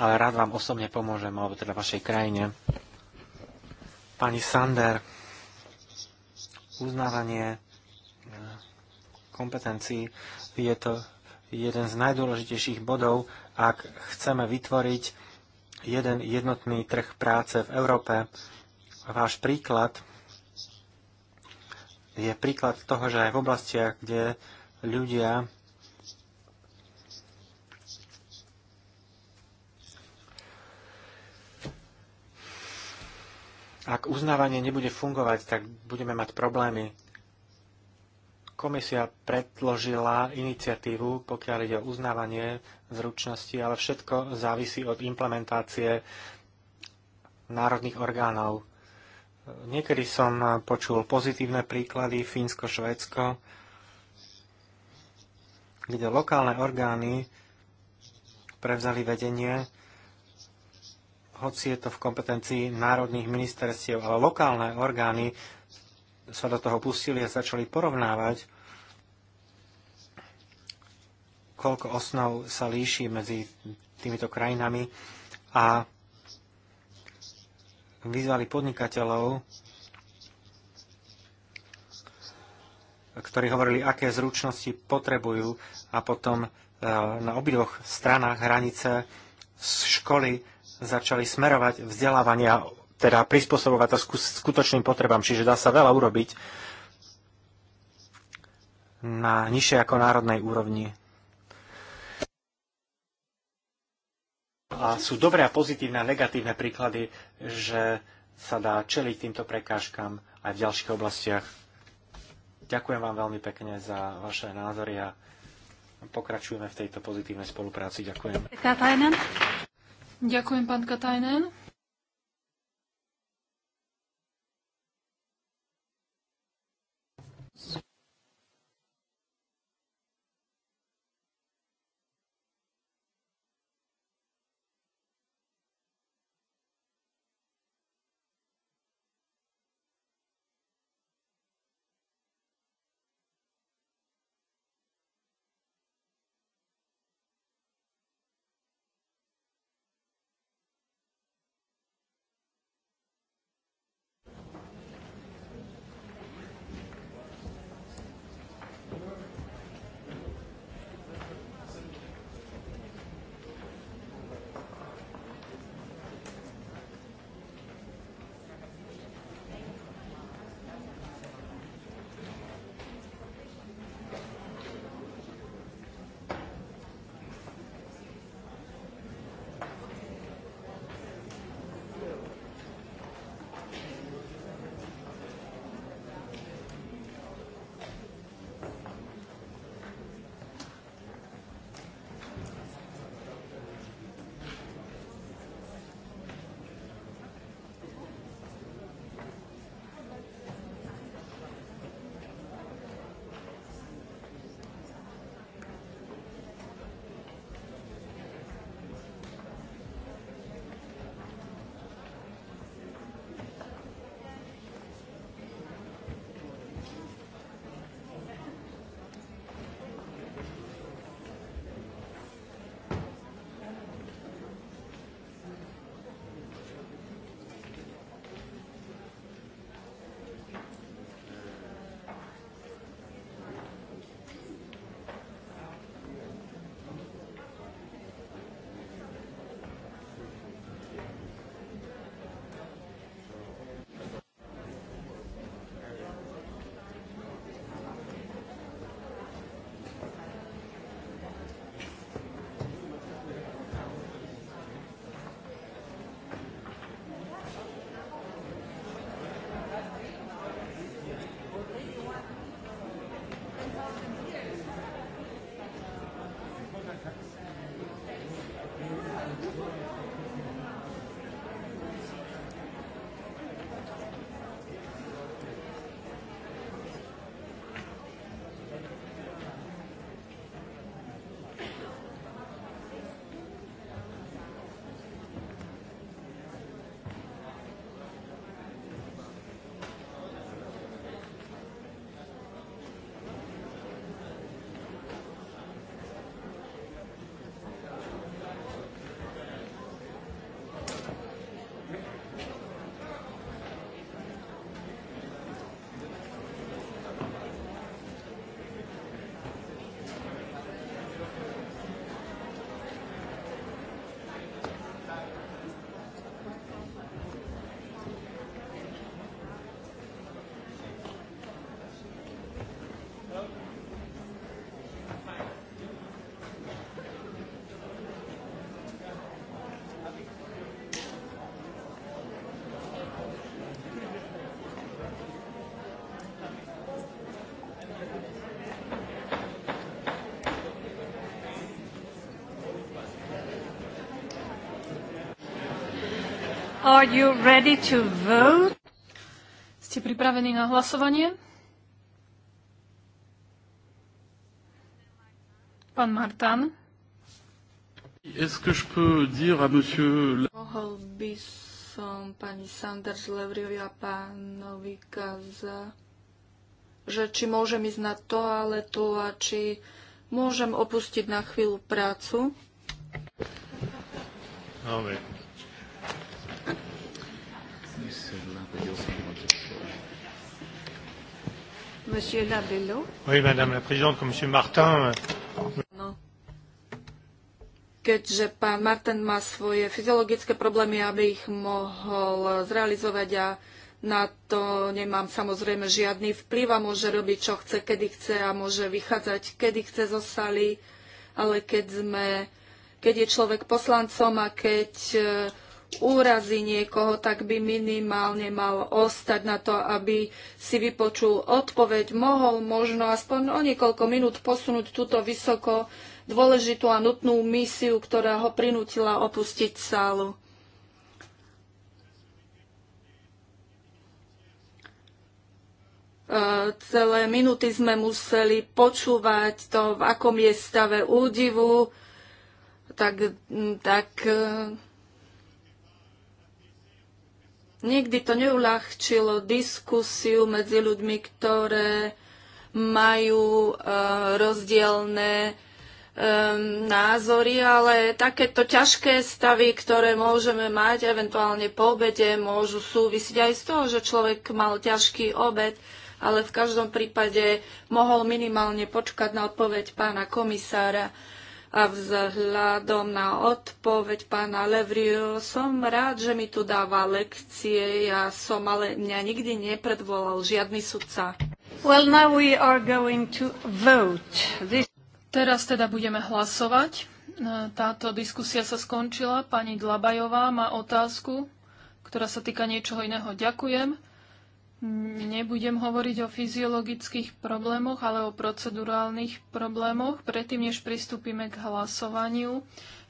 [SPEAKER 2] Ale rád vám osobne pomôžem, alebo teda vašej krajine. Pani Sander, uznávanie kompetencií. Je to jeden z najdôležitejších bodov, ak chceme vytvoriť jeden jednotný trh práce v Európe. Váš príklad je príklad toho, že aj v oblastiach, kde ľudia ak uznávanie nebude fungovať, tak budeme mať problémy Komisia predložila iniciatívu, pokiaľ ide o uznávanie zručnosti, ale všetko závisí od implementácie národných orgánov. Niekedy som počul pozitívne príklady Fínsko, Švédsko, kde lokálne orgány prevzali vedenie, hoci je to v kompetencii národných ministerstiev, ale lokálne orgány sa do toho pustili a začali porovnávať, koľko osnov sa líši medzi týmito krajinami a vyzvali podnikateľov, ktorí hovorili, aké zručnosti potrebujú a potom e, na obidvoch stranách hranice z školy začali smerovať vzdelávania teda prispôsobovať to skutočným potrebám, čiže dá sa veľa urobiť na nižšej ako národnej úrovni. A sú dobré a pozitívne a negatívne príklady, že sa dá čeliť týmto prekážkam aj v ďalších oblastiach. Ďakujem vám veľmi pekne za vaše názory a pokračujeme v tejto pozitívnej spolupráci. Ďakujem.
[SPEAKER 3] Katajnen. Ďakujem, pán Katajnen. Are you ready to vote? Ste pripravení na hlasovanie? Pán Martan?
[SPEAKER 4] Mohol by som pani Sanders Levriovi a pánovi Kaza, že či môžem ísť na toaletu a či môžem opustiť na chvíľu prácu.
[SPEAKER 1] No, Monsieur Labello. Oui, madame la présidente, comme monsieur Martin. Euh,
[SPEAKER 4] no. Keďže pán Martin má svoje fyziologické problémy, aby ich mohol zrealizovať a na to nemám samozrejme žiadny vplyv a môže robiť, čo chce, kedy chce a môže vychádzať, kedy chce zo sály, ale keď sme, keď je človek poslancom a keď e, úrazí niekoho, tak by minimálne mal ostať na to, aby si vypočul odpoveď. Mohol možno aspoň o niekoľko minút posunúť túto vysoko dôležitú a nutnú misiu, ktorá ho prinútila opustiť sálu. E, celé minúty sme museli počúvať to, v akom je stave údivu, tak, tak e, Nikdy to neulahčilo diskusiu medzi ľuďmi, ktoré majú e, rozdielne e, názory, ale takéto ťažké stavy, ktoré môžeme mať eventuálne po obede, môžu súvisiť aj z toho, že človek mal ťažký obed, ale v každom prípade mohol minimálne počkať na odpoveď pána komisára. A vzhľadom na odpoveď pána Levriu, som rád, že mi tu dáva lekcie. Ja som ale mňa nikdy nepredvolal žiadny sudca.
[SPEAKER 1] Well, now we
[SPEAKER 3] are going to vote. This... Teraz teda budeme hlasovať. E, táto diskusia sa skončila. Pani Dlabajová má otázku, ktorá sa týka niečoho iného. Ďakujem. Nebudem hovoriť o fyziologických problémoch, ale o procedurálnych problémoch. Predtým, než pristúpime k hlasovaniu,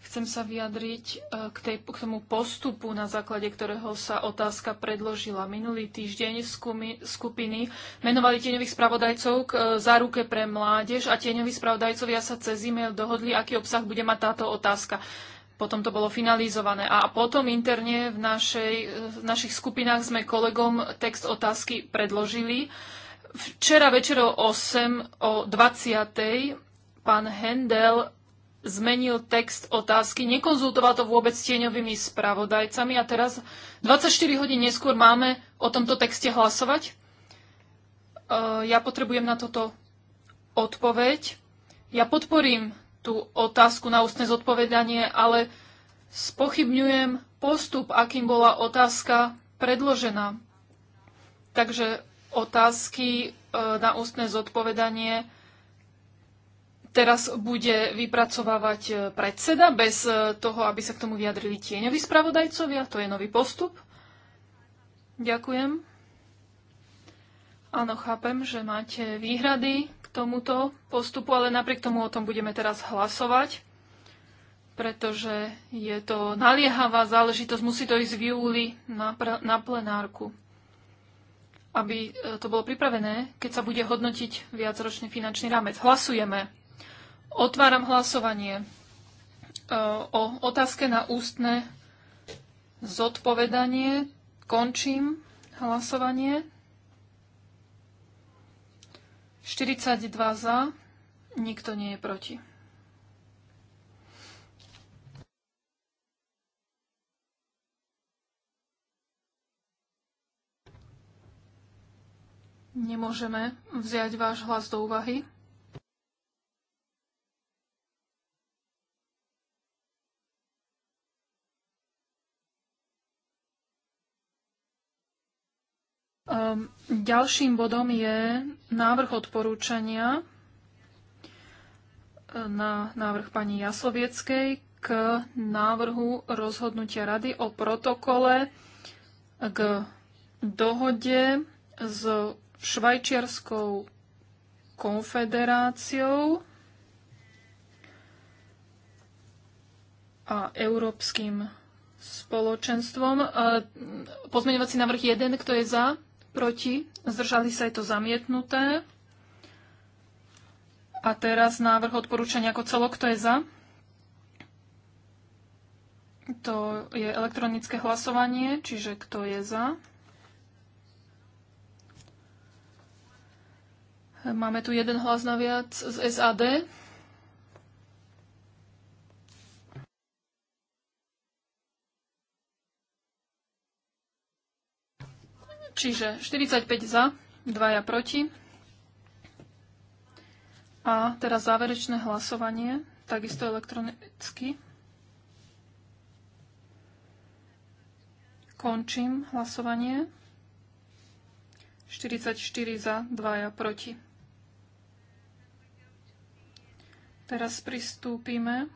[SPEAKER 3] chcem sa vyjadriť e, k, tej, k tomu postupu, na základe ktorého sa otázka predložila. Minulý týždeň skumi, skupiny menovali tieňových spravodajcov k e, záruke pre mládež a tieňoví spravodajcovia sa cez e-mail dohodli, aký obsah bude mať táto otázka. Potom to bolo finalizované. A potom interne v, našej, v našich skupinách sme kolegom text otázky predložili. Včera večer o 8, o 20. pán Hendel zmenil text otázky, nekonzultoval to vôbec s tieňovými spravodajcami a teraz 24 hodín neskôr máme o tomto texte hlasovať. E, ja potrebujem na toto odpoveď. Ja podporím tú otázku na ústne zodpovedanie, ale spochybňujem postup, akým bola otázka predložená. Takže otázky e, na ústne zodpovedanie teraz bude vypracovávať e, predseda bez e, toho, aby sa k tomu vyjadrili tieňoví spravodajcovia. To je nový postup. Ďakujem. Áno, chápem, že máte výhrady tomuto postupu, ale napriek tomu o tom budeme teraz hlasovať, pretože je to naliehavá záležitosť, musí to ísť v júli na, na plenárku, aby e, to bolo pripravené, keď sa bude hodnotiť viacročný finančný rámec. Hlasujeme. Otváram hlasovanie e, o otázke na ústne zodpovedanie. Končím hlasovanie. 42 za, nikto nie je proti. Nemôžeme vziať váš hlas do úvahy. Um, ďalším bodom je návrh odporúčania e, na návrh pani Jasovieckej k návrhu rozhodnutia rady o protokole k dohode s Švajčiarskou konfederáciou a Európskym spoločenstvom. E, pozmeňovací návrh 1, kto je za? proti, zdržali sa, je to zamietnuté. A teraz návrh odporúčania ako celok, kto je za? To je elektronické hlasovanie, čiže kto je za? Máme tu jeden hlas naviac z SAD. Čiže 45 za, 2 proti. A teraz záverečné hlasovanie, takisto elektronicky. Končím hlasovanie. 44 za, 2 proti. Teraz pristúpime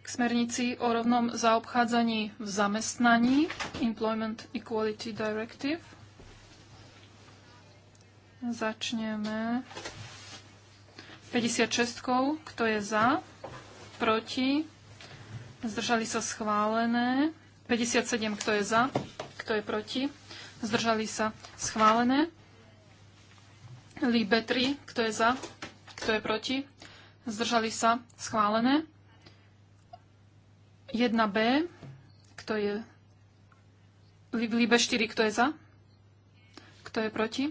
[SPEAKER 3] k smernici o rovnom zaobchádzaní v zamestnaní, Employment Equality Directive. Začneme 56. Kto je za? Proti? Zdržali sa schválené. 57. Kto je za? Kto je proti? Zdržali sa schválené. Líbe 3. Kto je za? Kto je proti? Zdržali sa schválené. 1B. Kto je... Líbe 4. Kto je za? Kto je proti?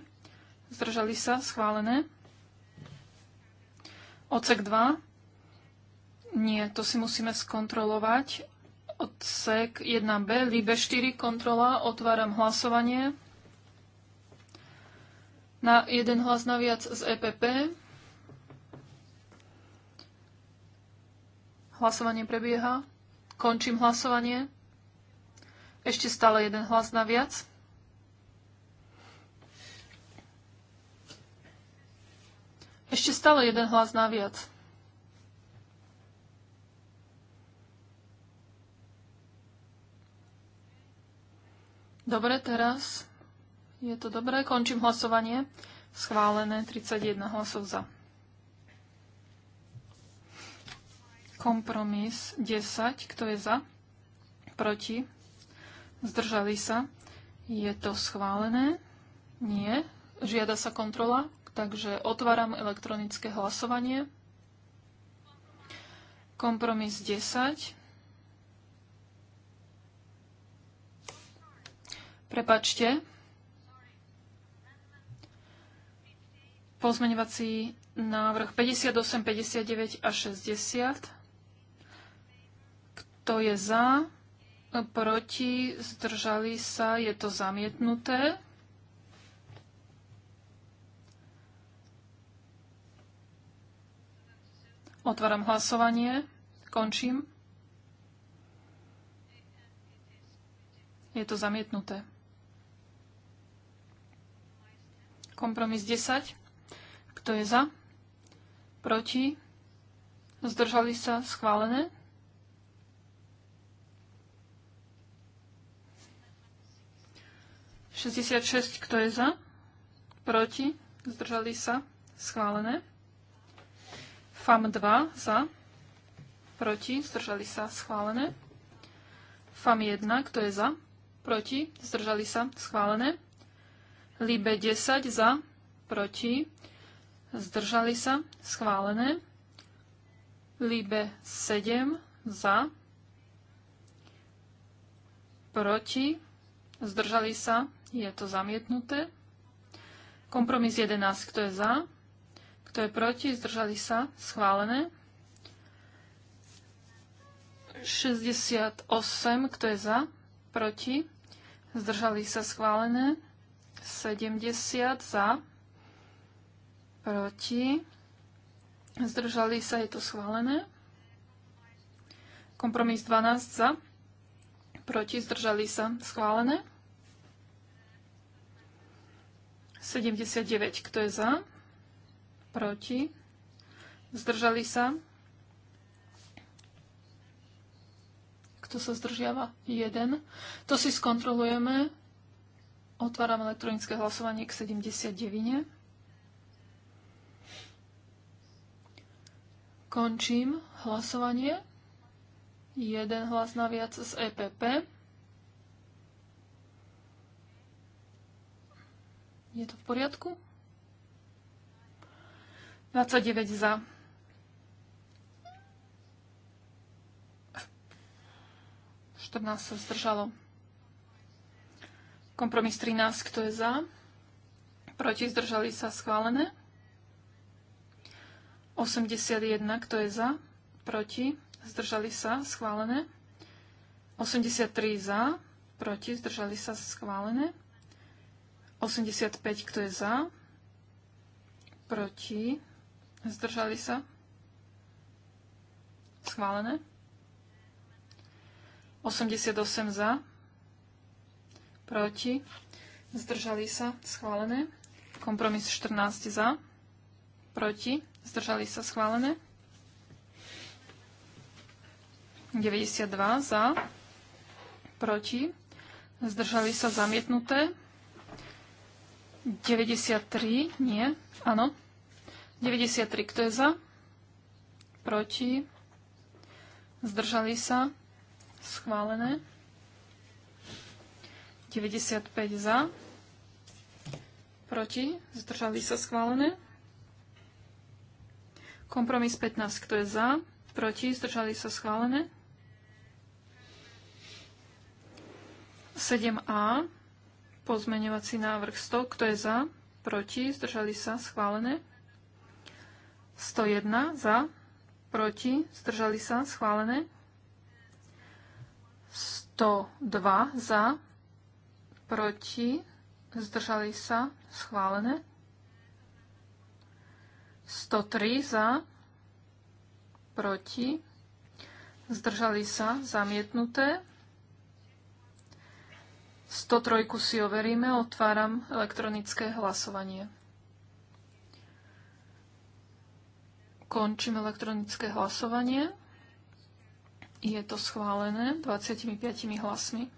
[SPEAKER 3] Zdržali sa? Schválené. Ocek 2. Nie, to si musíme skontrolovať. Odsek 1b, líbe 4, kontrola, otváram hlasovanie. Na jeden hlas naviac z EPP. Hlasovanie prebieha. Končím hlasovanie. Ešte stále jeden hlas naviac. viac. Ešte stále jeden hlas naviac. Dobre, teraz je to dobré. Končím hlasovanie. Schválené 31 hlasov za. Kompromis 10. Kto je za? Proti? Zdržali sa? Je to schválené? Nie. Žiada sa kontrola? takže otváram elektronické hlasovanie. Kompromis 10. Prepačte. Pozmeňovací návrh 58, 59 a 60. Kto je za? Proti? Zdržali sa? Je to zamietnuté. Otváram hlasovanie. Končím. Je to zamietnuté. Kompromis 10. Kto je za? Proti? Zdržali sa? Schválené? Šesťdesiat šesť. Kto je za? Proti? Zdržali sa? Schválené? FAM 2 za, proti, zdržali sa, schválené. FAM 1, kto je za, proti, zdržali sa, schválené. LIBE 10 za, proti, zdržali sa, schválené. LIBE 7 za, proti, zdržali sa, je to zamietnuté. Kompromis 11, kto je za, kto je proti? Zdržali sa? Schválené. 68. Kto je za? Proti? Zdržali sa? Schválené. 70 za, proti, zdržali sa, je to schválené. Kompromis 12 za, proti, zdržali sa, schválené. 79, kto je za, proti, zdržali sa. Kto sa zdržiava? Jeden. To si skontrolujeme. Otváram elektronické hlasovanie k 79. Končím hlasovanie. Jeden hlas naviac z EPP. Je to v poriadku? 29 za. nás sa zdržalo. Kompromis 13, kto je za? Proti zdržali sa schválené. 81, kto je za? Proti zdržali sa schválené. 83 za, proti zdržali sa schválené. 85, kto je za? Proti Zdržali sa? Schválené. 88 za. Proti. Zdržali sa. Schválené. Kompromis 14 za. Proti. Zdržali sa. Schválené. 92 za. Proti. Zdržali sa. Zamietnuté. 93. Nie. Áno. 93, kto je za? Proti? Zdržali sa? Schválené. 95 za. Proti? Zdržali sa? Schválené. Kompromis 15, kto je za? Proti? Zdržali sa? Schválené. 7a. Pozmeňovací návrh 100, kto je za? Proti? Zdržali sa? Schválené. 101 za, proti, zdržali sa, schválené. 102 za, proti, zdržali sa, schválené. 103 za, proti, zdržali sa, zamietnuté. 103 si overíme, otváram elektronické hlasovanie. Končím elektronické hlasovanie. Je to schválené 25 hlasmi.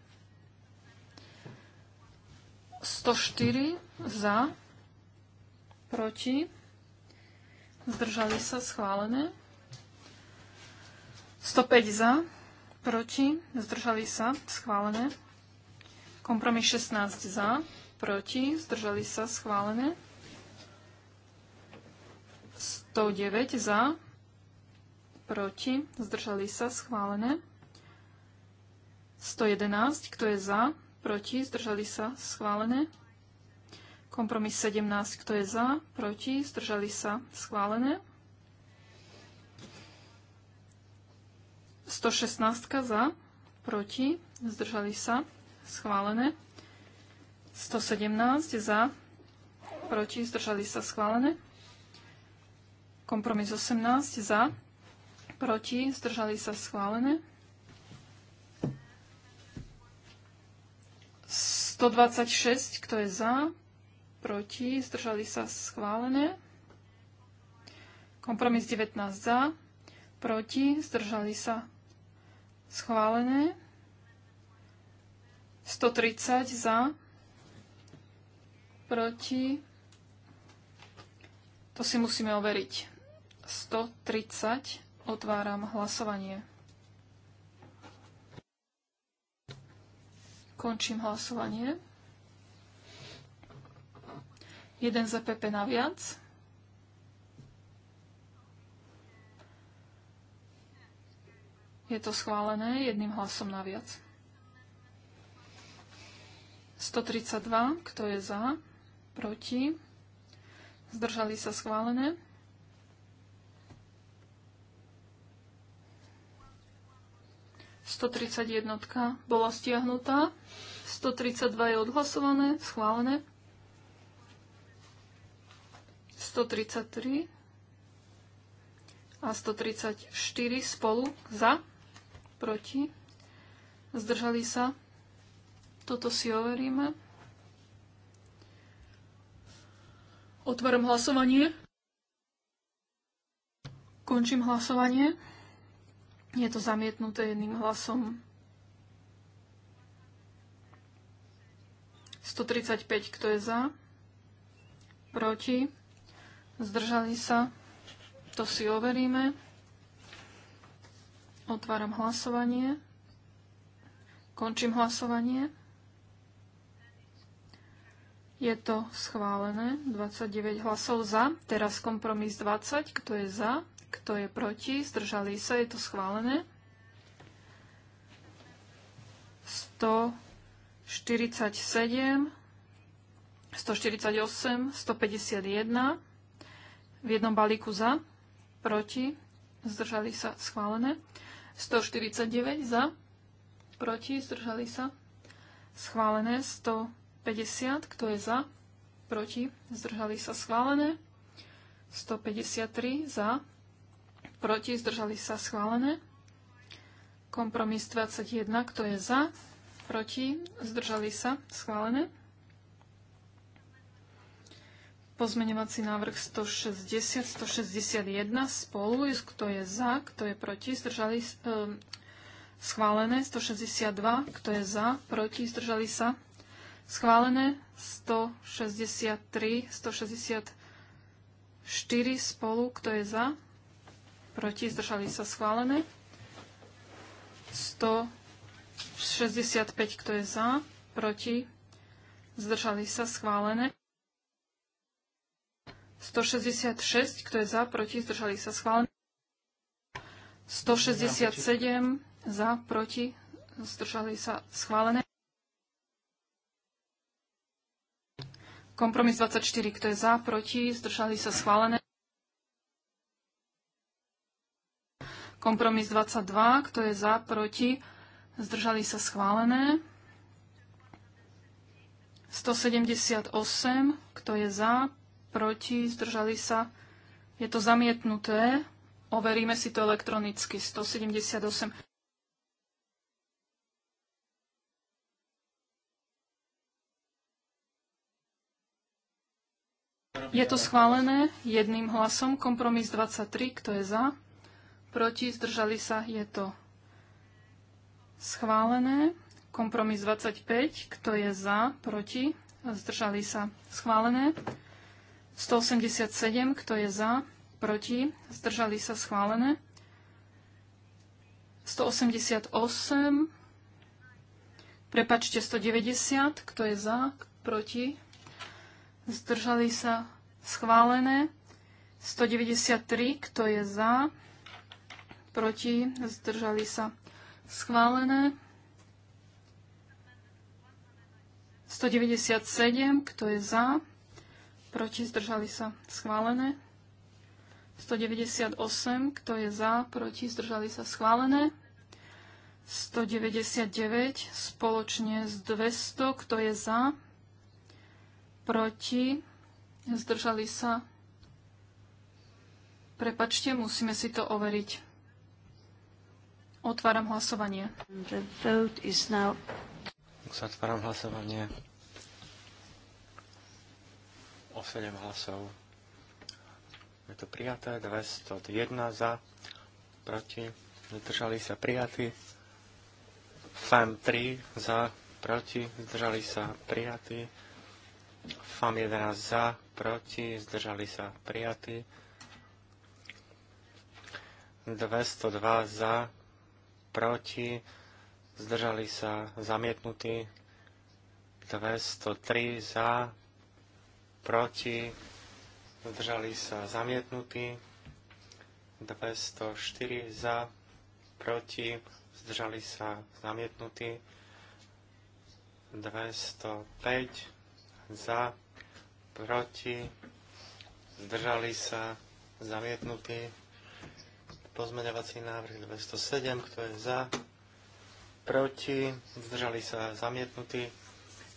[SPEAKER 3] 104 za, proti, zdržali sa, schválené. 105 za, proti, zdržali sa, schválené. Kompromis 16 za, proti, zdržali sa, schválené. 109 za, proti, zdržali sa, schválené. 111, kto je za, proti, zdržali sa, schválené. Kompromis 17, kto je za, proti, zdržali sa, schválené. 116 za, proti, zdržali sa, schválené. 117 za, proti, zdržali sa, schválené. Kompromis 18 za, proti, zdržali sa schválené. 126, kto je za, proti, zdržali sa schválené. Kompromis 19 za, proti, zdržali sa schválené. 130 za, proti, to si musíme overiť. 130. Otváram hlasovanie. Končím hlasovanie. Jeden za e PP na viac. Je to schválené jedným hlasom na viac. 132, kto je za, proti, zdržali sa schválené. 131 bola stiahnutá. 132 je odhlasované, schválené. 133 a 134 spolu za, proti, zdržali sa. Toto si overíme. Otváram hlasovanie. Končím hlasovanie. Je to zamietnuté jedným hlasom. 135, kto je za? Proti? Zdržali sa? To si overíme. Otváram hlasovanie. Končím hlasovanie. Je to schválené. 29 hlasov za. Teraz kompromis 20. Kto je za? kto je proti, zdržali sa, je to schválené. 147, 148, 151 v jednom balíku za, proti, zdržali sa, schválené. 149 za, proti, zdržali sa, schválené. 150, kto je za, proti, zdržali sa, schválené. 153 za, proti, zdržali sa schválené. Kompromis 21, kto je za, proti, zdržali sa schválené. Pozmeňovací návrh 160, 161 spolu, kto je za, kto je proti, zdržali eh, schválené. 162, kto je za, proti, zdržali sa schválené 163, 164 spolu, kto je za, proti, zdržali sa schválené. 165, kto je za, proti, zdržali sa schválené. 166, kto je za, proti, zdržali sa schválené. 167, za, proti, zdržali sa schválené. Kompromis 24, kto je za, proti, zdržali sa schválené. Kompromis 22, kto je za, proti, zdržali sa schválené. 178, kto je za, proti, zdržali sa. Je to zamietnuté. Overíme si to elektronicky. 178. Je to schválené jedným hlasom. Kompromis 23, kto je za? proti, zdržali sa, je to schválené. Kompromis 25, kto je za, proti, zdržali sa, schválené. 187, kto je za, proti, zdržali sa, schválené. 188, prepačte, 190, kto je za, proti, zdržali sa, schválené. 193, kto je za, proti, zdržali sa schválené. 197, kto je za, proti, zdržali sa schválené. 198, kto je za, proti, zdržali sa schválené. 199 spoločne s 200, kto je za, proti, zdržali sa. Prepačte, musíme si to overiť. Otváram
[SPEAKER 1] hlasovanie. The vote is now...
[SPEAKER 2] hlasovanie. 7 hlasov. Je to prijaté. 201 za, proti. Zdržali sa prijatí. FAM 3 za, proti. Zdržali sa prijatí. FAM 11 za, proti. Zdržali sa prijatí. 202 za, proti, zdržali sa zamietnutí, 203 za, proti, zdržali sa zamietnutí, 204 za, proti, zdržali sa zamietnutí, 205 za, proti, zdržali sa zamietnutí, Pozmeňovací návrh 207, kto je za? Proti? Zdržali sa zamietnutí.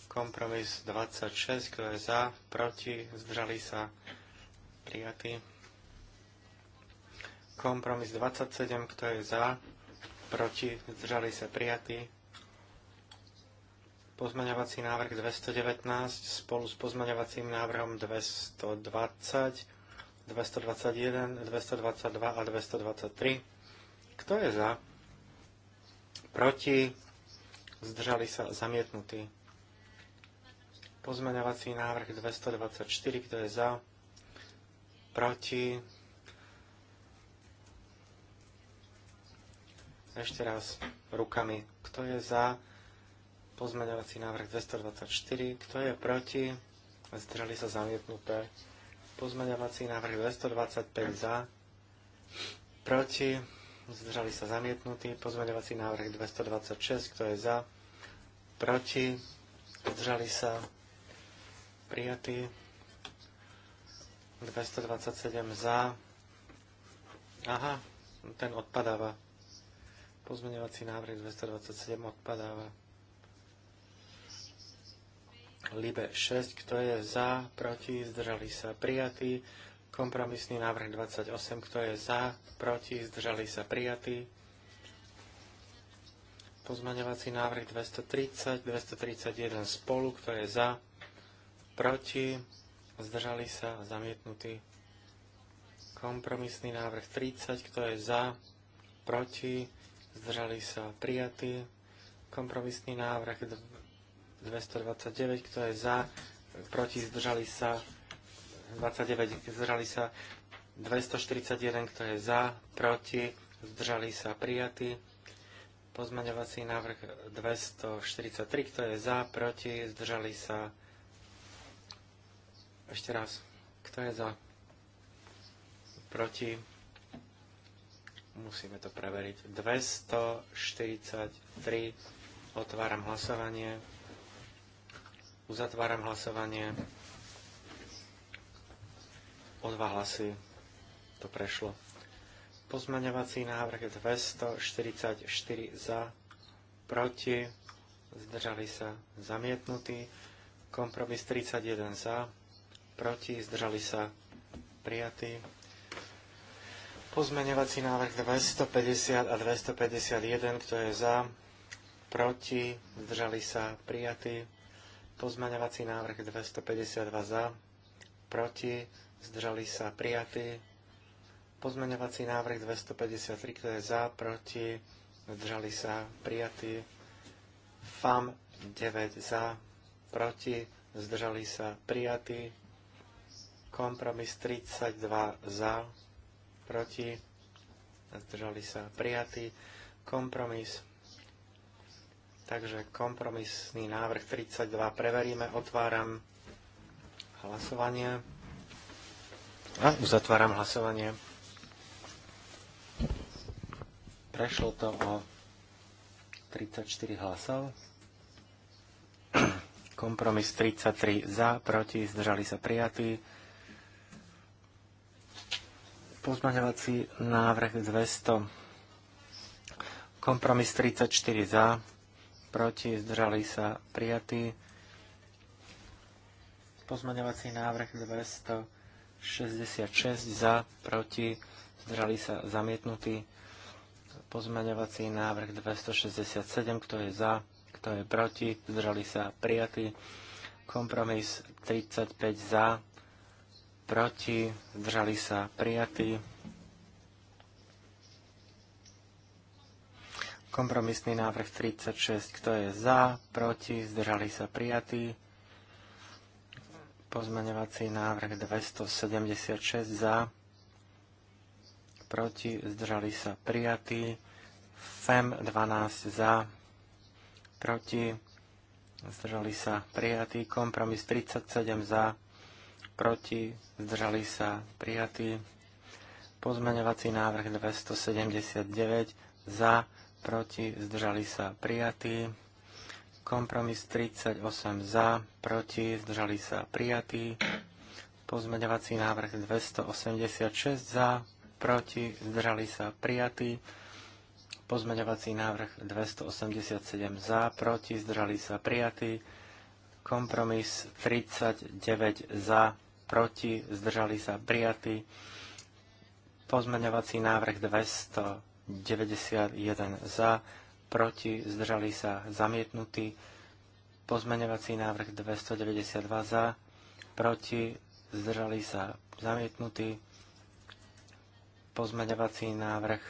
[SPEAKER 2] Kompromis 26, kto je za? Proti? Zdržali sa prijatí. Kompromis 27, kto je za? Proti? Zdržali sa prijatí. Pozmeňovací návrh 219 spolu s pozmeňovacím návrhom 220 221, 222 a 223. Kto je za? Proti? Zdržali sa zamietnutí. Pozmeňovací návrh 224. Kto je za? Proti? Ešte raz rukami. Kto je za? Pozmeňovací návrh 224. Kto je proti? Zdržali sa zamietnuté. Pozmeňovací návrh 225 za, proti, zdržali sa zamietnutí. Pozmeňovací návrh 226, kto je za, proti, zdržali sa prijatí. 227 za. Aha, ten odpadáva. Pozmeňovací návrh 227 odpadáva. Libe 6, kto je za, proti, zdržali sa prijatí. Kompromisný návrh 28, kto je za, proti, zdržali sa prijatí. Pozmaňovací návrh 230, 231 spolu, kto je za, proti, zdržali sa, zamietnutí. Kompromisný návrh 30, kto je za, proti, zdržali sa, prijatí. Kompromisný návrh 229, kto je za, proti, zdržali sa, 29, zdržali sa, 241, kto je za, proti, zdržali sa, prijatí. Pozmaňovací návrh 243, kto je za, proti, zdržali sa. Ešte raz, kto je za, proti, musíme to preveriť. 243, otváram hlasovanie. Uzatváram hlasovanie. O dva hlasy to prešlo. Pozmaňovací návrh 244 za, proti, zdržali sa zamietnutí. Kompromis 31 za, proti, zdržali sa prijatí. Pozmeňovací návrh 250 a 251, kto je za, proti, zdržali sa, prijatí. Pozmaňovací návrh 252 za, proti, zdržali sa prijatí. Pozmaňovací návrh 253, kto je za, proti, zdržali sa prijatí. FAM 9 za, proti, zdržali sa prijatí. Kompromis 32 za, proti, zdržali sa prijatí. Kompromis Takže kompromisný návrh 32 preveríme, otváram hlasovanie a uzatváram hlasovanie. Prešlo to o 34 hlasov. Kompromis 33 za, proti, zdržali sa prijatí. Pozmaňovací návrh 200. Kompromis 34 za, proti, zdržali sa prijatí. Pozmaňovací návrh 266 za, proti, zdržali sa zamietnutí. Pozmaňovací návrh 267, kto je za, kto je proti, zdržali sa prijatí. Kompromis 35 za, proti, zdržali sa prijatí. Kompromisný návrh 36. Kto je za? Proti? Zdržali sa prijatí. Pozmeňovací návrh 276 za. Proti? Zdržali sa prijatí. FEM 12 za. Proti? Zdržali sa prijatí. Kompromis 37 za. Proti? Zdržali sa prijatí. Pozmeňovací návrh 279 za proti, zdržali sa prijatí. Kompromis 38 za, proti, zdržali sa prijatí. Pozmeňovací návrh 286 za, proti, zdržali sa prijatí. Pozmeňovací návrh 287 za, proti, zdržali sa prijatí. Kompromis 39 za, proti, zdržali sa prijatí. Pozmeňovací návrh 200 91 za, proti, zdržali sa zamietnutí. Pozmeňovací návrh 292 za, proti, zdržali sa zamietnutí. Pozmeňovací návrh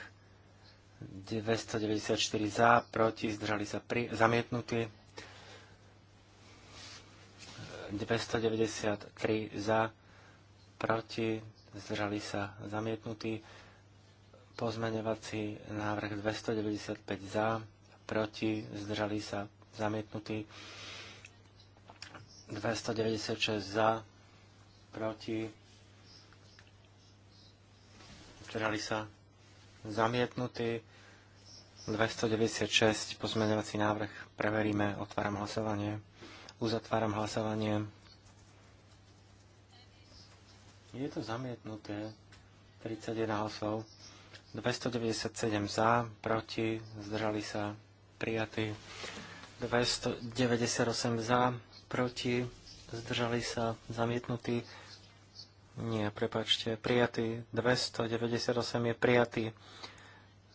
[SPEAKER 2] 294 za, proti, zdržali sa pri, zamietnutí. 293 za, proti, zdržali sa zamietnutí. Pozmeňovací návrh 295 za, proti, zdržali sa, zamietnutí 296 za, proti, zdržali sa, zamietnutí. 296 pozmeňovací návrh. Preveríme. Otváram hlasovanie. Uzatváram hlasovanie. Je to zamietnuté. 31 hlasov. 297 za, proti, zdržali sa prijatí. 298 za, proti, zdržali sa zamietnutí. Nie, prepačte, prijatý. 298 je prijatý.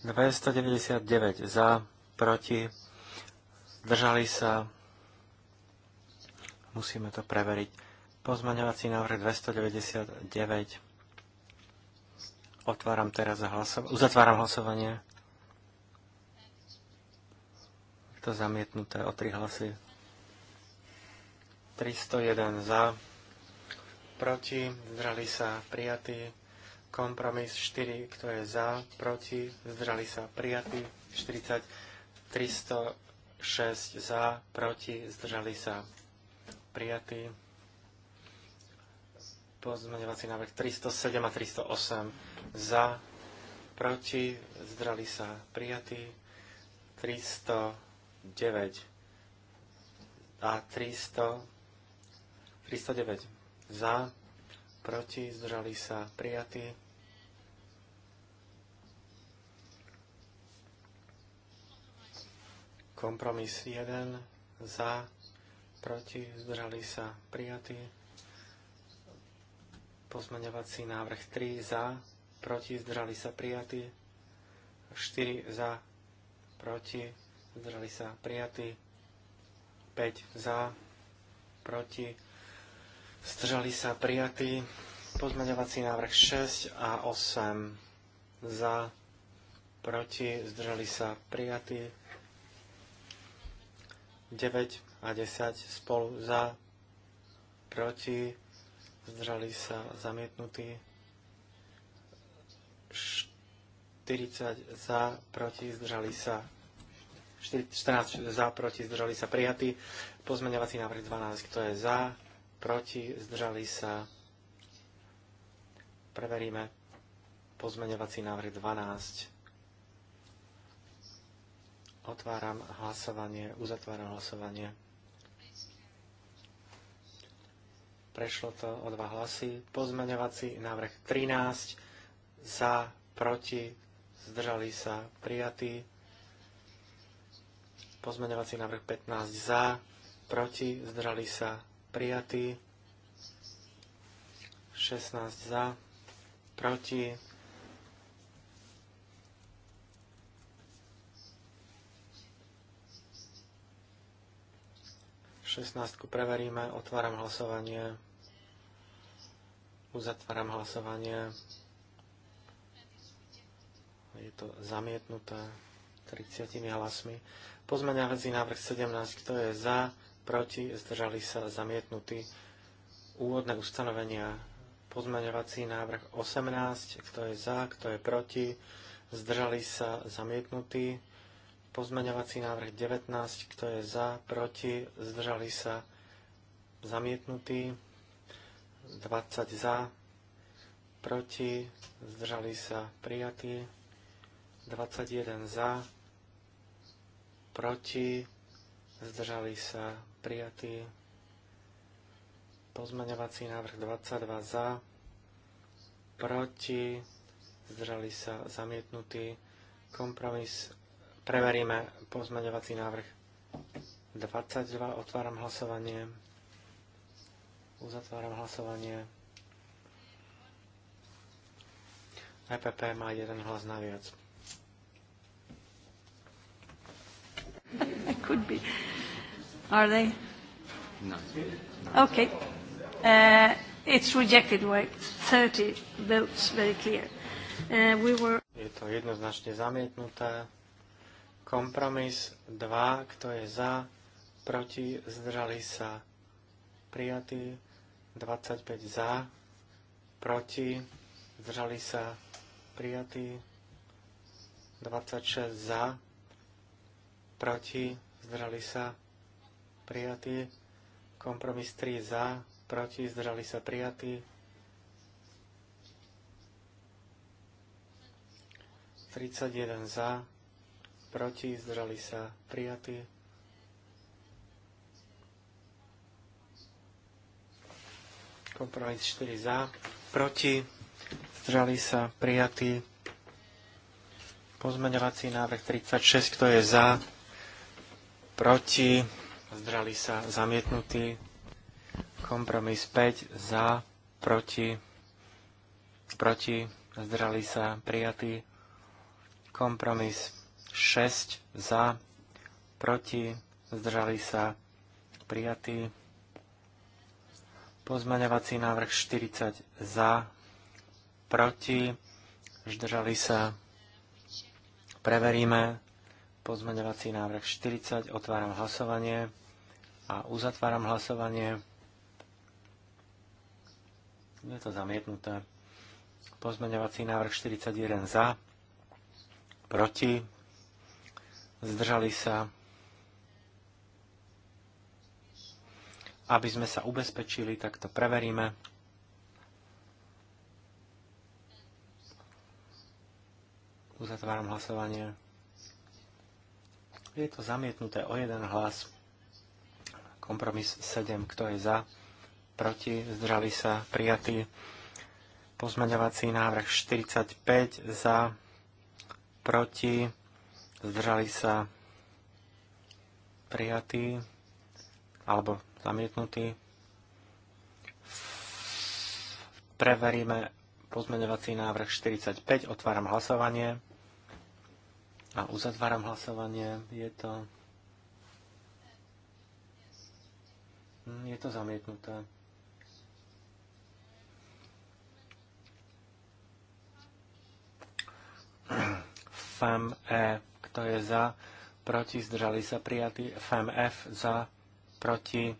[SPEAKER 2] 299 za, proti, zdržali sa. Musíme to preveriť. Pozmaňovací návrh 299. Otváram teraz hlasovanie. Uzatváram hlasovanie. Je to zamietnuté o tri hlasy. 301 za, proti, zdrali sa, prijatí. Kompromis 4, kto je za, proti, zdrali sa, prijatí. 40, 306 za, proti, zdržali sa, prijatí. Pozmeňovací návrh 307 a 308 za, proti, zdrali sa prijatí. 309 a 300, 309 za, proti, zdrali sa prijatí. Kompromis 1 za, proti, zdrali sa prijatí. Pozmeňovací návrh 3 za, proti, zdržali sa prijatí. 4 za, proti, zdržali sa prijatí. 5 za, proti, zdržali sa prijatí. Pozmeňovací návrh 6 a 8 za, proti, zdržali sa prijatí. 9 a 10 spolu za, proti, zdržali sa zamietnutí, 40 za, proti, zdržali sa 14 za, proti, zdržali sa prijatí. Pozmeňovací návrh 12, kto je za, proti, zdržali sa. Preveríme pozmeňovací návrh 12. Otváram hlasovanie, uzatváram hlasovanie. prešlo to o dva hlasy. Pozmeňovací návrh 13 za, proti, zdržali sa, prijatý. Pozmeňovací návrh 15 za, proti, zdržali sa, prijatý. 16 za, proti. Šestnáctku preveríme, otváram hlasovanie. Uzatváram hlasovanie. Je to zamietnuté 30 hlasmi. Pozmeňovací návrh 17, kto je za, proti, zdržali sa, zamietnutí, Úvodné ustanovenia. Pozmeňovací návrh 18, kto je za, kto je proti, zdržali sa, zamietnutí, Pozmeňovací návrh 19, kto je za, proti, zdržali sa, zamietnutí. 20 za, proti, zdržali sa prijatí, 21 za, proti, zdržali sa prijatí, pozmeňovací návrh 22 za, proti, zdržali sa zamietnutí, kompromis, preveríme pozmeňovací návrh 22, otváram hlasovanie. Uzatváram hlasovanie. EPP má jeden hlas naviac.
[SPEAKER 1] It could be. Are they?
[SPEAKER 2] No. Okay.
[SPEAKER 1] Uh, it's rejected by 30 votes, very clear. Uh, we were...
[SPEAKER 2] Je to jednoznačne zamietnuté. Kompromis 2, kto je za, proti, zdržali sa, prijatí. 25 za, proti, zdržali sa prijatí, 26 za, proti, zdržali sa prijatí, kompromis 3 za, proti, zdržali sa prijatí, 31 za, proti, zdržali sa prijatí, Kompromis 4 za, proti, zdržali sa, prijatý. Pozmeňovací návrh 36, kto je za, proti, zdržali sa, zamietnutý. Kompromis 5 za, proti, proti, zdržali sa, prijatý. Kompromis 6 za, proti, zdržali sa, prijatý Pozmeňovací návrh 40 za, proti, zdržali sa. Preveríme pozmeňovací návrh 40, otváram hlasovanie a uzatváram hlasovanie. Je to zamietnuté. Pozmeňovací návrh 41 za, proti, zdržali sa. aby sme sa ubezpečili, tak to preveríme. Uzatváram hlasovanie. Je to zamietnuté o jeden hlas. Kompromis 7. Kto je za? Proti? Zdržali sa? Prijatý? Pozmeňovací návrh 45. Za? Proti? Zdržali sa? Prijatý? Alebo Zamietnutý. Preveríme pozmeňovací návrh 45. Otváram hlasovanie. A uzatváram hlasovanie. Je to... Je to zamietnuté. FEM E. Kto je za? Proti? Zdržali sa prijatí. FEM F. Za? Proti?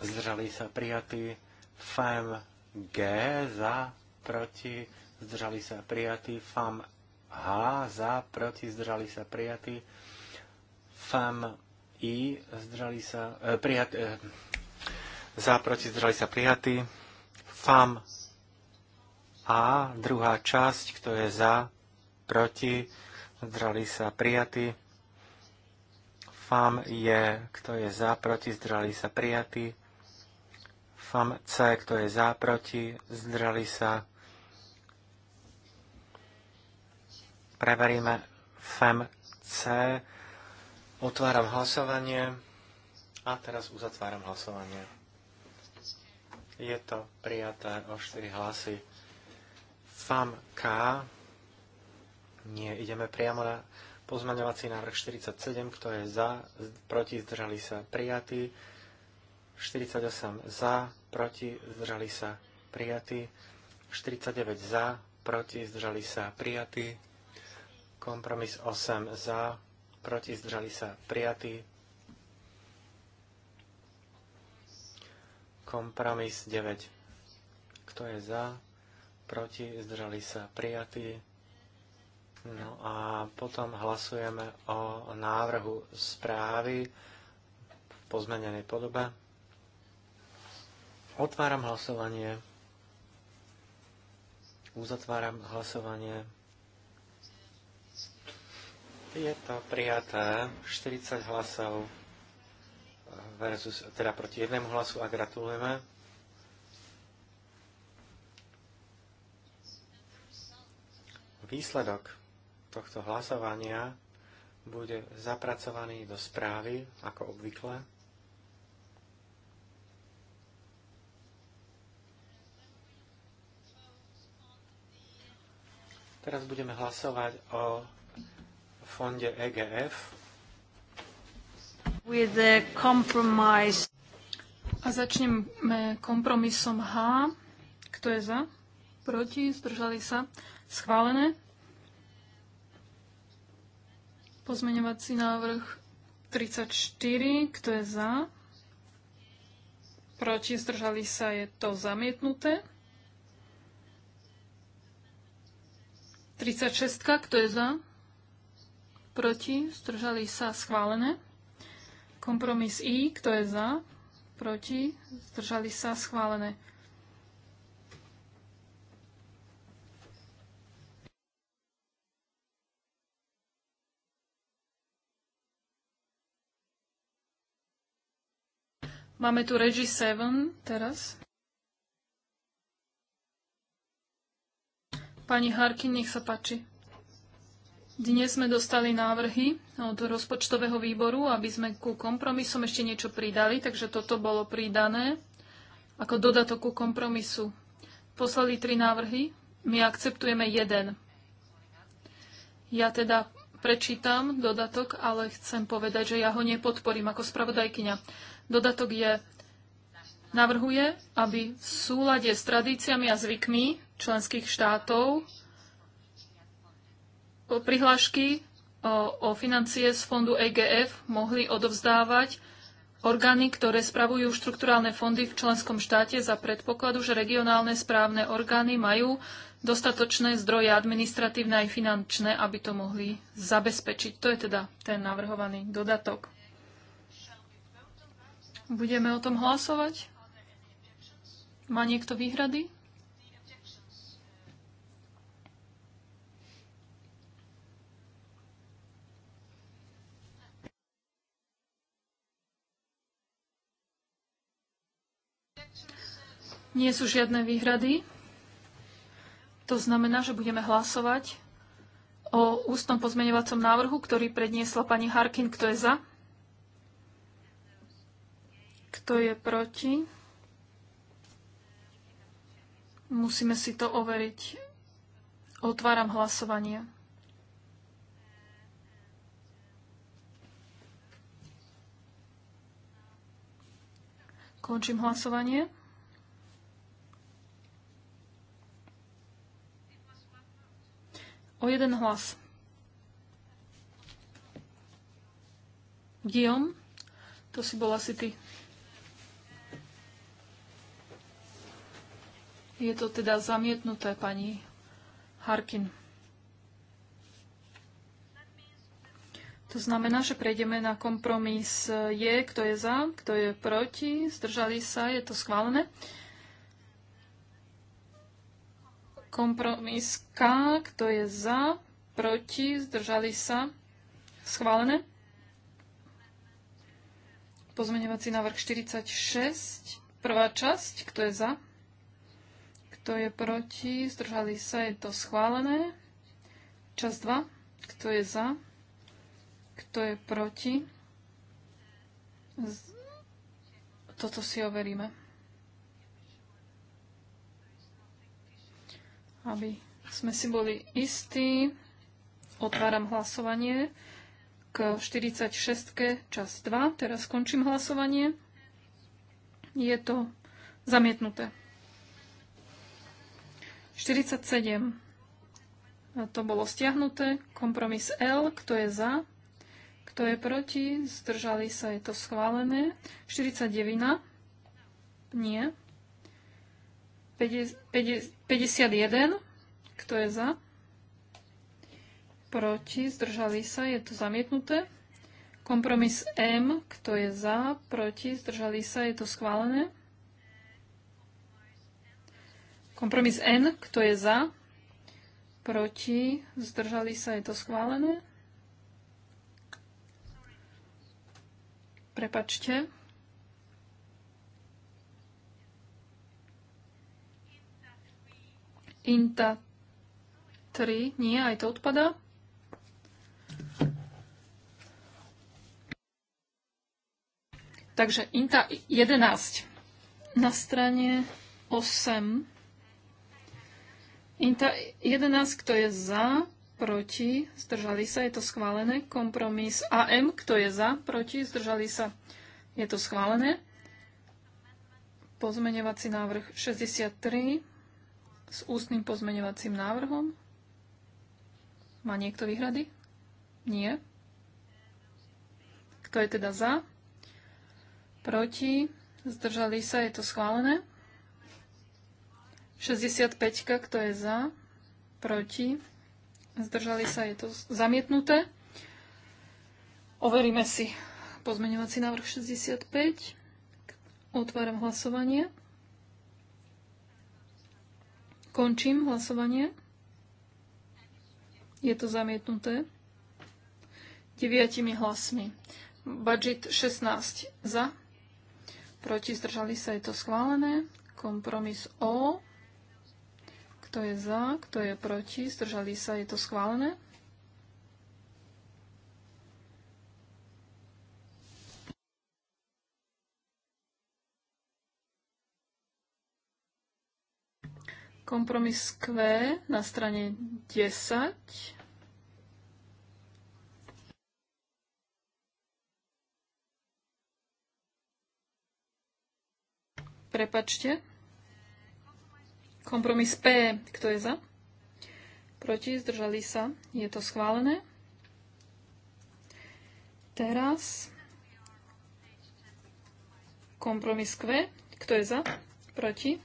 [SPEAKER 2] zdržali sa prijatí. FAM G za, proti, zdržali sa prijatí. FAM H za, proti, zdržali sa prijatí. FAM I zdržali sa e, eh, prijatí, e, eh, za, proti, zdržali sa prijatí. FAM A, druhá časť, kto je za, proti, zdržali sa prijatí. FAM je, kto je za, proti, zdržali sa prijatí. FAM C, kto je za, proti, zdrali sa. Preveríme FAM C. Otváram hlasovanie a teraz uzatváram hlasovanie. Je to prijaté o 4 hlasy. FAM K. Nie, ideme priamo na pozmaňovací návrh 47, kto je za, proti, zdržali sa prijatí. 48 za, proti, zdržali sa prijatí. 49 za, proti, zdržali sa prijatí. Kompromis 8 za, proti, zdržali sa prijatí. Kompromis 9. Kto je za? Proti, zdržali sa prijatí. No a potom hlasujeme o návrhu správy v pozmenenej podobe. Otváram hlasovanie. Uzatváram hlasovanie. Je to prijaté. 40 hlasov versus, teda proti jednému hlasu a gratulujeme. Výsledok tohto hlasovania bude zapracovaný do správy, ako obvykle. Teraz budeme hlasovať o fonde EGF.
[SPEAKER 1] With compromise.
[SPEAKER 3] A začneme kompromisom H. Kto je za? Proti? Zdržali sa? Schválené. Pozmeňovací návrh 34. Kto je za? Proti? Zdržali sa? Je to zamietnuté. 36, kto je za? Proti? Zdržali sa schválené. Kompromis I, kto je za? Proti? Zdržali sa schválené. Máme tu Regi 7 teraz. Pani Harkin, nech sa páči. Dnes sme dostali návrhy od rozpočtového výboru, aby sme ku kompromisom ešte niečo pridali, takže toto bolo pridané ako dodatok ku kompromisu. Poslali tri návrhy, my akceptujeme jeden. Ja teda prečítam dodatok, ale chcem povedať, že ja ho nepodporím ako spravodajkyňa. Dodatok je, navrhuje, aby v súlade s tradíciami a zvykmi členských štátov prihlášky o, o financie z fondu EGF mohli odovzdávať orgány, ktoré spravujú štrukturálne fondy v členskom štáte za predpokladu, že regionálne správne orgány majú dostatočné zdroje administratívne aj finančné, aby to mohli zabezpečiť. To je teda ten navrhovaný dodatok. Budeme o tom hlasovať? Má niekto výhrady? Nie sú žiadne výhrady. To znamená, že budeme hlasovať o ústnom pozmeňovacom návrhu, ktorý predniesla pani Harkin. Kto je za? Kto je proti? Musíme si to overiť. Otváram hlasovanie. Končím hlasovanie. O jeden hlas. Guillaume, to si bola si ty. Je to teda zamietnuté, pani Harkin. To znamená, že prejdeme na kompromis je, kto je za, kto je proti, zdržali sa, je to schválené. Kompromis K, kto je za, proti, zdržali sa, schválené. Pozmeňovací návrh 46, prvá časť, kto je za, kto je proti, zdržali sa, je to schválené. Čas 2, kto je za, kto je proti. Toto si overíme. aby sme si boli istí. Otváram hlasovanie k 46. čas 2. Teraz skončím hlasovanie. Je to zamietnuté. 47. To bolo stiahnuté. Kompromis L. Kto je za? Kto je proti? Zdržali sa. Je to schválené. 49. Nie. 51. Kto je za? Proti. Zdržali sa. Je to zamietnuté. Kompromis M. Kto je za? Proti. Zdržali sa. Je to schválené. Kompromis N. Kto je za? Proti. Zdržali sa. Je to schválené. Prepačte. Inta 3, nie, aj to odpadá. Takže Inta 11 na strane 8. Inta 11, kto je za, proti, zdržali sa, je to schválené. Kompromis AM, kto je za, proti, zdržali sa, je to schválené. Pozmeňovací návrh 63 s ústnym pozmeňovacím návrhom? Má niekto výhrady? Nie. Kto je teda za? Proti? Zdržali sa? Je to schválené? 65. Kto je za? Proti? Zdržali sa? Je to zamietnuté? Overíme si pozmeňovací návrh 65. Otváram hlasovanie. Končím hlasovanie. Je to zamietnuté. 9 hlasmi. Budget 16 za. Proti zdržali sa, je to schválené. Kompromis O. Kto je za, kto je proti, zdržali sa, je to schválené. Kompromis Q na strane 10. Prepačte. Kompromis P. Kto je za? Proti? Zdržali sa? Je to schválené? Teraz kompromis Q. Kto je za? Proti?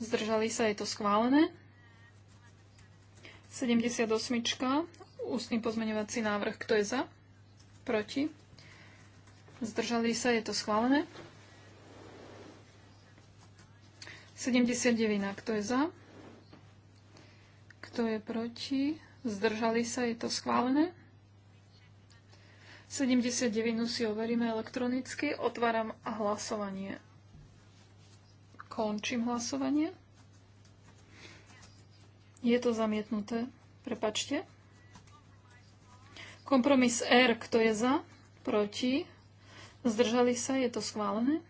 [SPEAKER 3] zdržali sa, je to schválené. 78. Ústny pozmeňovací návrh, kto je za? Proti? Zdržali sa, je to schválené. 79. Kto je za? Kto je proti? Zdržali sa, je to schválené. 79 si overíme elektronicky. Otváram hlasovanie. Končím hlasovanie. Je to zamietnuté. Prepačte. Kompromis R, kto je za, proti, zdržali sa, je to schválené.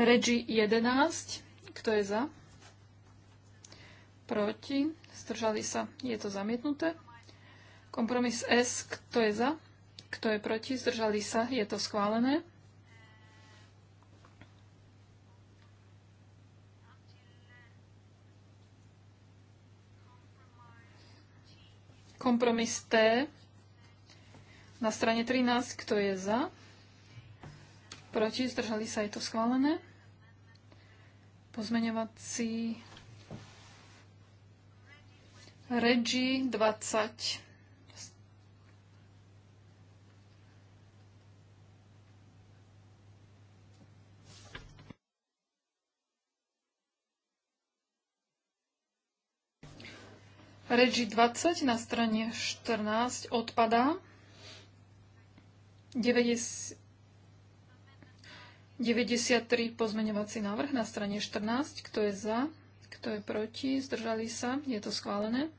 [SPEAKER 3] Regi 11, kto je za, proti, zdržali sa, je to zamietnuté. Kompromis S, kto je za, kto je proti, zdržali sa, je to schválené. Kompromis T na strane 13, kto je za? Proti, zdržali sa, je to schválené. Pozmeňovací Regi 20 Regi 20 na strane 14 odpadá. 93 pozmeňovací návrh na strane 14. Kto je za? Kto je proti? Zdržali sa? Je to schválené.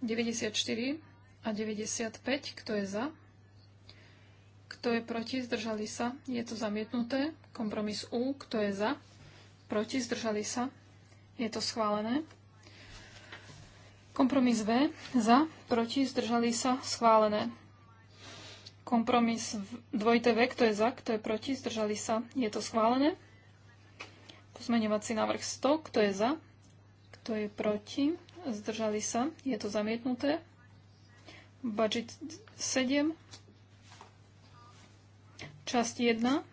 [SPEAKER 3] 94 a 95. Kto je za? Kto je proti? Zdržali sa? Je to zamietnuté. Kompromis U. Kto je za? Proti? Zdržali sa? Je to schválené. Kompromis V. Za, proti, zdržali sa, schválené. Kompromis dvojité V. Kto je za, kto je proti, zdržali sa, je to schválené. Pozmeňovací návrh 100. Kto je za, kto je proti, zdržali sa, je to zamietnuté. Budget 7. Časť 1.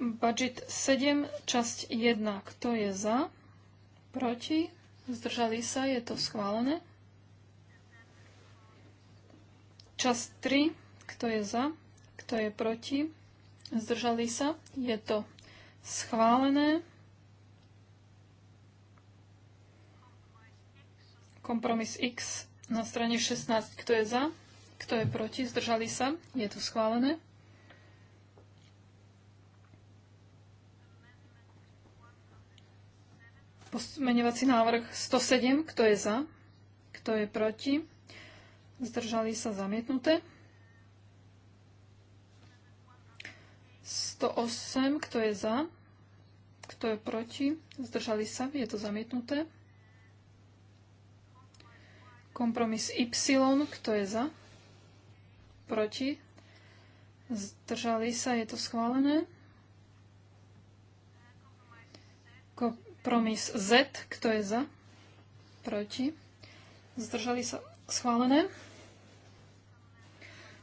[SPEAKER 3] Budget 7, časť 1. Kto je za? Proti? Zdržali sa? Je to schválené? Časť 3. Kto je za? Kto je proti? Zdržali sa? Je to schválené? Kompromis X na strane 16. Kto je za? Kto je proti? Zdržali sa? Je to schválené? Pozmeňovací návrh 107, kto je za, kto je proti, zdržali sa zamietnuté. 108, kto je za, kto je proti, zdržali sa, je to zamietnuté. Kompromis Y, kto je za, proti, zdržali sa, je to schválené. Promis Z, kto je za? Proti. Zdržali sa schválené.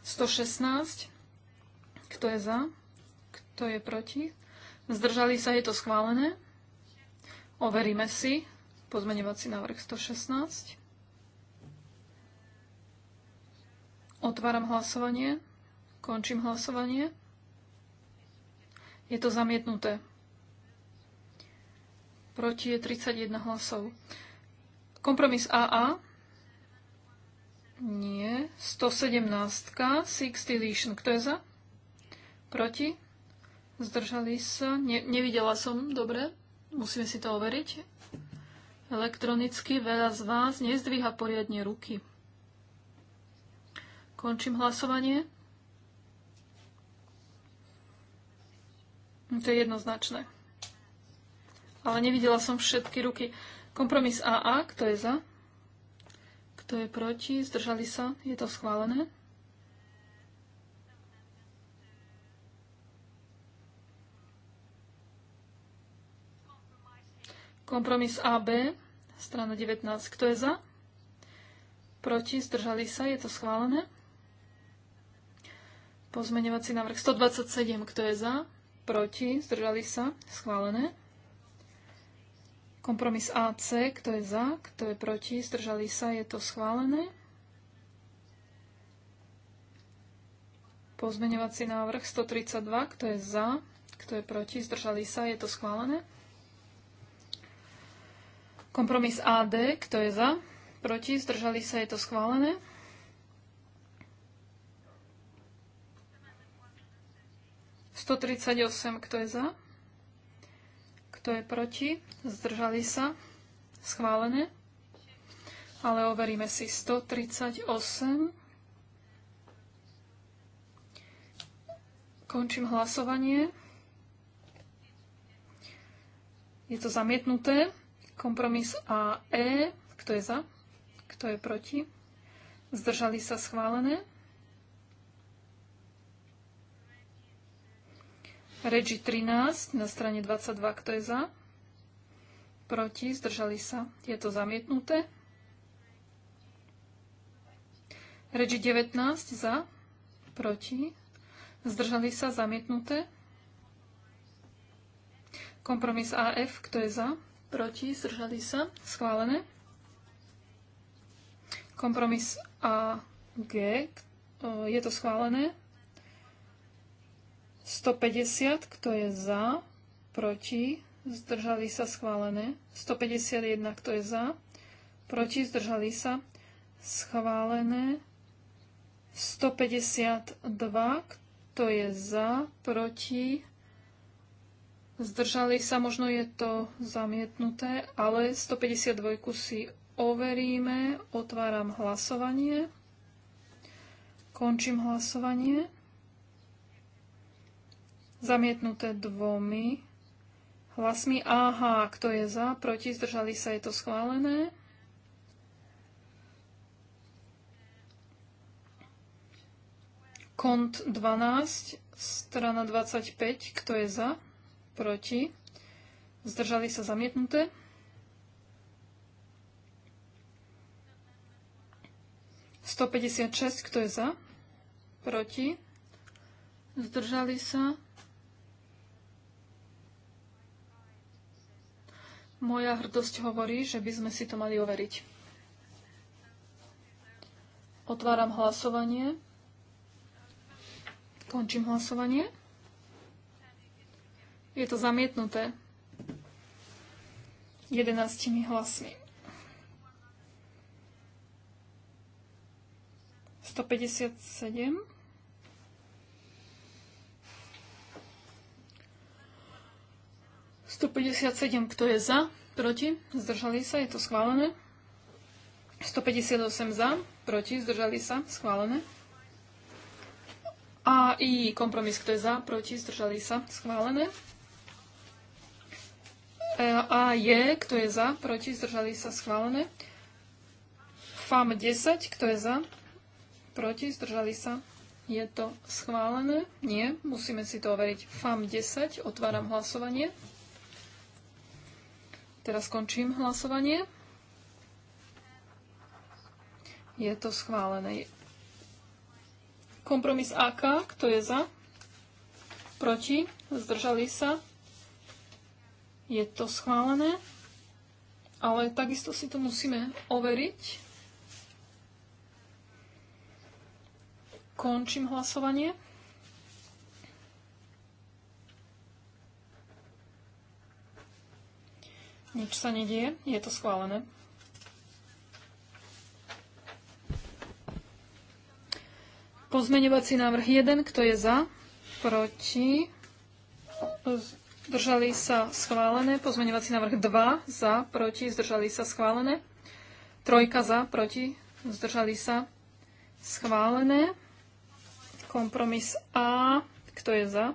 [SPEAKER 3] 116. Kto je za? Kto je proti? Zdržali sa, je to schválené. Overíme si pozmeňovací návrh 116. Otváram hlasovanie. Končím hlasovanie. Je to zamietnuté proti je 31 hlasov. Kompromis AA. Nie. 117. Six deletion. Kto je za? Proti? Zdržali sa. Ne, nevidela som. Dobre. Musíme si to overiť. Elektronicky veľa z vás nezdvíha poriadne ruky. Končím hlasovanie. To je jednoznačné ale nevidela som všetky ruky. Kompromis AA, kto je za? Kto je proti? Zdržali sa? Je to schválené? Kompromis AB, strana 19. Kto je za? Proti? Zdržali sa? Je to schválené? Pozmeňovací návrh 127. Kto je za? Proti? Zdržali sa? Schválené? Kompromis AC, kto je za, kto je proti, zdržali sa, je to schválené. Pozmeňovací návrh 132, kto je za, kto je proti, zdržali sa, je to schválené. Kompromis AD, kto je za, proti, zdržali sa, je to schválené. Sto kto je za? Kto je proti? Zdržali sa? Schválené. Ale overíme si 138. Končím hlasovanie. Je to zamietnuté. Kompromis a E. Kto je za? Kto je proti? Zdržali sa schválené. Regi 13 na strane 22, kto je za? Proti, zdržali sa. Je to zamietnuté. Regi 19 za, proti, zdržali sa, zamietnuté. Kompromis AF, kto je za? Proti, zdržali sa, schválené. Kompromis AG, je to schválené. 150, kto je za, proti, zdržali sa schválené. 151, kto je za, proti, zdržali sa schválené. 152, kto je za, proti, zdržali sa, možno je to zamietnuté, ale 152 si overíme, otváram hlasovanie, končím hlasovanie. Zamietnuté dvomi hlasmi. Aha, kto je za, proti, zdržali sa, je to schválené. Kont 12, strana 25, kto je za, proti, zdržali sa zamietnuté. Sto kto je za, proti, zdržali sa, Moja hrdosť hovorí, že by sme si to mali overiť. Otváram hlasovanie. Končím hlasovanie. Je to zamietnuté. 11 hlasmi. 157. 157, kto je za, proti, zdržali sa, je to schválené. 158 za, proti, zdržali sa, schválené. A i kompromis, kto je za, proti, zdržali sa, schválené. E, A je, kto je za, proti, zdržali sa, schválené. FAM 10, kto je za, proti, zdržali sa, je to schválené. Nie, musíme si to overiť. FAM 10, otváram hlasovanie. Teraz končím hlasovanie. Je to schválené. Kompromis AK, kto je za? Proti? Zdržali sa? Je to schválené. Ale takisto si to musíme overiť. Končím hlasovanie. Nič sa nedieje, je to schválené. Pozmeňovací návrh 1, kto je za? Proti? Zdržali sa schválené. Pozmeňovací návrh 2, za, proti, zdržali sa schválené. Trojka za, proti, zdržali sa schválené. Kompromis A, kto je za?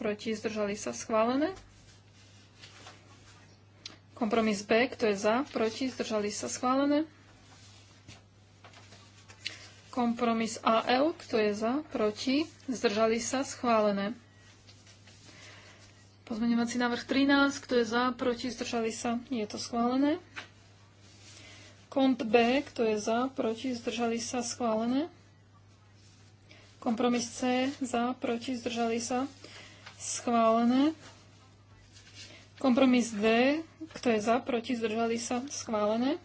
[SPEAKER 3] Proti, zdržali sa schválené. Kompromis B, kto je za, proti, zdržali sa schválené. Kompromis AL, kto je za, proti, zdržali sa schválené. Pozmeňovací návrh 13, kto je za, proti, zdržali sa, je to schválené. Kont B, kto je za, proti, zdržali sa, schválené. Kompromis C, za, proti, zdržali sa, schválené. Kompromis D, kto je za, proti, zdržali sa, schválené.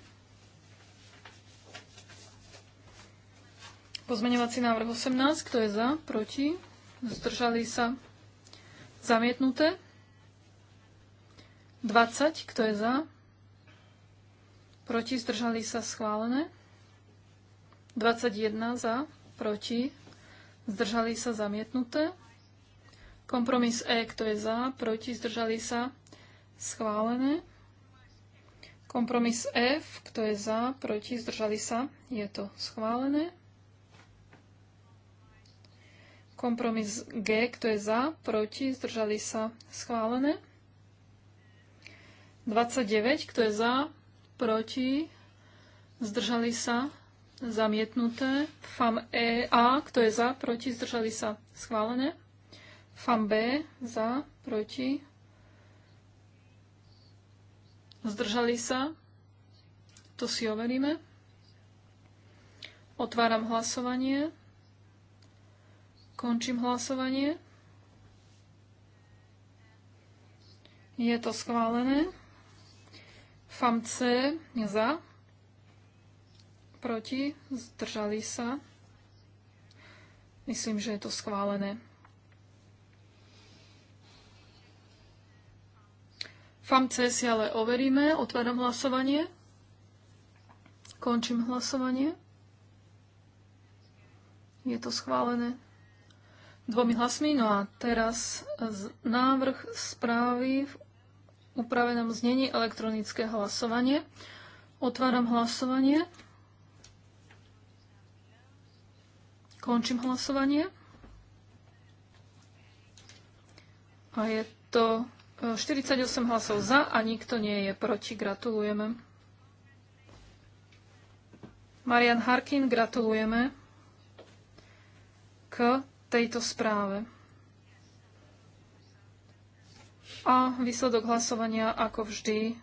[SPEAKER 3] Pozmeňovací návrh 18. Kto je za, proti, zdržali sa, zamietnuté. 20. Kto je za, proti, zdržali sa, schválené. 21 za, proti, zdržali sa, zamietnuté. Kompromis E, kto je za, proti, zdržali sa, schválené. Kompromis F, kto je za, proti, zdržali sa, je to schválené. Kompromis G, kto je za, proti, zdržali sa, schválené. 29, kto je za, proti, zdržali sa, zamietnuté. FAM E, A, kto je za, proti, zdržali sa, schválené. FAM B, za, proti, Zdržali sa? To si overíme. Otváram hlasovanie. Končím hlasovanie. Je to schválené. FAM C za. Proti. Zdržali sa. Myslím, že je to schválené. FAM C si ale overíme. Otváram hlasovanie. Končím hlasovanie. Je to schválené dvomi hlasmi. No a teraz návrh správy v upravenom znení elektronické hlasovanie. Otváram hlasovanie. Končím hlasovanie. A je to 48 hlasov za a nikto nie je proti. Gratulujeme. Marian Harkin, gratulujeme k tejto správe. A výsledok hlasovania, ako vždy,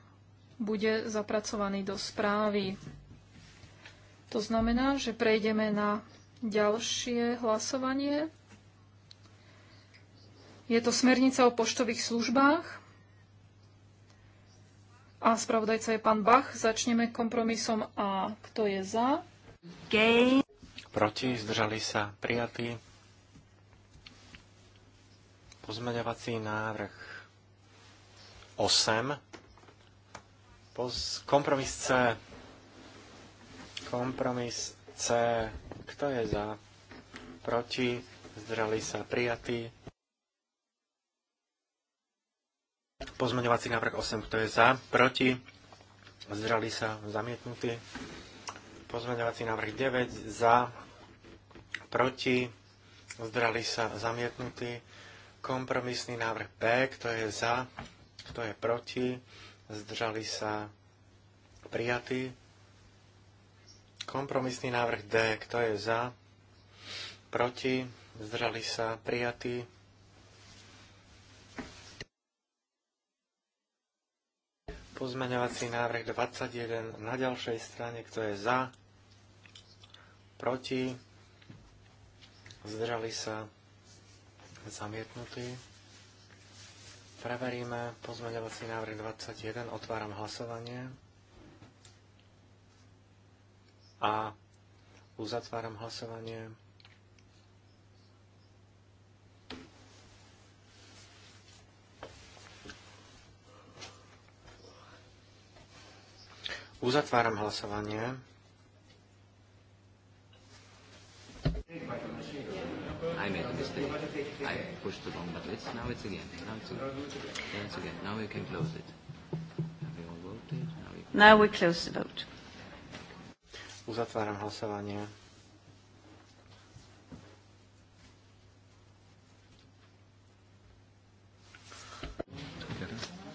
[SPEAKER 3] bude zapracovaný do správy. To znamená, že prejdeme na ďalšie hlasovanie. Je to smernica o poštových službách. A spravodajca je pán Bach. Začneme kompromisom A. Kto
[SPEAKER 1] je za? Gay.
[SPEAKER 2] Proti, zdržali sa, prijatí. Pozmeňovací návrh 8. Poz, kompromis C. Kompromis C. Kto je za? Proti, zdržali sa, prijatí. Pozmeňovací návrh 8, kto je za, proti, zdrali sa, zamietnutí, Pozmeňovací návrh 9, za, proti, zdrali sa, zamietnutí, Kompromisný návrh B, kto je za, kto je proti, zdržali sa, prijatý. Kompromisný návrh D, kto je za, proti, zdrali sa, prijatý Pozmeňovací návrh 21 na ďalšej strane, kto je za, proti, zdržali sa, zamietnutí. Preveríme pozmeňovací návrh 21, otváram hlasovanie a uzatváram hlasovanie. Uzatváram hlasovanie. now we
[SPEAKER 1] close the vote.
[SPEAKER 2] Uzatváram hlasovanie.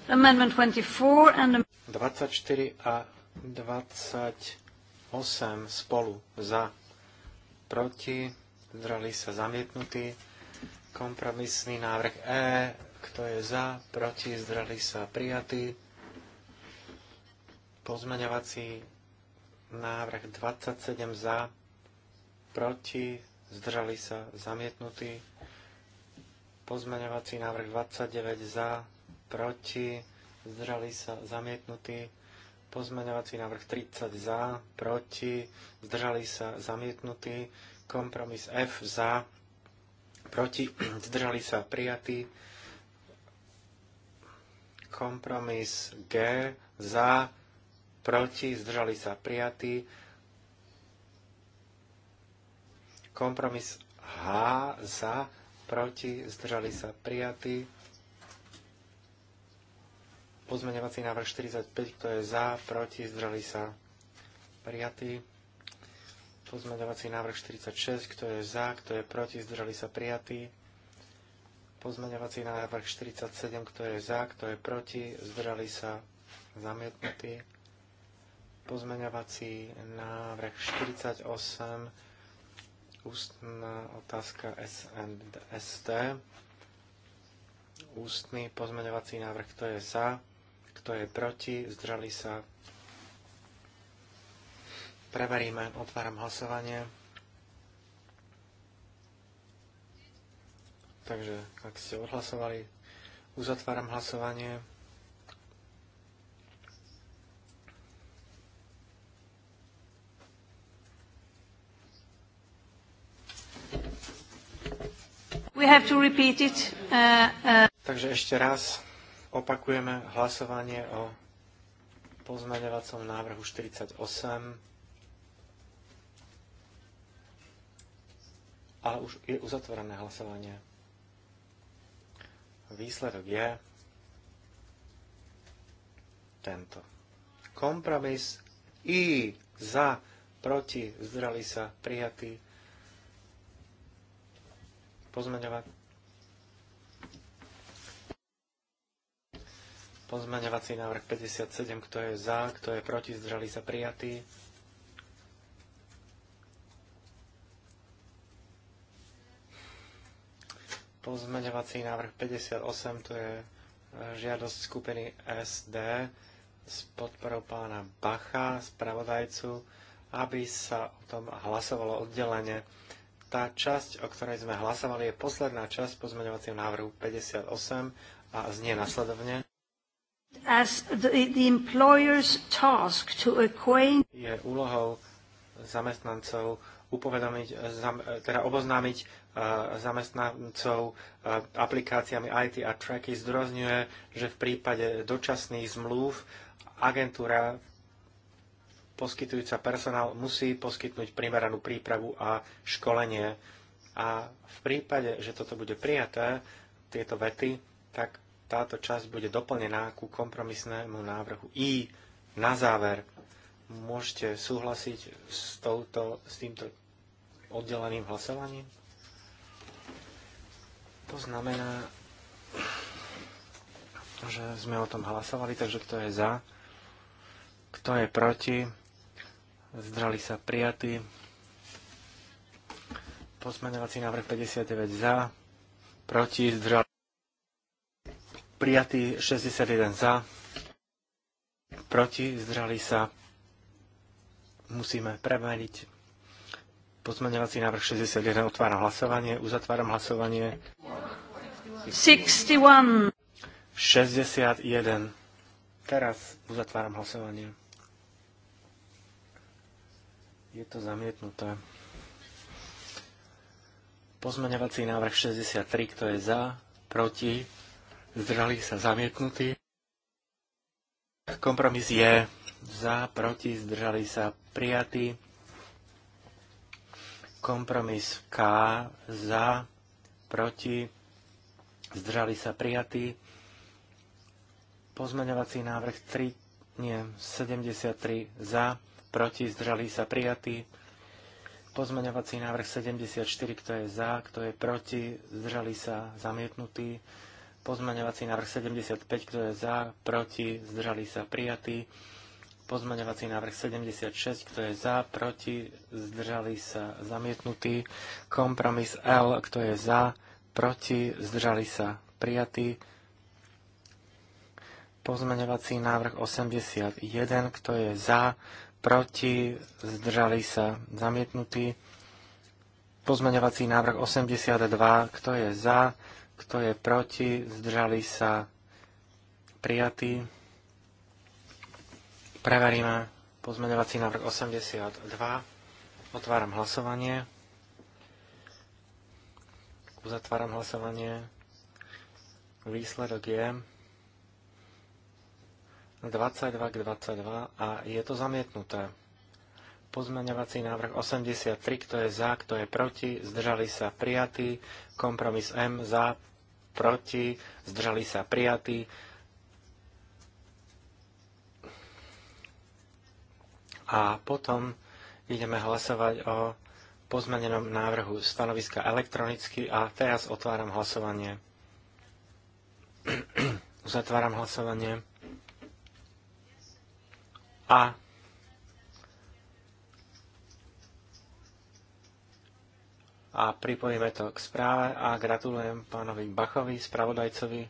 [SPEAKER 1] Amendment 24 and
[SPEAKER 2] 24 a 28 spolu za, proti, zdrali sa zamietnutí. Kompromisný návrh E, kto je za, proti, zdrali sa prijatý, Pozmeňovací návrh 27 za, proti, zdržali sa zamietnutí. Pozmeňovací návrh 29 za, proti, zdrali sa zamietnutí. Pozmeňovací návrh 30 za, proti, zdržali sa zamietnutí. Kompromis F za, proti, zdržali sa prijatí. Kompromis G za, proti, zdržali sa prijatí. Kompromis H za, proti, zdržali sa prijatí Pozmeňovací návrh 45, kto je za, proti, zdrali sa prijatí. Pozmeňovací návrh 46, kto je za, kto je proti, zdrali sa prijatí. Pozmeňovací návrh 47, kto je za, kto je proti, zdrali sa zamietnutí. Pozmeňovací návrh 48, ústna otázka SNST. Ústny pozmeňovací návrh, kto je za, kto je proti, zdrali sa. Preveríme, otváram hlasovanie. Takže, ak ste odhlasovali, uzatváram hlasovanie.
[SPEAKER 1] We have to repeat it. Uh,
[SPEAKER 2] uh... Takže ešte raz. Opakujeme hlasovanie o pozmeňovacom návrhu 48 Ale už je uzatvorené hlasovanie. Výsledok je tento. Kompromis I za, proti, zdrali sa, prijatý, pozmeňovať Pozmeňovací návrh 57, kto je za, kto je proti, zdržali sa prijatí. Pozmeňovací návrh 58, to je e, žiadosť skupiny SD s podporou pána Bacha, spravodajcu, aby sa o tom hlasovalo oddelenie. Tá časť, o ktorej sme hlasovali, je posledná časť pozmeňovacieho návrhu 58 a znie nasledovne.
[SPEAKER 1] As the, the employer's task to acquaint...
[SPEAKER 2] Je úlohou zamestnancov upovedomiť, eh, eh, teda oboznámiť eh, zamestnancov aplikáciami IT a Tracky zdôrazňuje, že v prípade dočasných zmluv agentúra poskytujúca personál musí poskytnúť primeranú prípravu a školenie. A v prípade, že toto bude prijaté, tieto vety, tak táto časť bude doplnená ku kompromisnému návrhu I na záver. Môžete súhlasiť s, touto, s týmto oddeleným hlasovaním? To znamená, že sme o tom hlasovali, takže kto je za, kto je proti, zdrali sa prijatí. Pozmenovací návrh 59 za, proti, zdrali prijatý 61 za, proti, zdržali sa, musíme premeniť. Pozmeňovací návrh 61, otváram hlasovanie, uzatváram hlasovanie.
[SPEAKER 1] 61.
[SPEAKER 2] 61. Teraz uzatváram hlasovanie. Je to zamietnuté. Pozmeňovací návrh 63, kto je za, proti, zdržali sa zamietnutí. Kompromis je za, proti, zdržali sa prijatí. Kompromis K za, proti, zdržali sa prijatí. Pozmeňovací návrh 3, nie, 73 za, proti, zdržali sa prijatí. Pozmeňovací návrh 74, kto je za, kto je proti, zdržali sa zamietnutí. Pozmaňovací návrh 75, kto je za, proti, zdržali sa prijatí. Pozmaňovací návrh 76, kto je za, proti, zdržali sa zamietnutí. Kompromis L, kto je za, proti, zdržali sa prijatí. Pozmaňovací návrh 81, kto je za, proti, zdržali sa zamietnutí. Pozmaňovací návrh 82, kto je za, kto je proti? Zdržali sa prijatí. Preveríme pozmeňovací návrh 82. Otváram hlasovanie. Uzatváram hlasovanie. Výsledok je 22 k 22 a je to zamietnuté. Pozmeňovací návrh 83, kto je za, kto je proti, zdržali sa prijatí. Kompromis M za, proti, zdržali sa prijatí. A potom ideme hlasovať o pozmenenom návrhu stanoviska elektronicky a teraz otváram hlasovanie. Uzatváram hlasovanie. A a pripojíme to k správe a gratulujem pánovi Bachovi, spravodajcovi.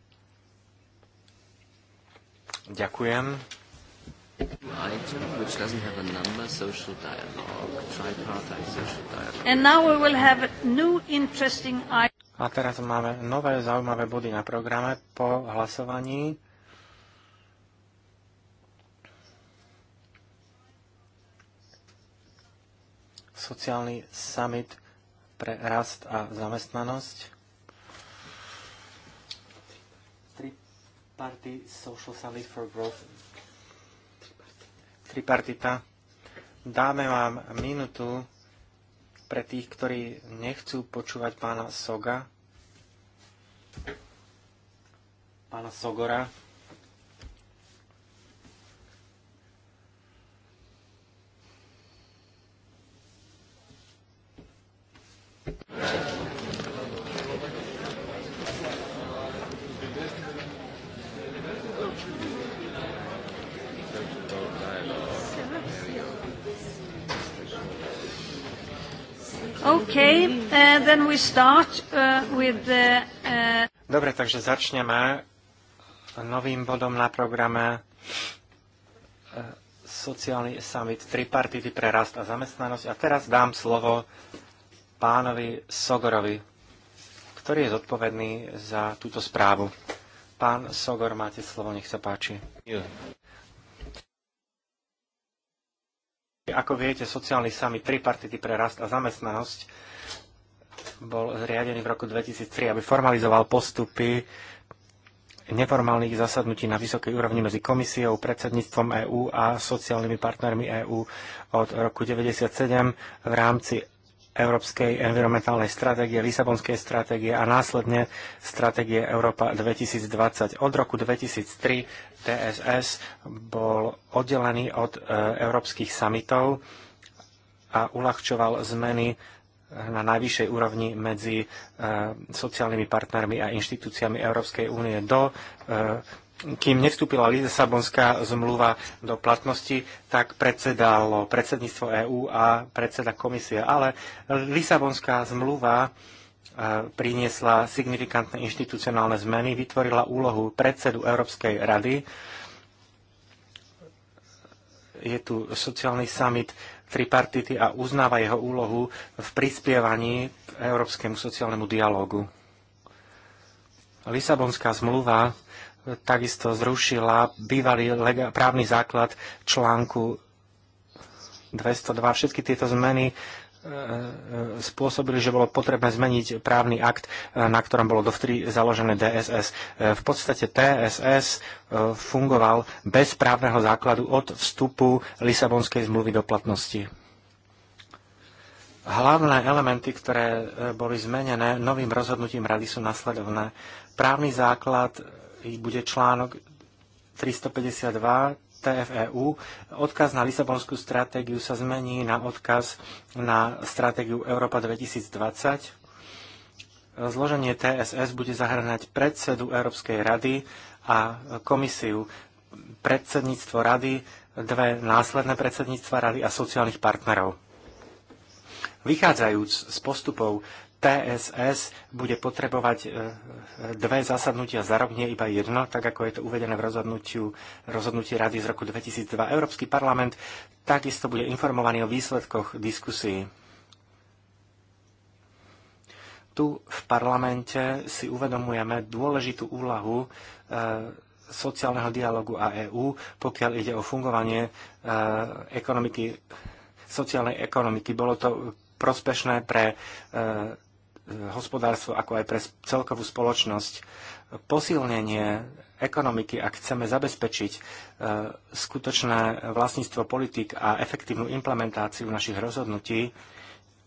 [SPEAKER 2] Ďakujem. A teraz máme nové zaujímavé body na programe po hlasovaní. Sociálny summit pre rast a zamestnanosť. Triparty Social Summit for Growth. Tripartita. Dáme vám minútu pre tých, ktorí nechcú počúvať pána Soga. Pána Sogora.
[SPEAKER 1] Uh, uh,
[SPEAKER 2] Dobre, takže začneme novým bodom na programe uh, sociálny summit tripartity pre rast a zamestnanosť. A teraz dám slovo pánovi Sogorovi, ktorý je zodpovedný za túto správu. Pán Sogor, máte slovo, nech sa páči. Ako viete, sociálny summit tripartity pre rast a zamestnanosť bol zriadený v roku 2003, aby formalizoval postupy neformálnych zasadnutí na vysokej úrovni medzi komisiou, predsedníctvom EÚ a sociálnymi partnermi EÚ od roku 1997 v rámci Európskej environmentálnej stratégie, Lisabonskej stratégie a následne stratégie Európa 2020. Od roku 2003 TSS bol oddelený od e, európskych samitov a uľahčoval zmeny na najvyššej úrovni medzi eh, sociálnymi partnermi a inštitúciami Európskej únie do eh, kým nevstúpila Lisabonská zmluva do platnosti, tak predsedalo predsedníctvo EÚ a predseda komisie. Ale Lisabonská zmluva eh, priniesla signifikantné inštitucionálne zmeny, vytvorila úlohu predsedu Európskej rady. Je tu sociálny summit tripartity a uznáva jeho úlohu v prispievaní k európskemu sociálnemu dialogu. Lisabonská zmluva takisto zrušila bývalý právny základ článku 202. Všetky tieto zmeny spôsobili, že bolo potrebné zmeniť právny akt, eh, na ktorom bolo dovtedy založené DSS. Eh, v podstate TSS eh, fungoval bez právneho základu od vstupu Lisabonskej zmluvy do platnosti. Hlavné elementy, ktoré boli zmenené novým rozhodnutím rady sú nasledovné. Právny základ bude článok 352 TFEU. Odkaz na Lisabonskú stratégiu sa zmení na odkaz na stratégiu Európa 2020. Zloženie TSS bude zahrnať predsedu Európskej rady a komisiu, predsedníctvo rady, dve následné predsedníctva rady a sociálnych partnerov. Vychádzajúc z postupov TSS bude potrebovať e, dve zasadnutia za rok, nie iba jedno, tak ako je to uvedené v rozhodnutí Rady z roku 2002. Európsky parlament takisto bude informovaný o výsledkoch diskusí. Tu v parlamente si uvedomujeme dôležitú úlahu e, sociálneho dialogu a EÚ, pokiaľ ide o fungovanie e, ekonomiky, sociálnej ekonomiky. Bolo to prospešné pre hospodárstvo, ako aj pre celkovú spoločnosť. Posilnenie ekonomiky, ak chceme zabezpečiť e, skutočné vlastníctvo politik a efektívnu implementáciu našich rozhodnutí,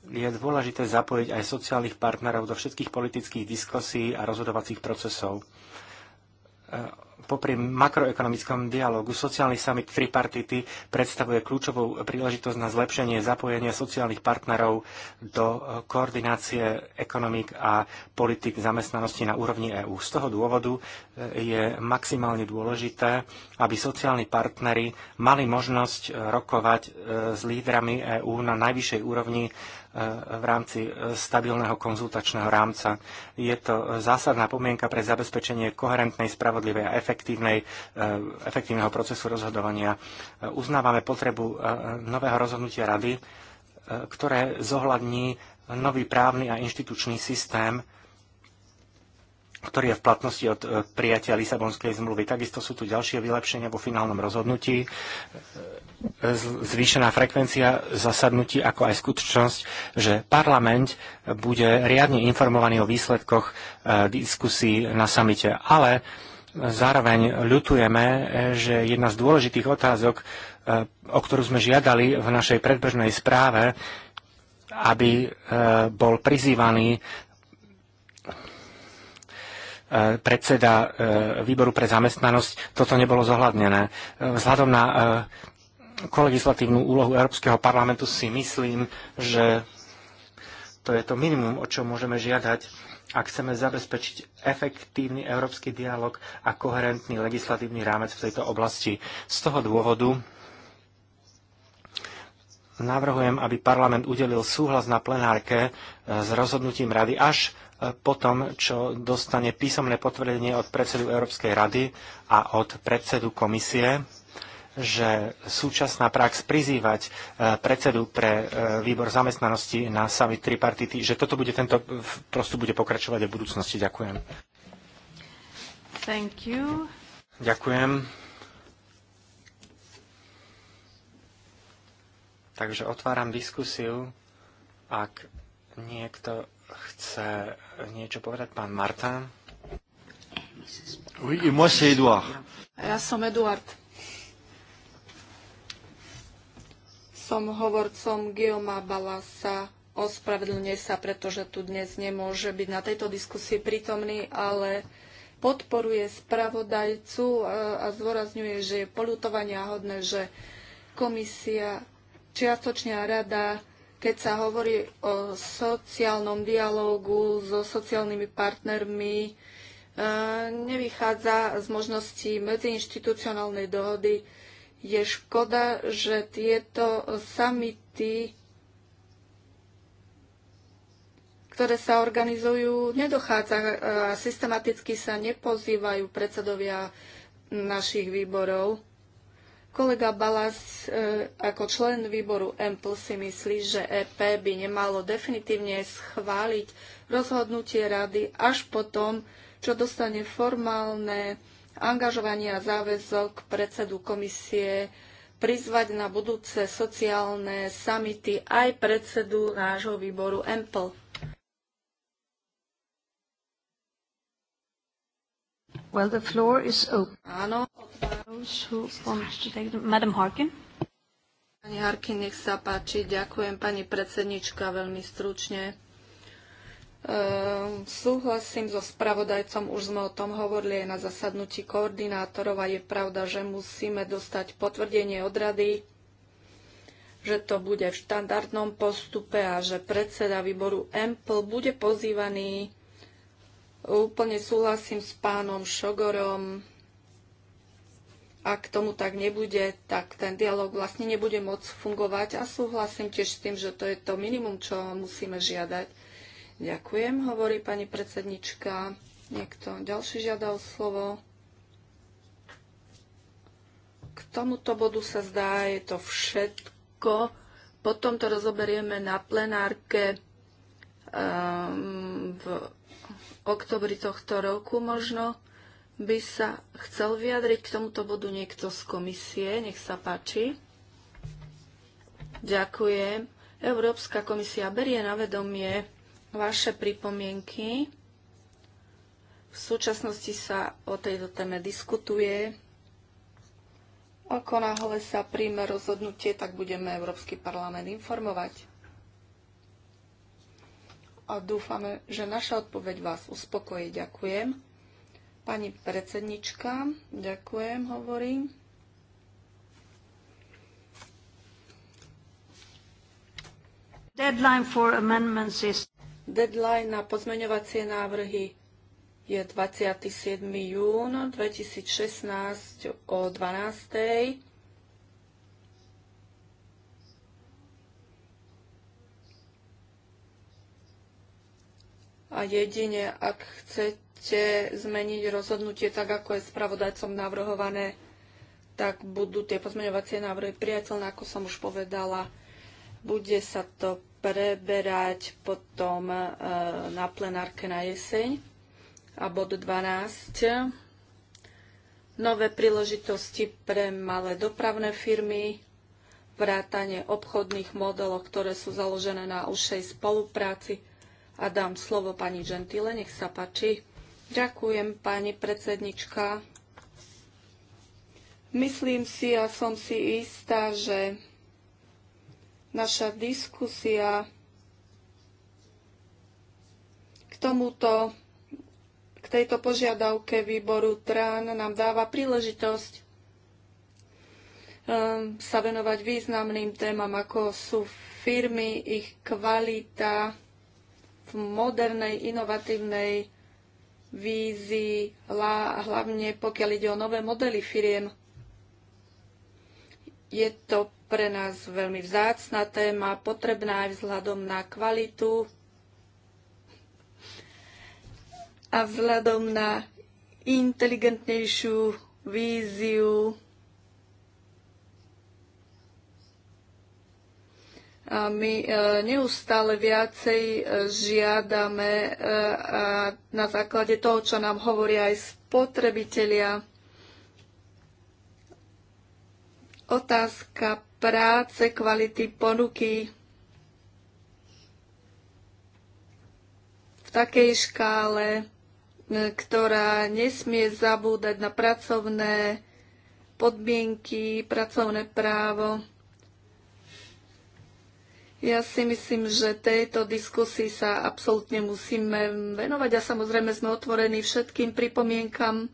[SPEAKER 2] je dôležité zapojiť aj sociálnych partnerov do všetkých politických diskusí a rozhodovacích procesov e, popri makroekonomickom dialogu sociálny summit tripartity predstavuje kľúčovú príležitosť na zlepšenie zapojenia sociálnych partnerov do e, koordinácie ekonomik a politik zamestnanosti na úrovni EÚ. Z toho dôvodu e, je maximálne dôležité, aby sociálni partnery mali možnosť e, rokovať s lídrami EÚ na najvyššej úrovni v rámci e, stabilného konzultačného rámca. Je to zásadná pomienka pre zabezpečenie koherentnej, spravodlivej a efektívnej, e, efektívneho procesu rozhodovania. E, uznávame potrebu nového rozhodnutia rady, ktoré zohľadní nový právny a inštitučný systém, ktorý je v platnosti od prijatia Lisabonskej zmluvy. Takisto sú tu ďalšie vylepšenia vo finálnom rozhodnutí zvýšená frekvencia zasadnutí, ako aj skutočnosť, že parlament bude riadne informovaný o výsledkoch e, diskusí na samite. Ale zároveň ľutujeme, e, že jedna z dôležitých otázok, e, o ktorú sme žiadali v našej predbežnej správe, aby bol prizývaný predseda výboru pre zamestnanosť, toto nebolo zohľadnené. Vzhľadom na kolegislatívnu úlohu Európskeho parlamentu si myslím, že to je to minimum, o čo môžeme žiadať, ak chceme zabezpečiť efektívny európsky dialog a koherentný legislatívny rámec v tejto oblasti. Z toho dôvodu navrhujem, aby parlament udelil súhlas na plenárke e, s rozhodnutím rady až e, po tom, čo dostane písomné potvrdenie od predsedu Európskej rady a od predsedu komisie že súčasná prax prizývať e, predsedu pre e, výbor zamestnanosti na summit tripartity, že toto bude tento prosto bude pokračovať aj v budúcnosti. Ďakujem.
[SPEAKER 1] Thank you.
[SPEAKER 2] Ďakujem. Takže otváram diskusiu. Ak niekto chce niečo povedať, pán Martin. Oui, et moi c'est Edouard.
[SPEAKER 4] Ja som Eduard. Som hovorcom Gioma Balasa. Ospravedlňuje sa, pretože tu dnes nemôže byť na tejto diskusii prítomný, ale podporuje spravodajcu e, a zdôrazňuje, že je polutovania hodné, že komisia, čiastočná rada, keď sa hovorí o sociálnom dialógu so sociálnymi partnermi, e, nevychádza z možností medziinštitucionálnej dohody, je škoda, že tieto samity, ktoré sa organizujú, nedochádza e, a systematicky sa nepozývajú predsedovia našich výborov. Kolega Balas e, ako člen výboru EMPL si myslí, že EP by nemalo definitívne schváliť rozhodnutie rady až potom, čo dostane formálne angažovanie a záväzok predsedu komisie prizvať na budúce sociálne samity aj predsedu nášho výboru EMPL.
[SPEAKER 1] Well, the floor is open. Áno. Madam Harkin.
[SPEAKER 4] Pani Harkin, nech sa páči. Ďakujem, pani predsednička, veľmi stručne. Ehm, súhlasím so spravodajcom, už sme o tom hovorili aj na zasadnutí koordinátorov a je pravda, že musíme dostať potvrdenie od rady, že to bude v štandardnom postupe a že predseda výboru EMPL bude pozývaný. Úplne súhlasím s pánom Šogorom. Ak tomu tak nebude, tak ten dialog vlastne nebude môcť fungovať a súhlasím tiež s tým, že to je to minimum, čo musíme žiadať Ďakujem, hovorí pani predsednička. Niekto ďalší žiadal slovo. K tomuto bodu sa zdá, je to všetko. Potom to rozoberieme na plenárke um, v oktobri tohto roku možno. By sa chcel vyjadriť k tomuto bodu niekto z komisie. Nech sa páči. Ďakujem. Európska komisia berie na vedomie vaše pripomienky. V súčasnosti sa o tejto téme diskutuje. Ako náhle sa príjme rozhodnutie, tak budeme Európsky parlament informovať. A dúfame, že naša odpoveď vás uspokojí. Ďakujem. Pani predsednička, ďakujem, hovorím. Deadline for amendments is... Deadline na pozmeňovacie návrhy je 27. jún 2016 o 12. A jedine, ak chcete zmeniť rozhodnutie tak, ako je spravodajcom navrhované, tak budú tie pozmeňovacie návrhy priateľné, ako som už povedala. Bude sa to preberať potom e, na plenárke na jeseň. A bod 12. Nové príležitosti pre malé dopravné firmy, vrátanie obchodných modelov, ktoré sú založené na užšej spolupráci. A dám slovo pani Gentile, nech sa páči. Ďakujem, pani predsednička. Myslím si a som si istá, že Naša diskusia k tomuto, k tejto požiadavke výboru TRAN nám dáva príležitosť ehm, sa venovať významným témam, ako sú firmy, ich kvalita v modernej, inovatívnej vízii, hlavne pokiaľ ide o nové modely firiem. Je to pre nás veľmi vzácna téma, potrebná aj vzhľadom na kvalitu a vzhľadom na inteligentnejšiu víziu A my e, neustále viacej e, žiadame e, na základe toho, čo nám hovoria aj spotrebitelia. Otázka práce, kvality ponuky v takej škále, e, ktorá nesmie zabúdať na pracovné podmienky, pracovné právo. Ja si myslím, že tejto diskusii sa absolútne musíme venovať a samozrejme sme otvorení všetkým pripomienkam.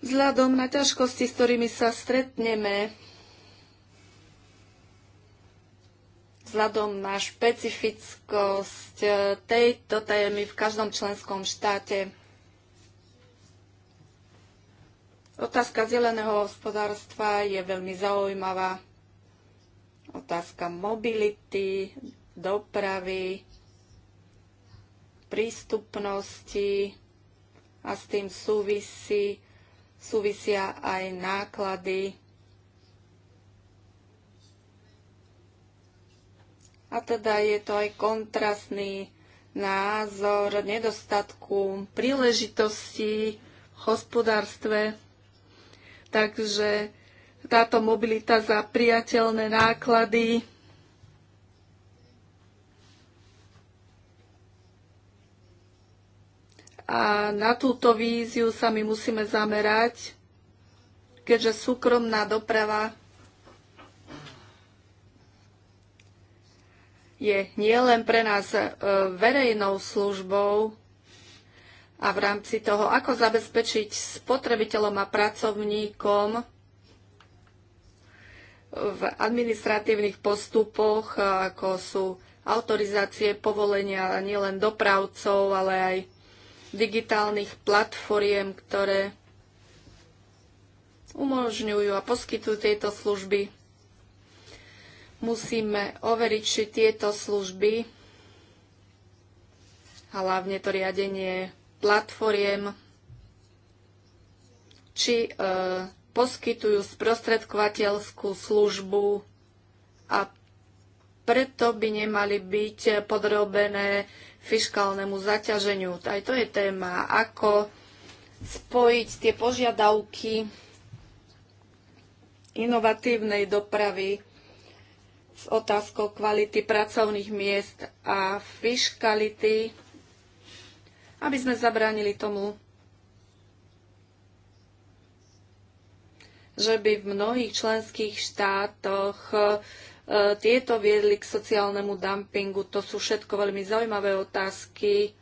[SPEAKER 4] Vzhľadom na ťažkosti, s ktorými sa stretneme, vzhľadom na špecifickosť e, tejto tajemy v každom členskom štáte. Otázka zeleného hospodárstva je veľmi zaujímavá. Otázka mobility, dopravy, prístupnosti a s tým súvisí súvisia aj náklady. A teda je to aj kontrastný názor nedostatku príležitosti v hospodárstve. Takže táto mobilita za priateľné náklady A na túto víziu sa my musíme zamerať, keďže súkromná doprava je nielen pre nás e, verejnou službou a v rámci toho, ako zabezpečiť spotrebiteľom a pracovníkom v administratívnych postupoch, ako sú autorizácie, povolenia nielen dopravcov, ale aj digitálnych platformiem, ktoré umožňujú a poskytujú tieto služby. Musíme overiť, či tieto služby a hlavne to riadenie platformiem, či e, poskytujú sprostredkovateľskú službu a preto by nemali byť podrobené fiskálnemu zaťaženiu. Aj to je téma, ako spojiť tie požiadavky inovatívnej dopravy s otázkou kvality pracovných miest a fiskality. aby sme zabránili tomu, že by v mnohých členských štátoch E, tieto viedli k sociálnemu dumpingu. To sú všetko veľmi zaujímavé otázky.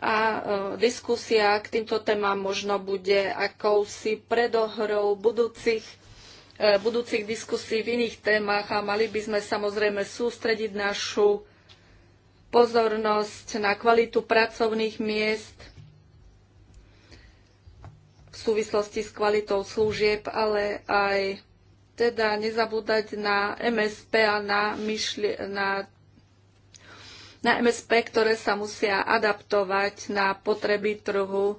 [SPEAKER 4] A e, diskusia k týmto témam možno bude akousi predohrou budúcich e, budúcich diskusí v iných témach a mali by sme samozrejme sústrediť našu pozornosť na kvalitu pracovných miest, súvislosti s kvalitou služieb, ale aj teda nezabúdať na MSP a na, myšli, na, na MSP, ktoré sa musia adaptovať na potreby trhu.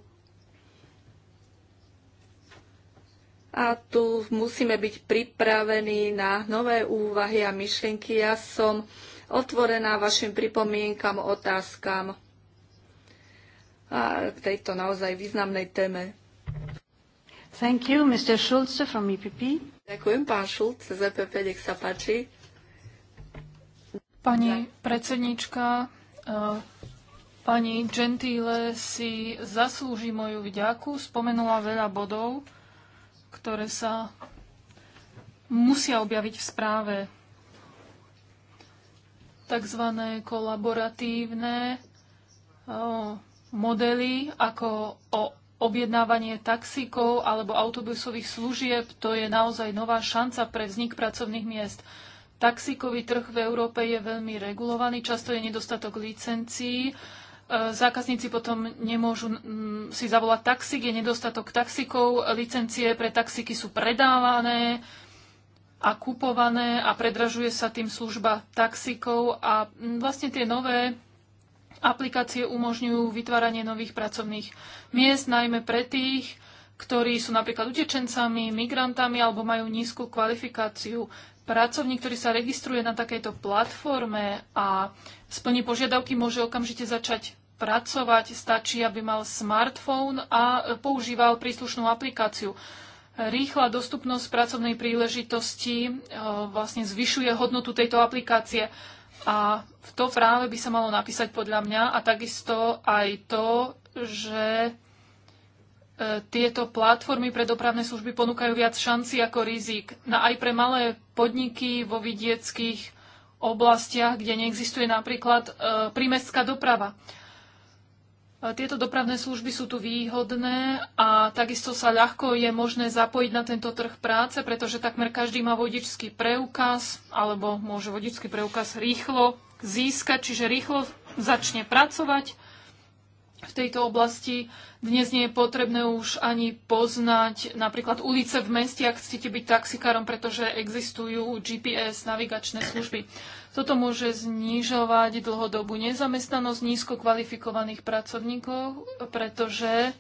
[SPEAKER 4] A tu musíme byť pripravení na nové úvahy a myšlienky. Ja som otvorená vašim pripomienkam, otázkam a k tejto naozaj významnej téme. Thank
[SPEAKER 1] you, Mr. Schulze from EPP.
[SPEAKER 4] Ďakujem, pán Schulze z EPP, nech sa páči.
[SPEAKER 1] Pani
[SPEAKER 3] predsednička, e, pani Gentile si zaslúži moju vďaku. Spomenula veľa bodov, ktoré sa musia objaviť v správe. Takzvané kolaboratívne e, modely ako o objednávanie taxíkov alebo autobusových služieb, to je naozaj nová šanca pre vznik pracovných miest. Taxíkový trh v Európe je veľmi regulovaný, často je nedostatok licencií. E, zákazníci potom nemôžu si zavolať taxík, je nedostatok taxíkov, licencie pre taxíky sú predávané a kupované a predražuje sa tým služba taxíkov a vlastne tie nové Aplikácie umožňujú vytváranie nových pracovných miest, najmä pre tých, ktorí sú napríklad utečencami, migrantami alebo majú nízku kvalifikáciu. Pracovník, ktorý sa registruje na takejto platforme a splní požiadavky, môže okamžite začať pracovať. Stačí, aby mal smartfón a používal príslušnú aplikáciu. Rýchla dostupnosť pracovnej príležitosti e, vlastne zvyšuje hodnotu tejto aplikácie. A v to práve by sa malo napísať podľa mňa a takisto aj to, že e, tieto platformy pre dopravné služby ponúkajú viac šanci ako rizik. Na no aj pre malé podniky vo vidieckých oblastiach, kde neexistuje napríklad e, prímestská doprava. Tieto dopravné služby sú tu výhodné a takisto sa ľahko je možné zapojiť na tento trh práce, pretože takmer každý má vodičský preukaz alebo môže vodičský preukaz rýchlo získať, čiže rýchlo začne pracovať v tejto oblasti. Dnes nie je potrebné už ani poznať napríklad ulice v meste, ak chcete byť taxikárom, pretože existujú GPS navigačné služby. Toto môže znižovať dlhodobú nezamestnanosť nízko kvalifikovaných pracovníkov, pretože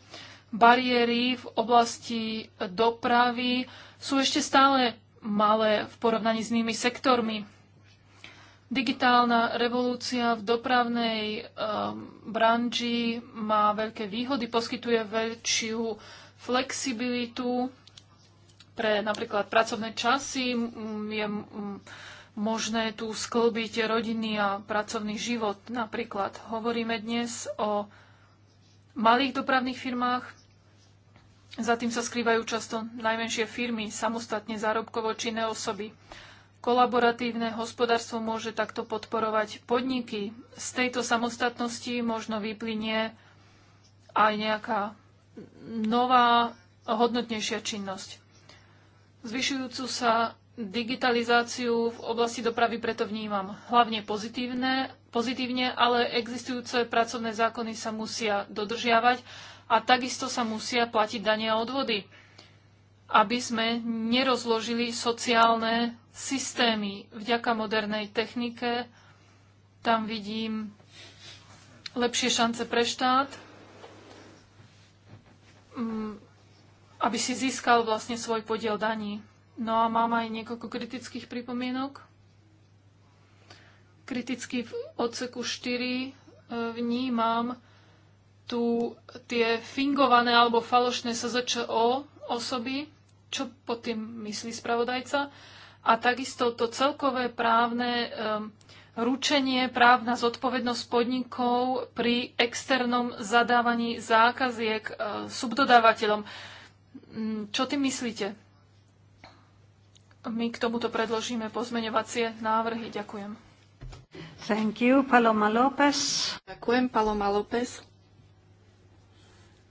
[SPEAKER 3] bariéry v oblasti dopravy sú ešte stále malé v porovnaní s inými sektormi Digitálna revolúcia v dopravnej um, branži má veľké výhody, poskytuje väčšiu flexibilitu pre napríklad pracovné časy. Je možné tu sklbiť rodiny a pracovný život. Napríklad hovoríme dnes o malých dopravných firmách. Za tým sa skrývajú často najmenšie firmy, samostatne zárobkovo činné osoby. Kolaboratívne hospodárstvo môže takto podporovať podniky. Z tejto samostatnosti možno vyplynie aj nejaká nová, hodnotnejšia činnosť. Zvyšujúcu sa digitalizáciu v oblasti dopravy preto vnímam hlavne pozitívne, pozitívne, ale existujúce pracovné zákony sa musia dodržiavať a takisto sa musia platiť dania odvody aby sme nerozložili sociálne systémy. Vďaka modernej technike tam vidím lepšie šance pre štát, mm, aby si získal vlastne svoj podiel daní. No a mám aj niekoľko kritických pripomienok. Kriticky v odseku 4 e, vnímam tu tie fingované alebo falošné SZČO osoby, čo pod tým myslí spravodajca. A takisto to celkové právne ručenie, právna zodpovednosť podnikov pri externom zadávaní zákaziek eh, subdodávateľom. Mm, čo ty myslíte? My k tomuto predložíme pozmeňovacie návrhy. Ďakujem.
[SPEAKER 1] Thank you,
[SPEAKER 4] Paloma López. Ďakujem, Paloma López.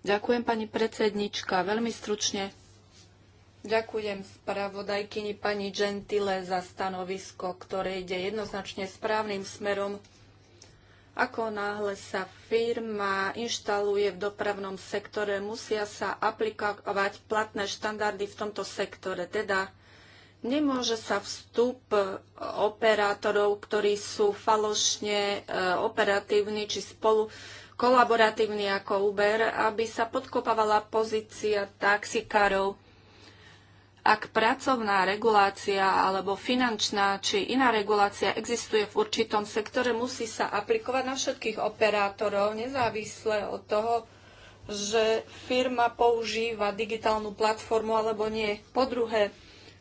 [SPEAKER 4] Ďakujem, pani predsednička. Veľmi stručne Ďakujem spravodajkyni pani Gentile za stanovisko, ktoré ide jednoznačne správnym smerom. Ako náhle sa firma inštaluje v dopravnom sektore, musia sa aplikovať platné štandardy v tomto sektore. Teda nemôže sa vstup operátorov, ktorí sú falošne e, operatívni či spolu kolaboratívni ako Uber, aby sa podkopávala pozícia taxikárov ak pracovná regulácia alebo finančná či iná regulácia existuje v určitom sektore, musí sa aplikovať na všetkých operátorov, nezávisle od toho, že firma používa digitálnu platformu alebo nie. Po druhé,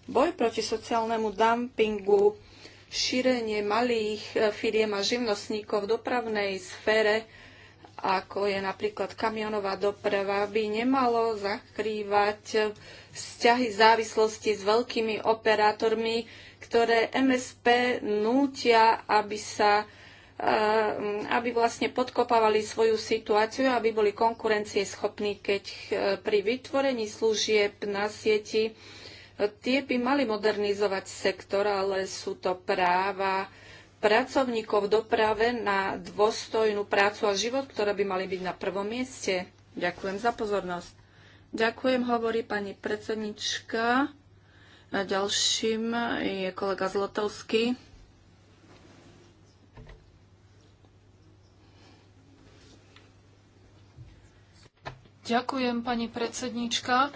[SPEAKER 4] boj proti sociálnemu dumpingu, šírenie malých e, firiem a živnostníkov v dopravnej sfére, ako je napríklad kamionová doprava, by nemalo zakrývať vzťahy závislosti s veľkými operátormi, ktoré MSP nútia, aby sa eh, aby vlastne podkopávali svoju situáciu, aby boli konkurencieschopní, keď eh, pri vytvorení služieb na sieti eh, tie by mali modernizovať sektor, ale sú to práva pracovníkov v doprave na dôstojnú prácu a život, ktoré by mali byť na prvom mieste. Ďakujem za pozornosť. Ďakujem, hovorí pani predsednička. A ďalším je kolega Zlotovský. Ďakujem,
[SPEAKER 3] pani predsednička.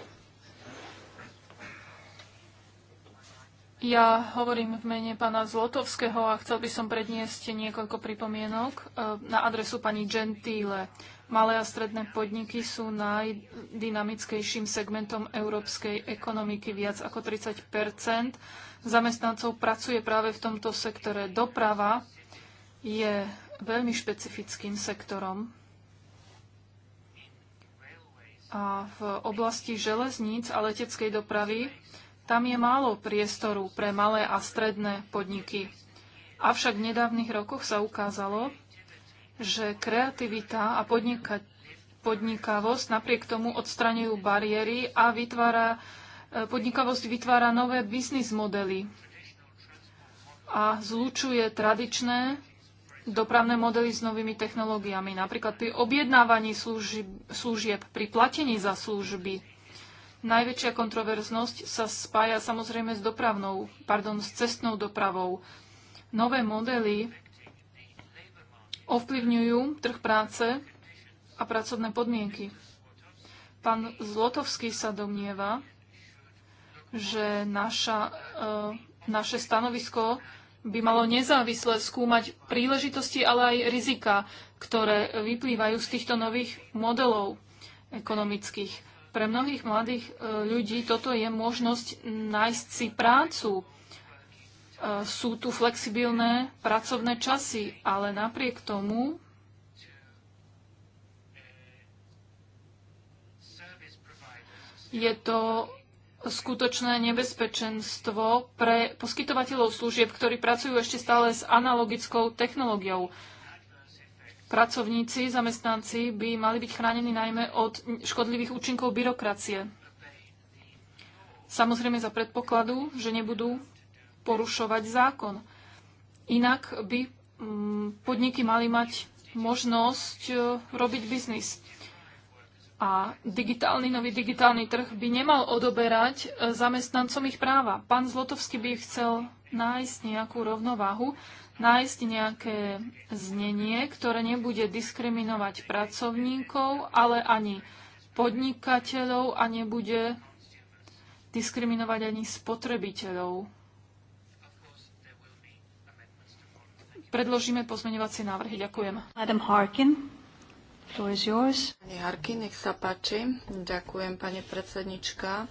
[SPEAKER 3] Ja hovorím v mene pána Zlotovského a chcel by som predniesť niekoľko pripomienok e, na adresu pani Gentile. Malé a stredné podniky sú najdynamickejším segmentom európskej ekonomiky. Viac ako 30 zamestnancov pracuje práve v tomto sektore. Doprava je veľmi špecifickým sektorom. A v oblasti železníc a leteckej dopravy tam je málo priestoru pre malé a stredné podniky. Avšak v nedávnych rokoch sa ukázalo, že kreativita a podnika, podnikavosť napriek tomu odstraňujú bariéry a vytvára, e, podnikavosť vytvára nové biznis modely a zlučuje tradičné dopravné modely s novými technológiami, napríklad pri objednávaní služieb, služieb pri platení za služby. Najväčšia kontroverznosť sa spája samozrejme s dopravnou, pardon, s cestnou dopravou. Nové modely ovplyvňujú trh práce a pracovné podmienky. Pán Zlotovský sa domnieva, že naša, e, naše stanovisko by malo nezávisle skúmať príležitosti, ale aj rizika, ktoré vyplývajú z týchto nových modelov ekonomických. Pre mnohých mladých e, ľudí toto je možnosť nájsť si prácu, E, sú tu flexibilné pracovné časy, ale napriek tomu je to skutočné nebezpečenstvo pre poskytovateľov služieb, ktorí pracujú ešte stále s analogickou technológiou. Pracovníci, zamestnanci by mali byť chránení najmä od škodlivých účinkov byrokracie. Samozrejme za predpokladu, že nebudú porušovať zákon. Inak by mm, podniky mali mať možnosť e, robiť biznis. A digitálny, nový digitálny trh by nemal odoberať e, zamestnancom ich práva. Pán Zlotovský by chcel nájsť nejakú rovnováhu, nájsť nejaké znenie, ktoré nebude diskriminovať pracovníkov, ale ani podnikateľov a nebude diskriminovať ani spotrebiteľov. predložíme pozmeňovacie návrhy.
[SPEAKER 4] Ďakujem. Adam Harkin. Floor is yours. Pani Harky, nech sa páči. Ďakujem, pani predsednička.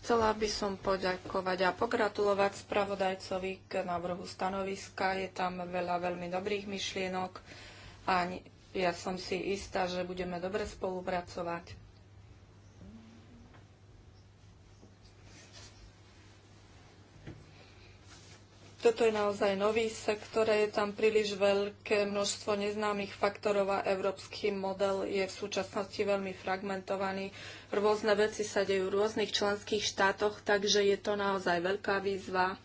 [SPEAKER 4] Chcela by som poďakovať a pogratulovať spravodajcovi k návrhu stanoviska. Je tam veľa veľmi dobrých myšlienok a ja som si istá, že budeme dobre spolupracovať. Toto je naozaj nový sektor, je tam príliš veľké množstvo neznámych faktorov a európsky model je v súčasnosti veľmi fragmentovaný. Rôzne veci sa dejú v rôznych členských štátoch, takže je to naozaj veľká výzva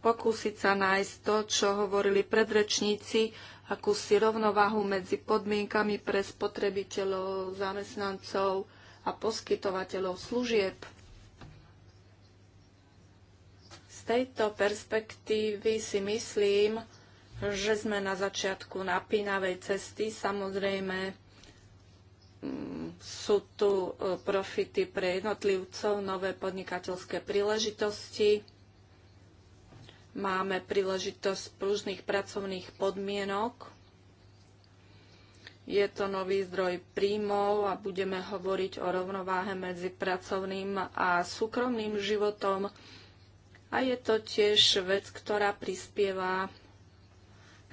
[SPEAKER 4] pokúsiť sa nájsť to, čo hovorili predrečníci, akúsi rovnováhu medzi podmienkami pre spotrebiteľov, zamestnancov a poskytovateľov služieb. tejto perspektívy si myslím, že sme na začiatku napínavej cesty. Samozrejme, mm, sú tu e, profity pre jednotlivcov, nové podnikateľské príležitosti. Máme príležitosť pružných pracovných podmienok. Je to nový zdroj príjmov a budeme hovoriť o rovnováhe medzi pracovným a súkromným životom. A je to tiež vec, ktorá prispieva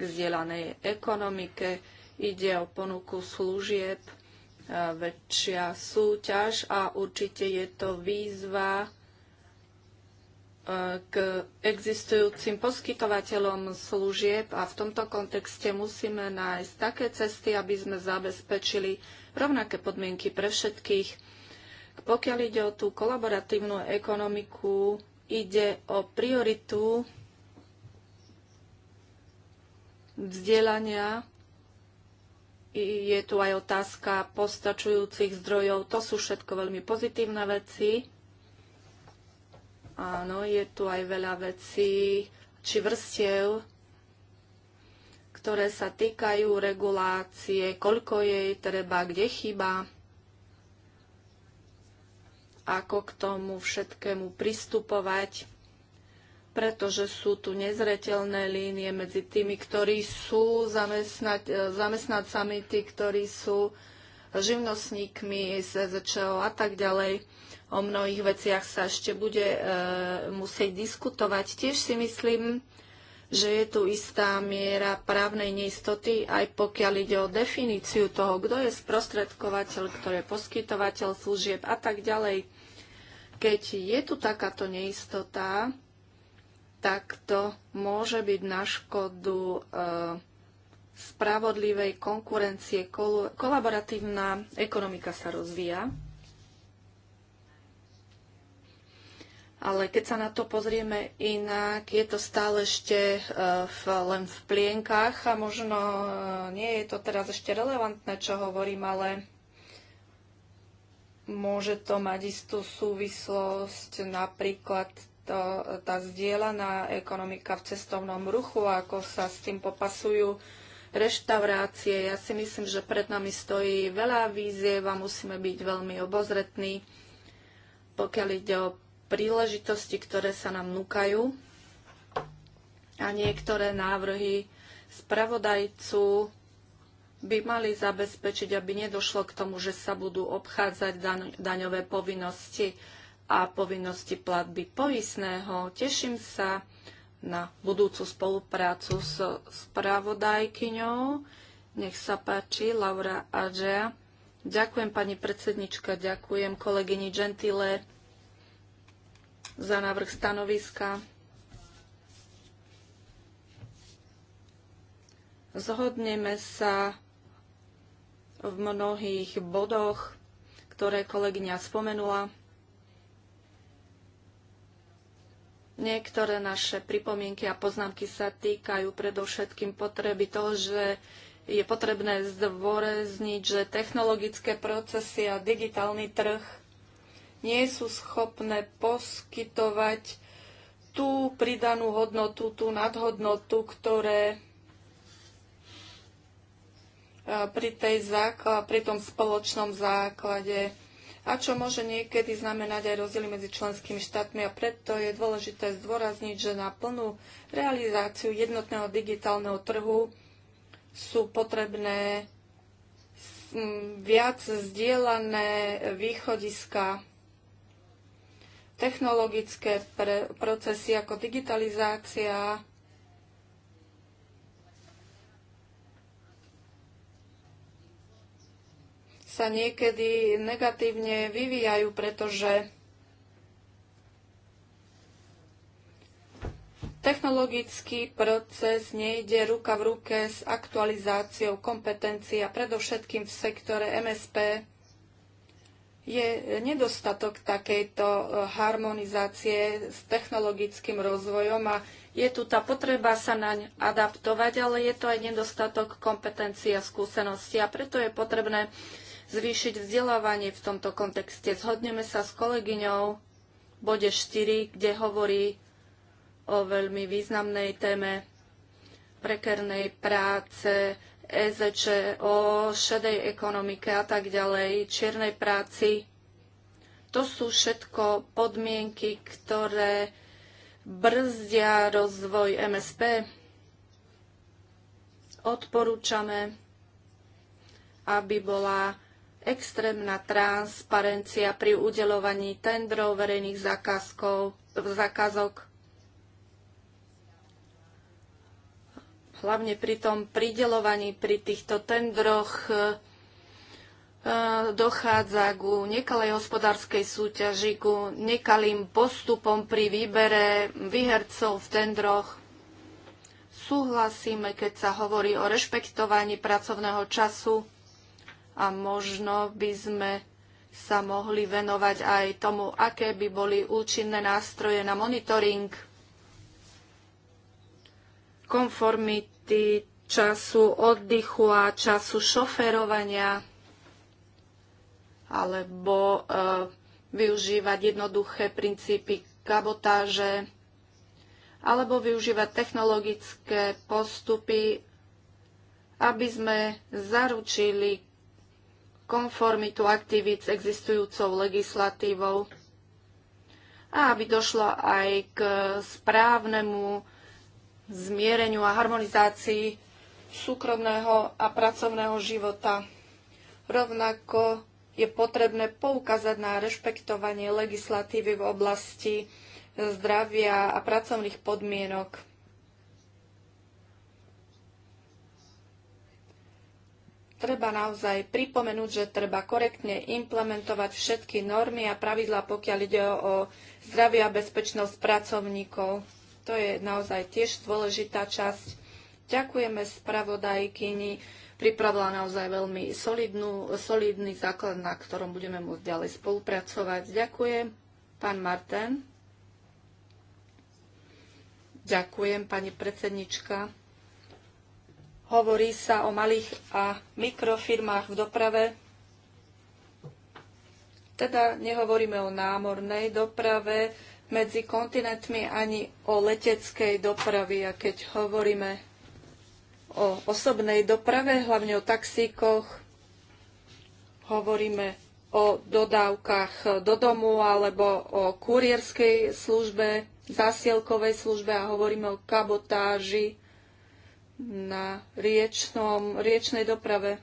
[SPEAKER 4] k zdieľanej ekonomike. Ide o ponuku služieb, e, väčšia súťaž a určite je to výzva e, k existujúcim poskytovateľom služieb a v tomto kontexte musíme nájsť také cesty, aby sme zabezpečili rovnaké podmienky pre všetkých. Pokiaľ ide o tú kolaboratívnu ekonomiku, ide o prioritu vzdelania, Je tu aj otázka postačujúcich zdrojov. To sú všetko veľmi pozitívne veci. Áno, je tu aj veľa vecí či vrstiev, ktoré sa týkajú regulácie, koľko jej treba, kde chýba ako k tomu všetkému pristupovať, pretože sú tu nezreteľné línie medzi tými, ktorí sú e, zamestnancami, tí, ktorí sú živnostníkmi, SZČO a tak ďalej. O mnohých veciach sa ešte bude e, musieť diskutovať. Tiež si myslím, že je tu istá miera právnej neistoty, aj pokiaľ ide o definíciu toho, kto je sprostredkovateľ, kto je poskytovateľ služieb a tak ďalej keď je tu takáto neistota, tak to môže byť na škodu e, spravodlivej konkurencie. Kol- kolaboratívna ekonomika sa rozvíja. Ale keď sa na to pozrieme inak, je to stále ešte e, v, len v plienkách a možno e, nie je to teraz ešte relevantné, čo hovorím, ale Môže to mať istú súvislosť napríklad to, tá zdieľaná ekonomika v cestovnom ruchu, ako sa s tým popasujú reštaurácie. Ja si myslím, že pred nami stojí veľa víziev a musíme byť veľmi obozretní, pokiaľ ide o príležitosti, ktoré sa nám núkajú. A niektoré návrhy spravodajcu by mali zabezpečiť, aby nedošlo k tomu, že sa budú obchádzať daňové povinnosti a povinnosti platby poistného. Teším sa na budúcu spoluprácu s spravodajkyňou. Nech sa páči, Laura Adžea. Ďakujem, pani predsednička, ďakujem kolegyni Gentile za návrh stanoviska. Zhodneme sa v mnohých bodoch, ktoré kolegyňa spomenula. Niektoré naše pripomienky a poznámky sa týkajú predovšetkým potreby toho, že je potrebné zdôrazniť, že technologické procesy a digitálny trh nie sú schopné poskytovať tú pridanú hodnotu, tú nadhodnotu, ktoré E, pri, tej základ, e, pri tom spoločnom základe a čo môže niekedy znamenať aj rozdiely medzi členskými štátmi a preto je dôležité zdôrazniť, že na plnú realizáciu jednotného digitálneho trhu sú potrebné mm, viac zdieľané východiska, technologické procesy ako digitalizácia, sa niekedy negatívne vyvíjajú, pretože technologický proces nejde ruka v ruke s aktualizáciou kompetencií a predovšetkým v sektore MSP je nedostatok takejto eh, harmonizácie s technologickým rozvojom a je tu tá potreba sa naň adaptovať, ale je to aj nedostatok kompetencií a skúseností a preto je potrebné zvýšiť vzdelávanie v tomto kontexte. Zhodneme sa s kolegyňou v bode 4, kde hovorí o veľmi významnej téme prekernej práce, EZČ, o šedej ekonomike a tak ďalej, čiernej práci. To sú všetko podmienky, ktoré brzdia rozvoj MSP. Odporúčame, aby bola extrémna transparencia pri udelovaní tendrov verejných zákazok, hlavne pri tom pridelovaní pri týchto tendroch e, e, dochádza ku nekalej hospodárskej súťaži, ku nekalým postupom pri výbere vyhercov v tendroch. Súhlasíme, keď sa hovorí o rešpektovaní pracovného času a možno by sme sa mohli venovať aj tomu, aké by boli účinné nástroje na monitoring konformity času oddychu a času šoferovania alebo e, využívať jednoduché princípy kabotáže alebo využívať technologické postupy, aby sme zaručili konformitu aktivít s existujúcou legislatívou a aby došlo aj k správnemu zmiereniu a harmonizácii súkromného a pracovného života. Rovnako je potrebné poukázať na rešpektovanie legislatívy v oblasti zdravia a pracovných podmienok. treba naozaj pripomenúť, že treba korektne implementovať všetky normy a pravidlá, pokiaľ ide o zdravie a bezpečnosť pracovníkov. To je naozaj tiež dôležitá časť. Ďakujeme spravodajkyni. Pripravila naozaj veľmi solidnú, solidný základ, na ktorom budeme môcť ďalej spolupracovať. Ďakujem. Pán Martin. Ďakujem, pani predsednička. Hovorí sa o malých a mikrofirmách v doprave. Teda nehovoríme o námornej doprave medzi kontinentmi ani o leteckej doprave. A keď hovoríme o osobnej doprave, hlavne o taxíkoch, hovoríme o dodávkach do domu alebo o kurierskej službe, zásielkovej službe a hovoríme o kabotáži na riečnom, riečnej doprave.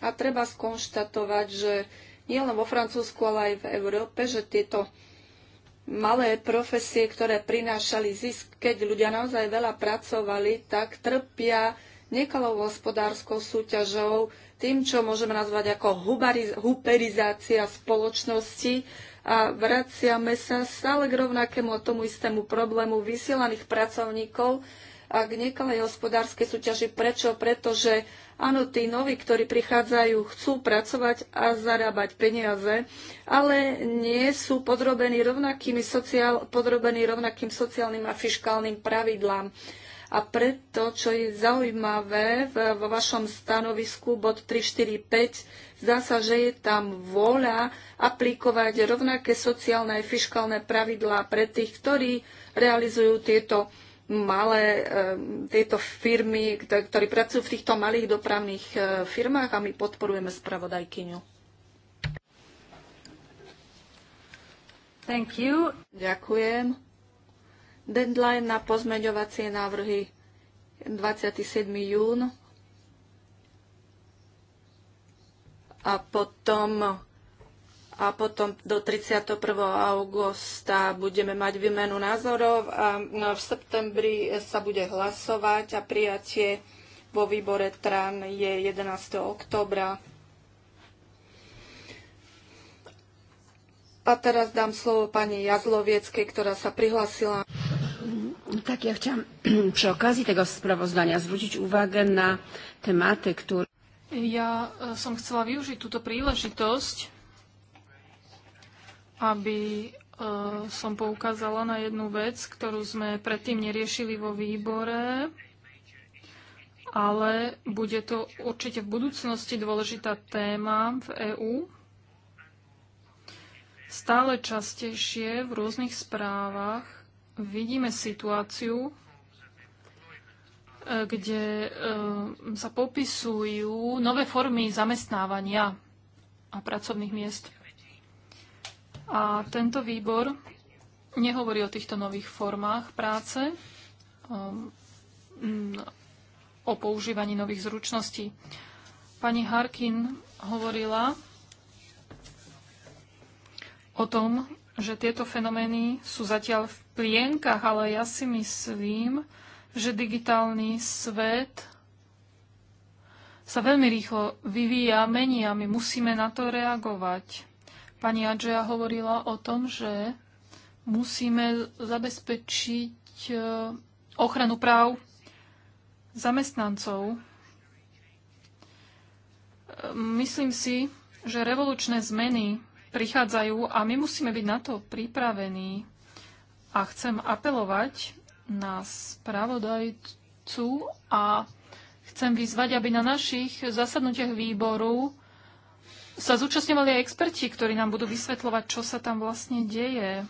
[SPEAKER 4] A treba skonštatovať, že nielen vo Francúzsku, ale aj v Európe, že tieto malé profesie, ktoré prinášali zisk, keď ľudia naozaj veľa pracovali, tak trpia nekalou hospodárskou súťažou, tým, čo môžeme nazvať ako huperizácia spoločnosti a vraciame sa stále k rovnakému tomu istému problému vysielaných pracovníkov, a k nekalej hospodárskej súťaži. Prečo? Pretože áno, tí noví, ktorí prichádzajú, chcú pracovať a zarábať peniaze, ale nie sú podrobení, rovnakými sociál, podrobení rovnakým sociálnym a fiskálnym pravidlám. A preto, čo je zaujímavé vo vašom stanovisku bod 345, zdá sa, že je tam vôľa aplikovať rovnaké sociálne a fiskálne pravidlá pre tých, ktorí realizujú tieto malé eh, tieto firmy, ktorí pracujú v týchto malých dopravných eh, firmách a my podporujeme spravodajkyňu. Thank you. Ďakujem. Deadline na pozmeňovacie návrhy 27. jún. A potom a potom do 31. augusta budeme mať výmenu názorov a no, v septembri sa bude hlasovať a prijatie vo výbore TRAN je 11. oktobra. A teraz dám slovo pani Jazlovieckej, ktorá sa prihlasila. Tak ja chciałam przy okazji tego sprawozdania zwrócić uwagę na tematy, które...
[SPEAKER 3] Ja e, som chcela využiť túto príležitosť aby e, som poukázala na jednu vec, ktorú sme predtým neriešili vo výbore, ale bude to určite v budúcnosti dôležitá téma v EÚ. Stále častejšie v rôznych správach vidíme situáciu, e, kde e, sa popisujú nové formy zamestnávania a pracovných miest. A tento výbor nehovorí o týchto nových formách práce, um, o používaní nových zručností. Pani Harkin hovorila o tom, že tieto fenomény sú zatiaľ v plienkach, ale ja si myslím, že digitálny svet sa veľmi rýchlo vyvíja, mení a my musíme na to reagovať. Pani Adžia hovorila o tom, že musíme zabezpečiť e, ochranu práv zamestnancov. Myslím si, že revolučné zmeny prichádzajú a my musíme byť na to pripravení. A chcem apelovať na spravodajcu a chcem vyzvať, aby na našich zasadnutiach výboru sa zúčastňovali aj experti, ktorí nám budú vysvetľovať, čo sa tam vlastne deje.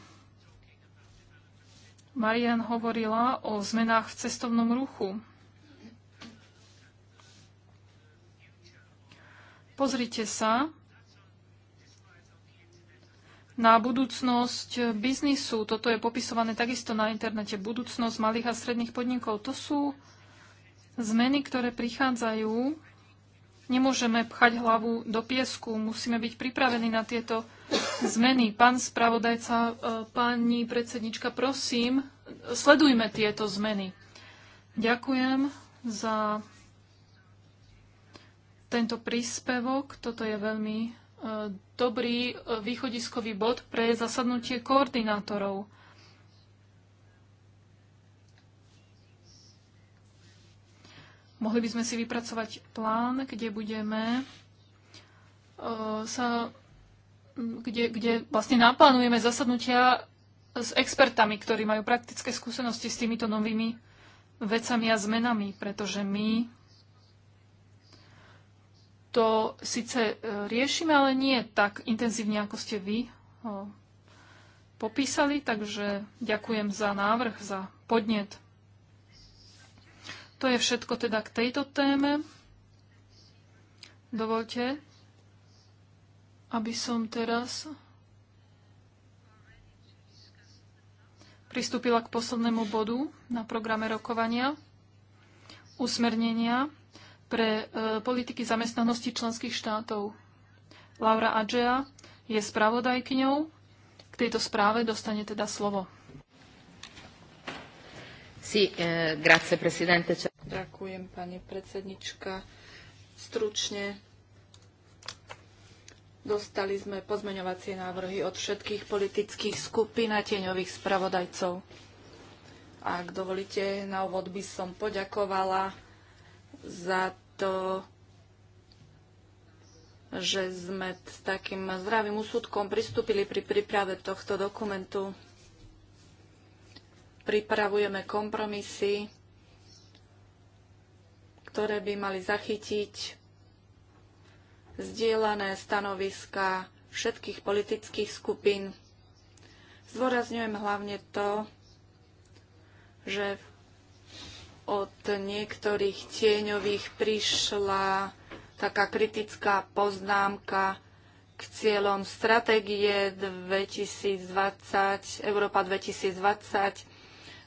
[SPEAKER 3] Marian hovorila o zmenách v cestovnom ruchu. Pozrite sa na budúcnosť biznisu. Toto je popisované takisto na internete. Budúcnosť malých a stredných podnikov. To sú zmeny, ktoré prichádzajú Nemôžeme pchať hlavu do piesku, musíme byť pripravení na tieto zmeny. Pán spravodajca, e, pani predsednička, prosím, sledujme tieto zmeny. Ďakujem za tento príspevok. Toto je veľmi e, dobrý e, východiskový bod pre zasadnutie koordinátorov. Mohli by sme si vypracovať plán, kde budeme eh, sa, kde, kde vlastne naplánujeme zasadnutia s expertami, ktorí majú praktické skúsenosti s týmito novými vecami a zmenami, pretože my to síce eh, riešime, ale nie tak intenzívne, ako ste vy ho eh, popísali, takže ďakujem za návrh, za podnet. To je všetko teda k tejto téme. Dovolte, aby som teraz pristúpila k poslednému bodu na programe rokovania usmernenia pre e, politiky zamestnanosti členských štátov. Laura Adžea je spravodajkyňou. K tejto správe dostane teda slovo.
[SPEAKER 4] Sí, eh, grazie, presidente. Ďakujem, pani predsednička. Stručne dostali sme pozmeňovacie návrhy od všetkých politických skupín a tieňových spravodajcov. Ak dovolíte, na úvod by som poďakovala za to, že sme s takým zdravým úsudkom pristúpili pri príprave tohto dokumentu. Pripravujeme kompromisy ktoré by mali zachytiť zdieľané stanoviska všetkých politických skupín. Zdôrazňujem hlavne to, že od niektorých tieňových prišla taká kritická poznámka k cieľom stratégie 2020, Európa 2020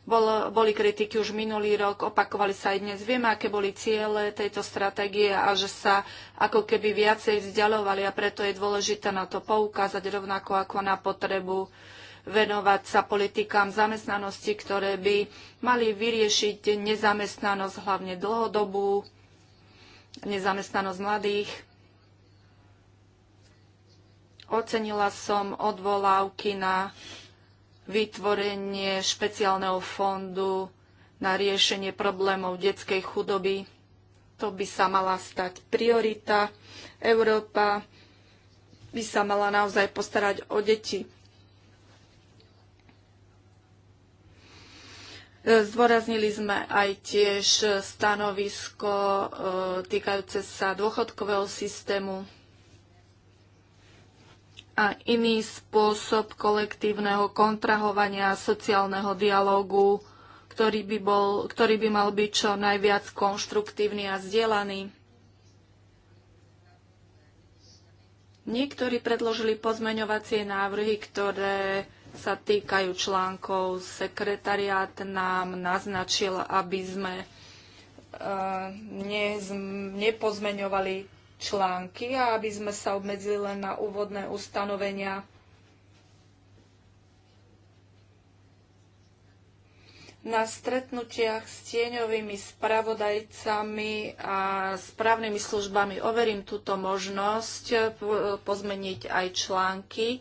[SPEAKER 4] bol, boli kritiky už minulý rok, opakovali sa aj dnes. Vieme, aké boli ciele tejto stratégie a že sa ako keby viacej vzdialovali a preto je dôležité na to poukázať rovnako ako na potrebu venovať sa politikám zamestnanosti, ktoré by mali vyriešiť nezamestnanosť, hlavne dlhodobú, nezamestnanosť mladých. Ocenila som odvolávky na vytvorenie špeciálneho fondu na riešenie problémov detskej chudoby. To by sa mala stať priorita. Európa by sa mala naozaj postarať o deti. Zdôraznili sme aj tiež stanovisko e, týkajúce sa dôchodkového systému a iný spôsob kolektívneho kontrahovania sociálneho dialógu, ktorý by, bol, ktorý by mal byť čo najviac konštruktívny a zdieľaný. Niektorí predložili pozmeňovacie návrhy, ktoré sa týkajú článkov. Sekretariát nám naznačil, aby sme eh, ne, nepozmeňovali články a aby sme sa obmedzili len na úvodné ustanovenia. Na stretnutiach s tieňovými spravodajcami a správnymi službami overím túto možnosť e, pozmeniť aj články. E,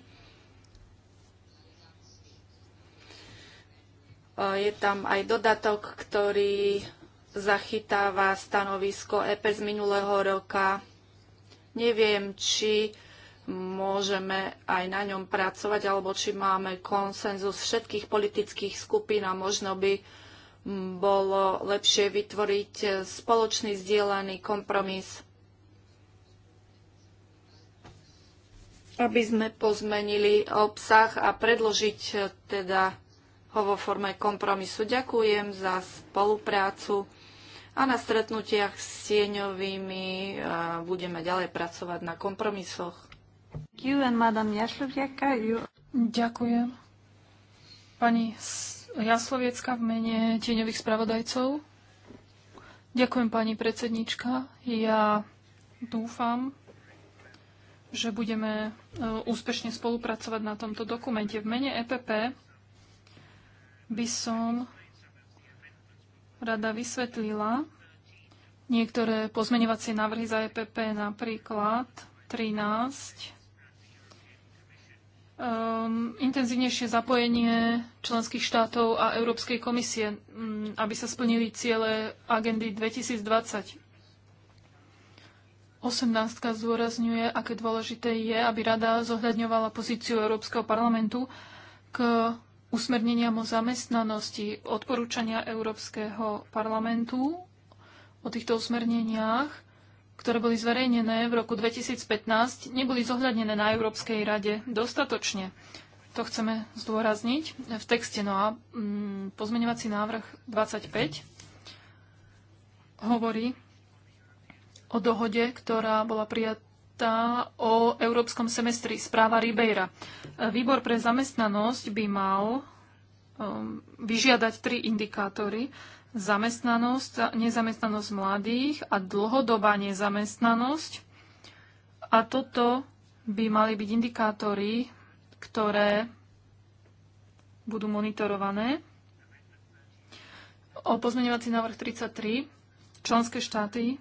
[SPEAKER 4] je tam aj dodatok, ktorý zachytáva stanovisko EPE e z minulého roka Neviem, či môžeme aj na ňom pracovať, alebo či máme konsenzus všetkých politických skupín a možno by bolo lepšie vytvoriť spoločný zdieľaný kompromis, aby sme pozmenili obsah a predložiť eh, teda ho vo forme kompromisu. Ďakujem za spoluprácu a na stretnutiach s sieňovými budeme ďalej pracovať na kompromisoch.
[SPEAKER 1] Ďakujem. Pani
[SPEAKER 3] Jasloviecka v mene tieňových spravodajcov. Ďakujem, pani predsednička. Ja dúfam, že budeme e, úspešne spolupracovať na tomto dokumente. V mene EPP by som rada vysvetlila niektoré pozmeňovacie návrhy za EPP, napríklad 13, um, ehm, intenzívnejšie zapojenie členských štátov a Európskej komisie, um, aby sa splnili ciele agendy 2020. 18. zdôrazňuje, aké dôležité je, aby Rada zohľadňovala pozíciu Európskeho parlamentu k Usmernenia o zamestnanosti, odporúčania Európskeho parlamentu o týchto usmerneniach, ktoré boli zverejnené v roku 2015, neboli zohľadnené na Európskej rade dostatočne. To chceme zdôrazniť v texte. No a mm, pozmeňovací návrh 25 hovorí o dohode, ktorá bola prijatá debata o európskom semestri, správa Ribeira. Výbor pre zamestnanosť by mal um, vyžiadať tri indikátory. Zamestnanosť, nezamestnanosť mladých a dlhodobá nezamestnanosť. A toto by mali byť indikátory, ktoré budú monitorované. O pozmeňovací návrh 33 členské štáty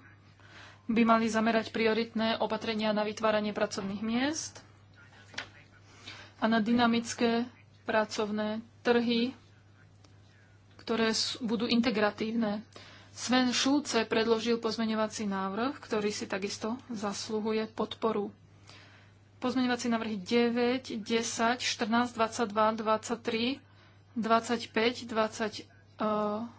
[SPEAKER 3] by mali zamerať prioritné opatrenia na vytváranie pracovných miest a na dynamické pracovné trhy, ktoré budú integratívne. Sven Šulce predložil pozmeňovací návrh, ktorý si takisto zasluhuje podporu. Pozmeňovací návrhy 9, 10, 14, 22, 23, 25, 20, 8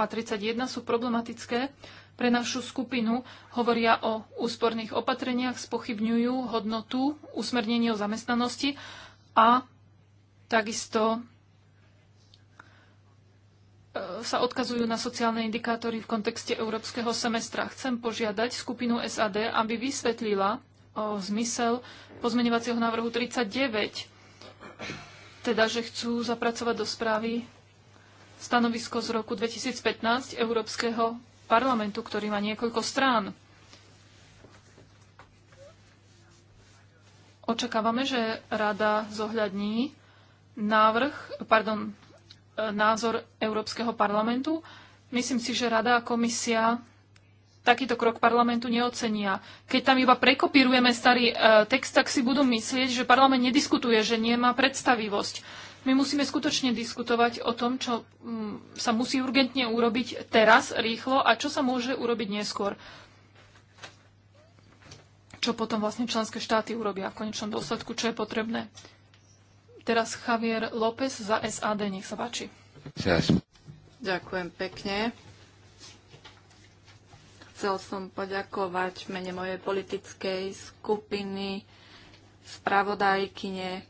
[SPEAKER 3] a 31 sú problematické pre našu skupinu. Hovoria o úsporných opatreniach, spochybňujú hodnotu usmernenie o zamestnanosti a takisto e, sa odkazujú na sociálne indikátory v kontexte európskeho semestra. Chcem požiadať skupinu SAD, aby vysvetlila o e, zmysel pozmeňovacieho návrhu 39, teda že chcú zapracovať do správy stanovisko z roku 2015 Európskeho parlamentu, ktorý má niekoľko strán. Očakávame, že rada zohľadní návrh, pardon, názor Európskeho parlamentu. Myslím si, že rada a komisia takýto krok parlamentu neocenia. Keď tam iba prekopírujeme starý eh, text, tak si budú myslieť, že parlament nediskutuje, že nemá predstavivosť. My musíme skutočne diskutovať o tom, čo mm, sa musí urgentne urobiť teraz, rýchlo a čo sa môže urobiť neskôr. Čo potom vlastne členské štáty urobia v konečnom dôsledku, čo je potrebné. Teraz Javier López za SAD, nech sa páči. Ďakujem pekne.
[SPEAKER 4] Chcel som poďakovať v mene mojej politickej skupiny spravodajkyne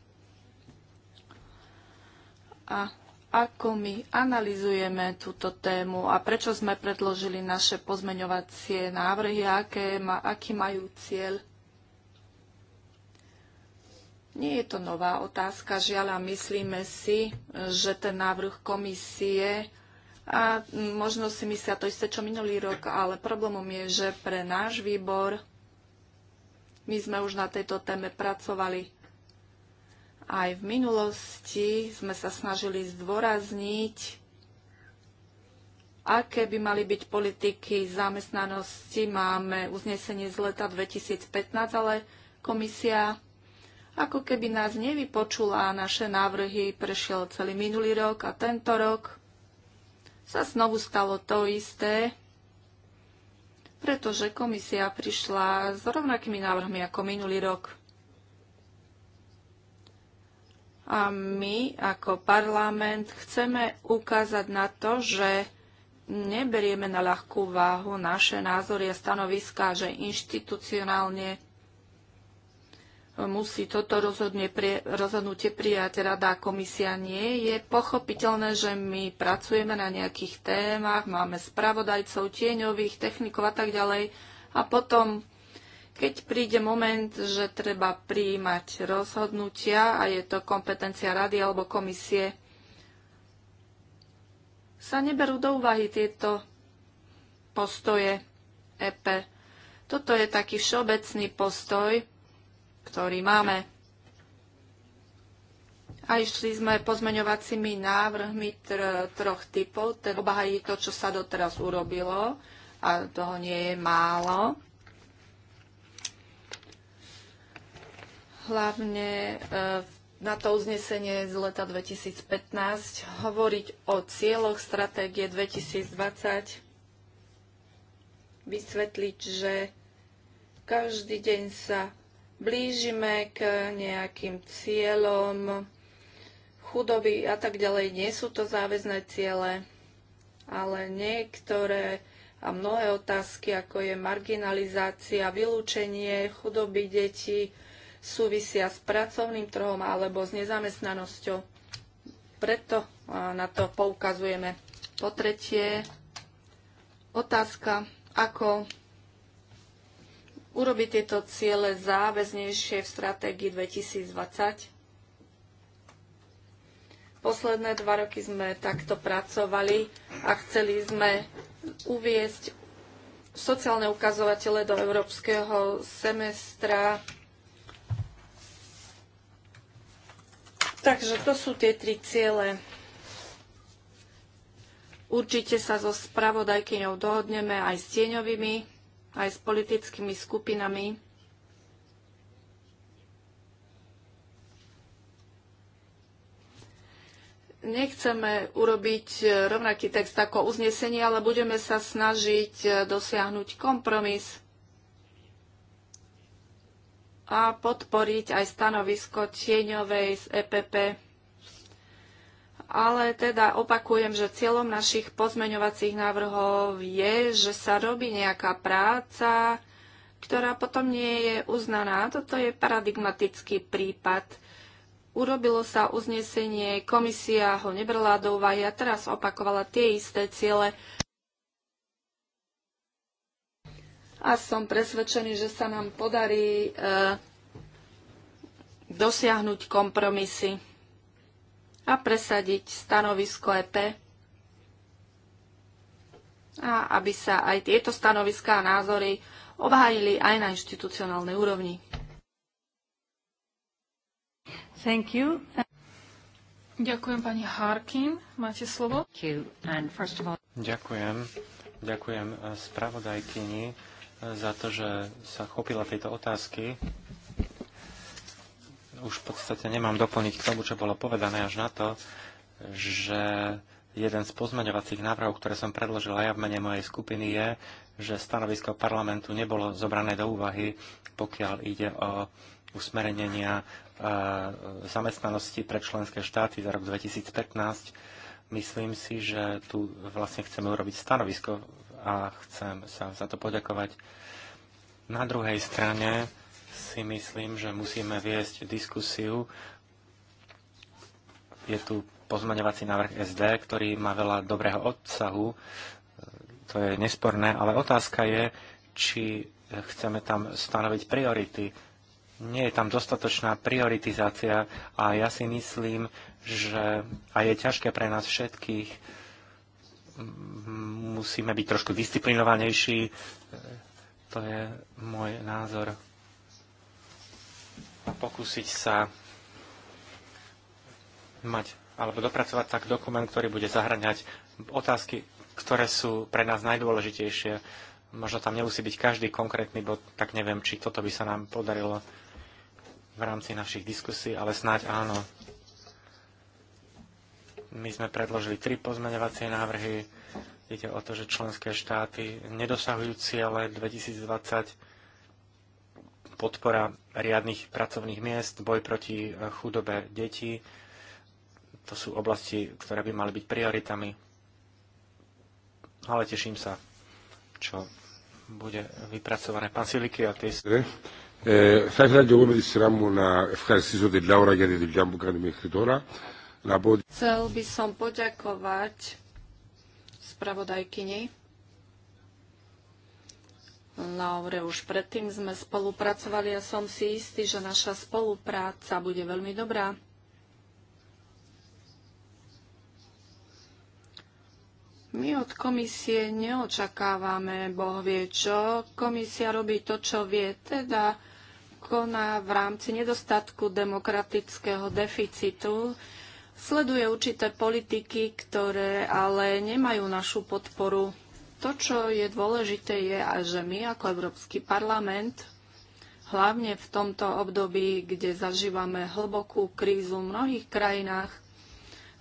[SPEAKER 4] a ako my analizujeme túto tému a prečo sme predložili naše pozmeňovacie návrhy a aké, aký majú cieľ. Nie je to nová otázka, žiaľ, a myslíme si, že ten návrh komisie a možno si myslia to isté, čo minulý rok, ale problémom je, že pre náš výbor my sme už na tejto téme pracovali aj v minulosti sme sa snažili zdôrazniť, aké by mali byť politiky zamestnanosti. Máme uznesenie z leta 2015, ale komisia ako keby nás nevypočula a naše návrhy prešiel celý minulý rok a tento rok sa znovu stalo to isté, pretože komisia prišla s rovnakými návrhmi ako minulý rok. A my ako parlament chceme ukázať na to, že neberieme na ľahkú váhu naše názory a stanoviská, že inštitucionálne musí toto rozhodnutie prijať Rada a komisia nie. Je pochopiteľné, že my pracujeme na nejakých témach, máme spravodajcov, tieňových, technikov a tak ďalej a potom keď príde moment, že treba prijímať rozhodnutia a je to kompetencia rady alebo komisie, sa neberú do úvahy tieto postoje EP. Toto je taký všeobecný postoj, ktorý máme. A išli sme pozmeňovacími návrhmi tr- troch typov. Ten obhají to, čo sa doteraz urobilo a toho nie je málo. hlavne e, na to uznesenie z leta 2015, hovoriť o cieľoch stratégie 2020, vysvetliť, že každý deň sa blížime k nejakým cieľom chudoby a tak ďalej. Nie sú to záväzné ciele, ale niektoré a mnohé otázky, ako je marginalizácia, vylúčenie chudoby detí, súvisia s pracovným trhom alebo s nezamestnanosťou. Preto na to poukazujeme. Po tretie, otázka, ako urobiť tieto ciele záväznejšie v stratégii 2020. Posledné dva roky sme takto pracovali a chceli sme uviesť sociálne ukazovatele do európskeho semestra Takže to sú tie tri ciele. Určite sa so spravodajkyňou dohodneme aj s tieňovými, aj s politickými skupinami. Nechceme urobiť rovnaký text ako uznesenie, ale budeme sa snažiť dosiahnuť kompromis a podporiť aj stanovisko tieňovej z EPP. Ale teda opakujem, že cieľom našich pozmeňovacích návrhov je, že sa robí nejaká práca, ktorá potom nie je uznaná. Toto je paradigmatický prípad. Urobilo sa uznesenie, komisia ho nebrala do úvahy a teraz opakovala tie isté ciele. a som presvedčený, že sa nám podarí e, dosiahnuť kompromisy a presadiť stanovisko EP a aby sa aj tieto stanoviská a názory obhájili aj na inštitucionálnej úrovni. Thank you.
[SPEAKER 3] Ďakujem pani Harkin. Máte slovo.
[SPEAKER 2] Ďakujem. Ďakujem eh, spravodajkyni za to, že sa chopila tejto otázky. Už v podstate nemám doplniť k tomu, čo bolo povedané až na to, že jeden z pozmeňovacích návrhov, ktoré som predložila ja v mene mojej skupiny, je, že stanovisko parlamentu nebolo zobrané do úvahy, pokiaľ ide o usmerenia e, zamestnanosti pre členské štáty za rok 2015. Myslím si, že tu vlastne chceme urobiť stanovisko a chcem sa za to poďakovať. Na druhej strane si myslím, že musíme viesť diskusiu. Je tu pozmaňovací návrh SD, ktorý má veľa dobrého obsahu, to je nesporné, ale otázka je, či chceme tam stanoviť priority. Nie je tam dostatočná prioritizácia a ja si myslím, že a je ťažké pre nás všetkých Mm, musíme byť trošku disciplinovanejší. E, to je môj názor. A pokúsiť sa mať alebo dopracovať tak dokument, ktorý bude zahraňať otázky, ktoré sú pre nás najdôležitejšie. Možno tam nemusí byť každý konkrétny bod, tak neviem, či toto by sa nám podarilo v rámci našich diskusí, ale snáď áno. My sme predložili tri pozmeňovacie návrhy. Ide o to, že členské štáty nedosahujú ciele 2020 podpora riadnych pracovných miest, boj proti eh, chudobe detí. To sú oblasti, ktoré by mali byť prioritami. Ale teším sa, čo bude vypracované. Pán Siliky, a tis.
[SPEAKER 4] θα ήθελα και εγώ με τη σειρά μου να ευχαριστήσω Λάουρα για τη δουλειά που κάνει μέχρι τώρα
[SPEAKER 2] na bod. Chcel
[SPEAKER 4] by som poďakovať spravodajkyni. Laure, už predtým sme spolupracovali a som si istý, že naša spolupráca bude veľmi dobrá. My od komisie neočakávame, Boh vie čo. Komisia robí to, čo vie, teda koná v rámci nedostatku demokratického deficitu. Sleduje určité politiky, ktoré ale nemajú našu podporu. To, čo je dôležité, je, že my ako Európsky parlament, hlavne v tomto období, kde zažívame hlbokú krízu v mnohých krajinách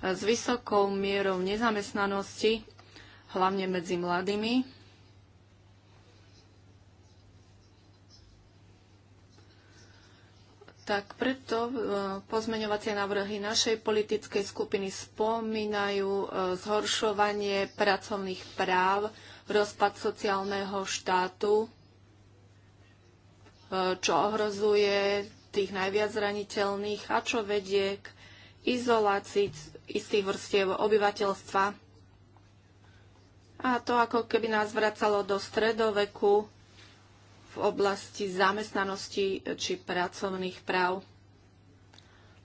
[SPEAKER 4] s vysokou mierou nezamestnanosti, hlavne medzi mladými, tak preto e, pozmeňovacie návrhy našej politickej skupiny spomínajú e, zhoršovanie pracovných práv, rozpad sociálneho štátu, e, čo ohrozuje tých najviac zraniteľných a čo vedie k izolácii istých vrstiev obyvateľstva. A to ako keby nás vracalo do stredoveku, v oblasti zamestnanosti či pracovných práv.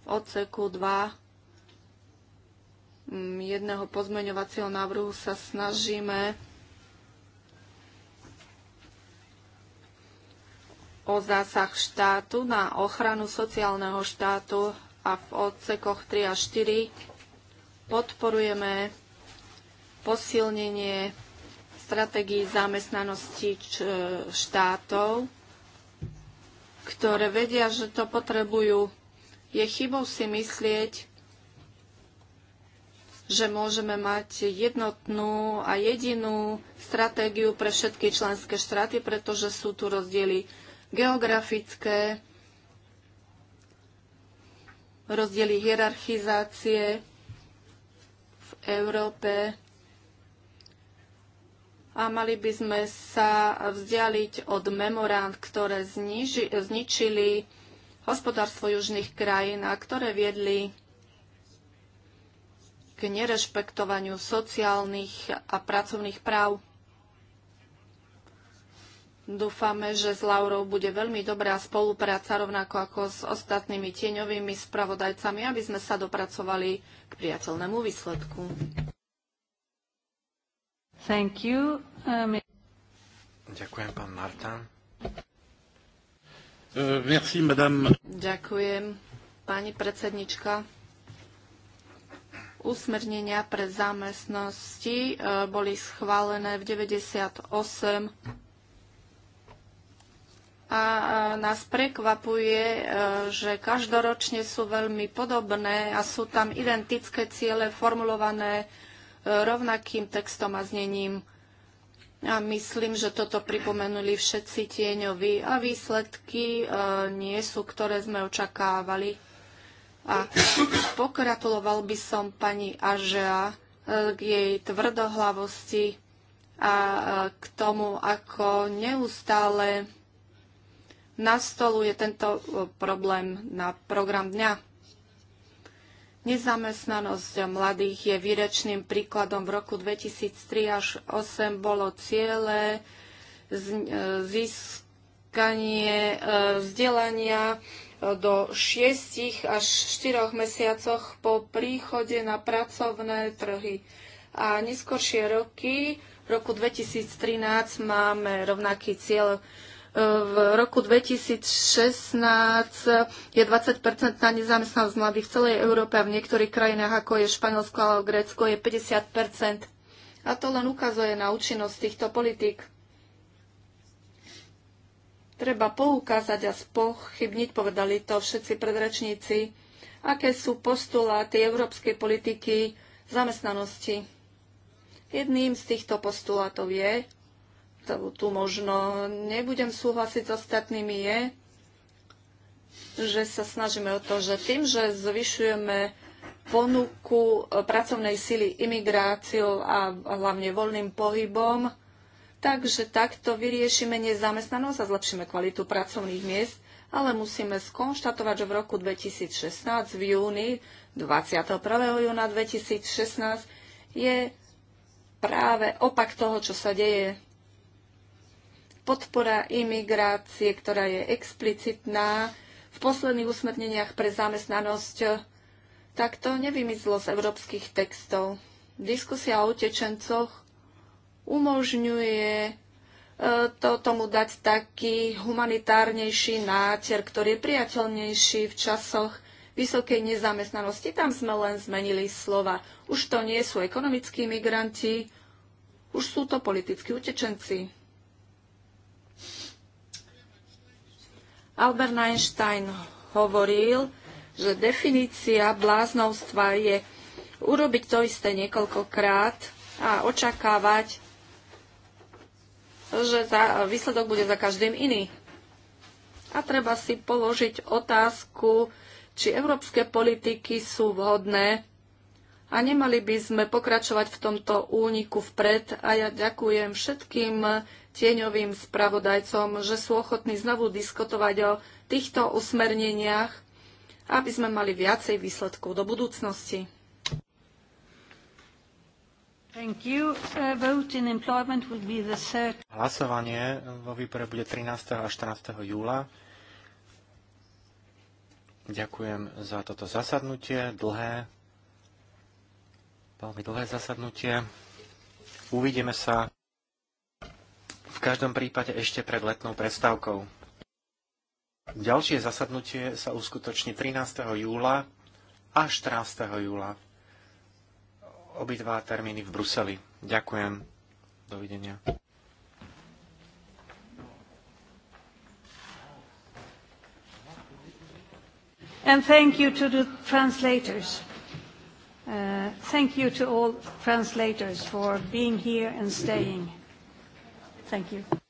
[SPEAKER 4] V odseku 2 mm, jedného pozmeňovacieho návrhu sa snažíme o zásah štátu na ochranu sociálneho štátu a v odsekoch 3 a 4 podporujeme posilnenie stratégii zamestnanosti e, štátov, ktoré vedia, že to potrebujú. Je chybou si myslieť, že môžeme mať jednotnú a jedinú stratégiu pre všetky členské štáty, pretože sú tu rozdiely geografické, rozdiely hierarchizácie v Európe a mali by sme sa vzdialiť od memorand, ktoré zniži, zničili hospodárstvo južných krajín a ktoré viedli k nerešpektovaniu sociálnych a pracovných práv. Dúfame, že s Laurou bude veľmi dobrá spolupráca, rovnako ako s ostatnými tieňovými spravodajcami, aby sme sa dopracovali k priateľnému výsledku. Thank you. Um...
[SPEAKER 2] Ďakujem, pán Martin. Uh, merci, madame.
[SPEAKER 4] Ďakujem, pani predsednička usmernenia pre zamestnosti uh, boli schválené v 98 a nás prekvapuje, uh, že každoročne sú veľmi podobné a sú tam identické ciele formulované rovnakým textom a znením. A myslím, že toto pripomenuli všetci tieňovi a výsledky e, nie sú, ktoré sme očakávali. A pokratuloval by som pani Ažea e, k jej tvrdohlavosti a e, k tomu, ako neustále nastoluje tento e, problém na program dňa. Nezamestnanosť mladých je výrečným príkladom. V roku 2003 až 2008 bolo ciele e, získanie e, vzdelania e, do 6 až 4 mesiacoch po príchode na pracovné trhy. A neskoršie roky, v roku 2013 máme rovnaký cieľ v roku 2016 je 20 na nezamestnanosť mladých v celej Európe a v niektorých krajinách, ako je Španielsko alebo Grécko, je 50 A to len ukazuje na účinnosť týchto politík. Treba poukázať a spochybniť, povedali to všetci predrečníci, aké sú postuláty európskej politiky zamestnanosti. Jedným z týchto postulátov je, to, tu možno nebudem súhlasiť s ostatnými, je, že sa snažíme o to, že tým, že zvyšujeme ponuku e, pracovnej sily imigráciou a hlavne voľným pohybom. Takže takto vyriešime nezamestnanosť a zlepšíme kvalitu pracovných miest, ale musíme skonštatovať, že v roku 2016 v júni, 21. júna 2016, je práve opak toho, čo sa deje podpora imigrácie, ktorá je explicitná v posledných usmerneniach pre zamestnanosť, tak to nevymizlo z európskych textov. Diskusia o utečencoch umožňuje e, to tomu dať taký humanitárnejší náter, ktorý je priateľnejší v časoch vysokej nezamestnanosti. Tam sme len zmenili slova. Už to nie sú ekonomickí migranti, už sú to politickí utečenci. Albert Einstein hovoril, že definícia bláznovstva je urobiť to isté niekoľkokrát a očakávať, že za, výsledok bude za každým iný. A treba si položiť otázku, či európske politiky sú vhodné a nemali by sme pokračovať v tomto úniku vpred. A ja ďakujem všetkým tieňovým spravodajcom, že sú ochotní znovu diskutovať o týchto usmerneniach, aby sme mali viacej výsledkov do budúcnosti.
[SPEAKER 1] Uh,
[SPEAKER 2] Hlasovanie vo výbore bude 13. a 14. júla. Ďakujem za toto zasadnutie, dlhé, veľmi dlhé zasadnutie. Uvidíme sa v každom prípade ešte pred letnou prestávkou. Ďalšie zasadnutie sa uskutoční 13. júla a 14. júla. Obidva termíny v Bruseli. Ďakujem. Dovidenia.
[SPEAKER 1] And thank you to the translators. Uh, thank you to all translators for being here and staying. Mm-hmm. Thank you.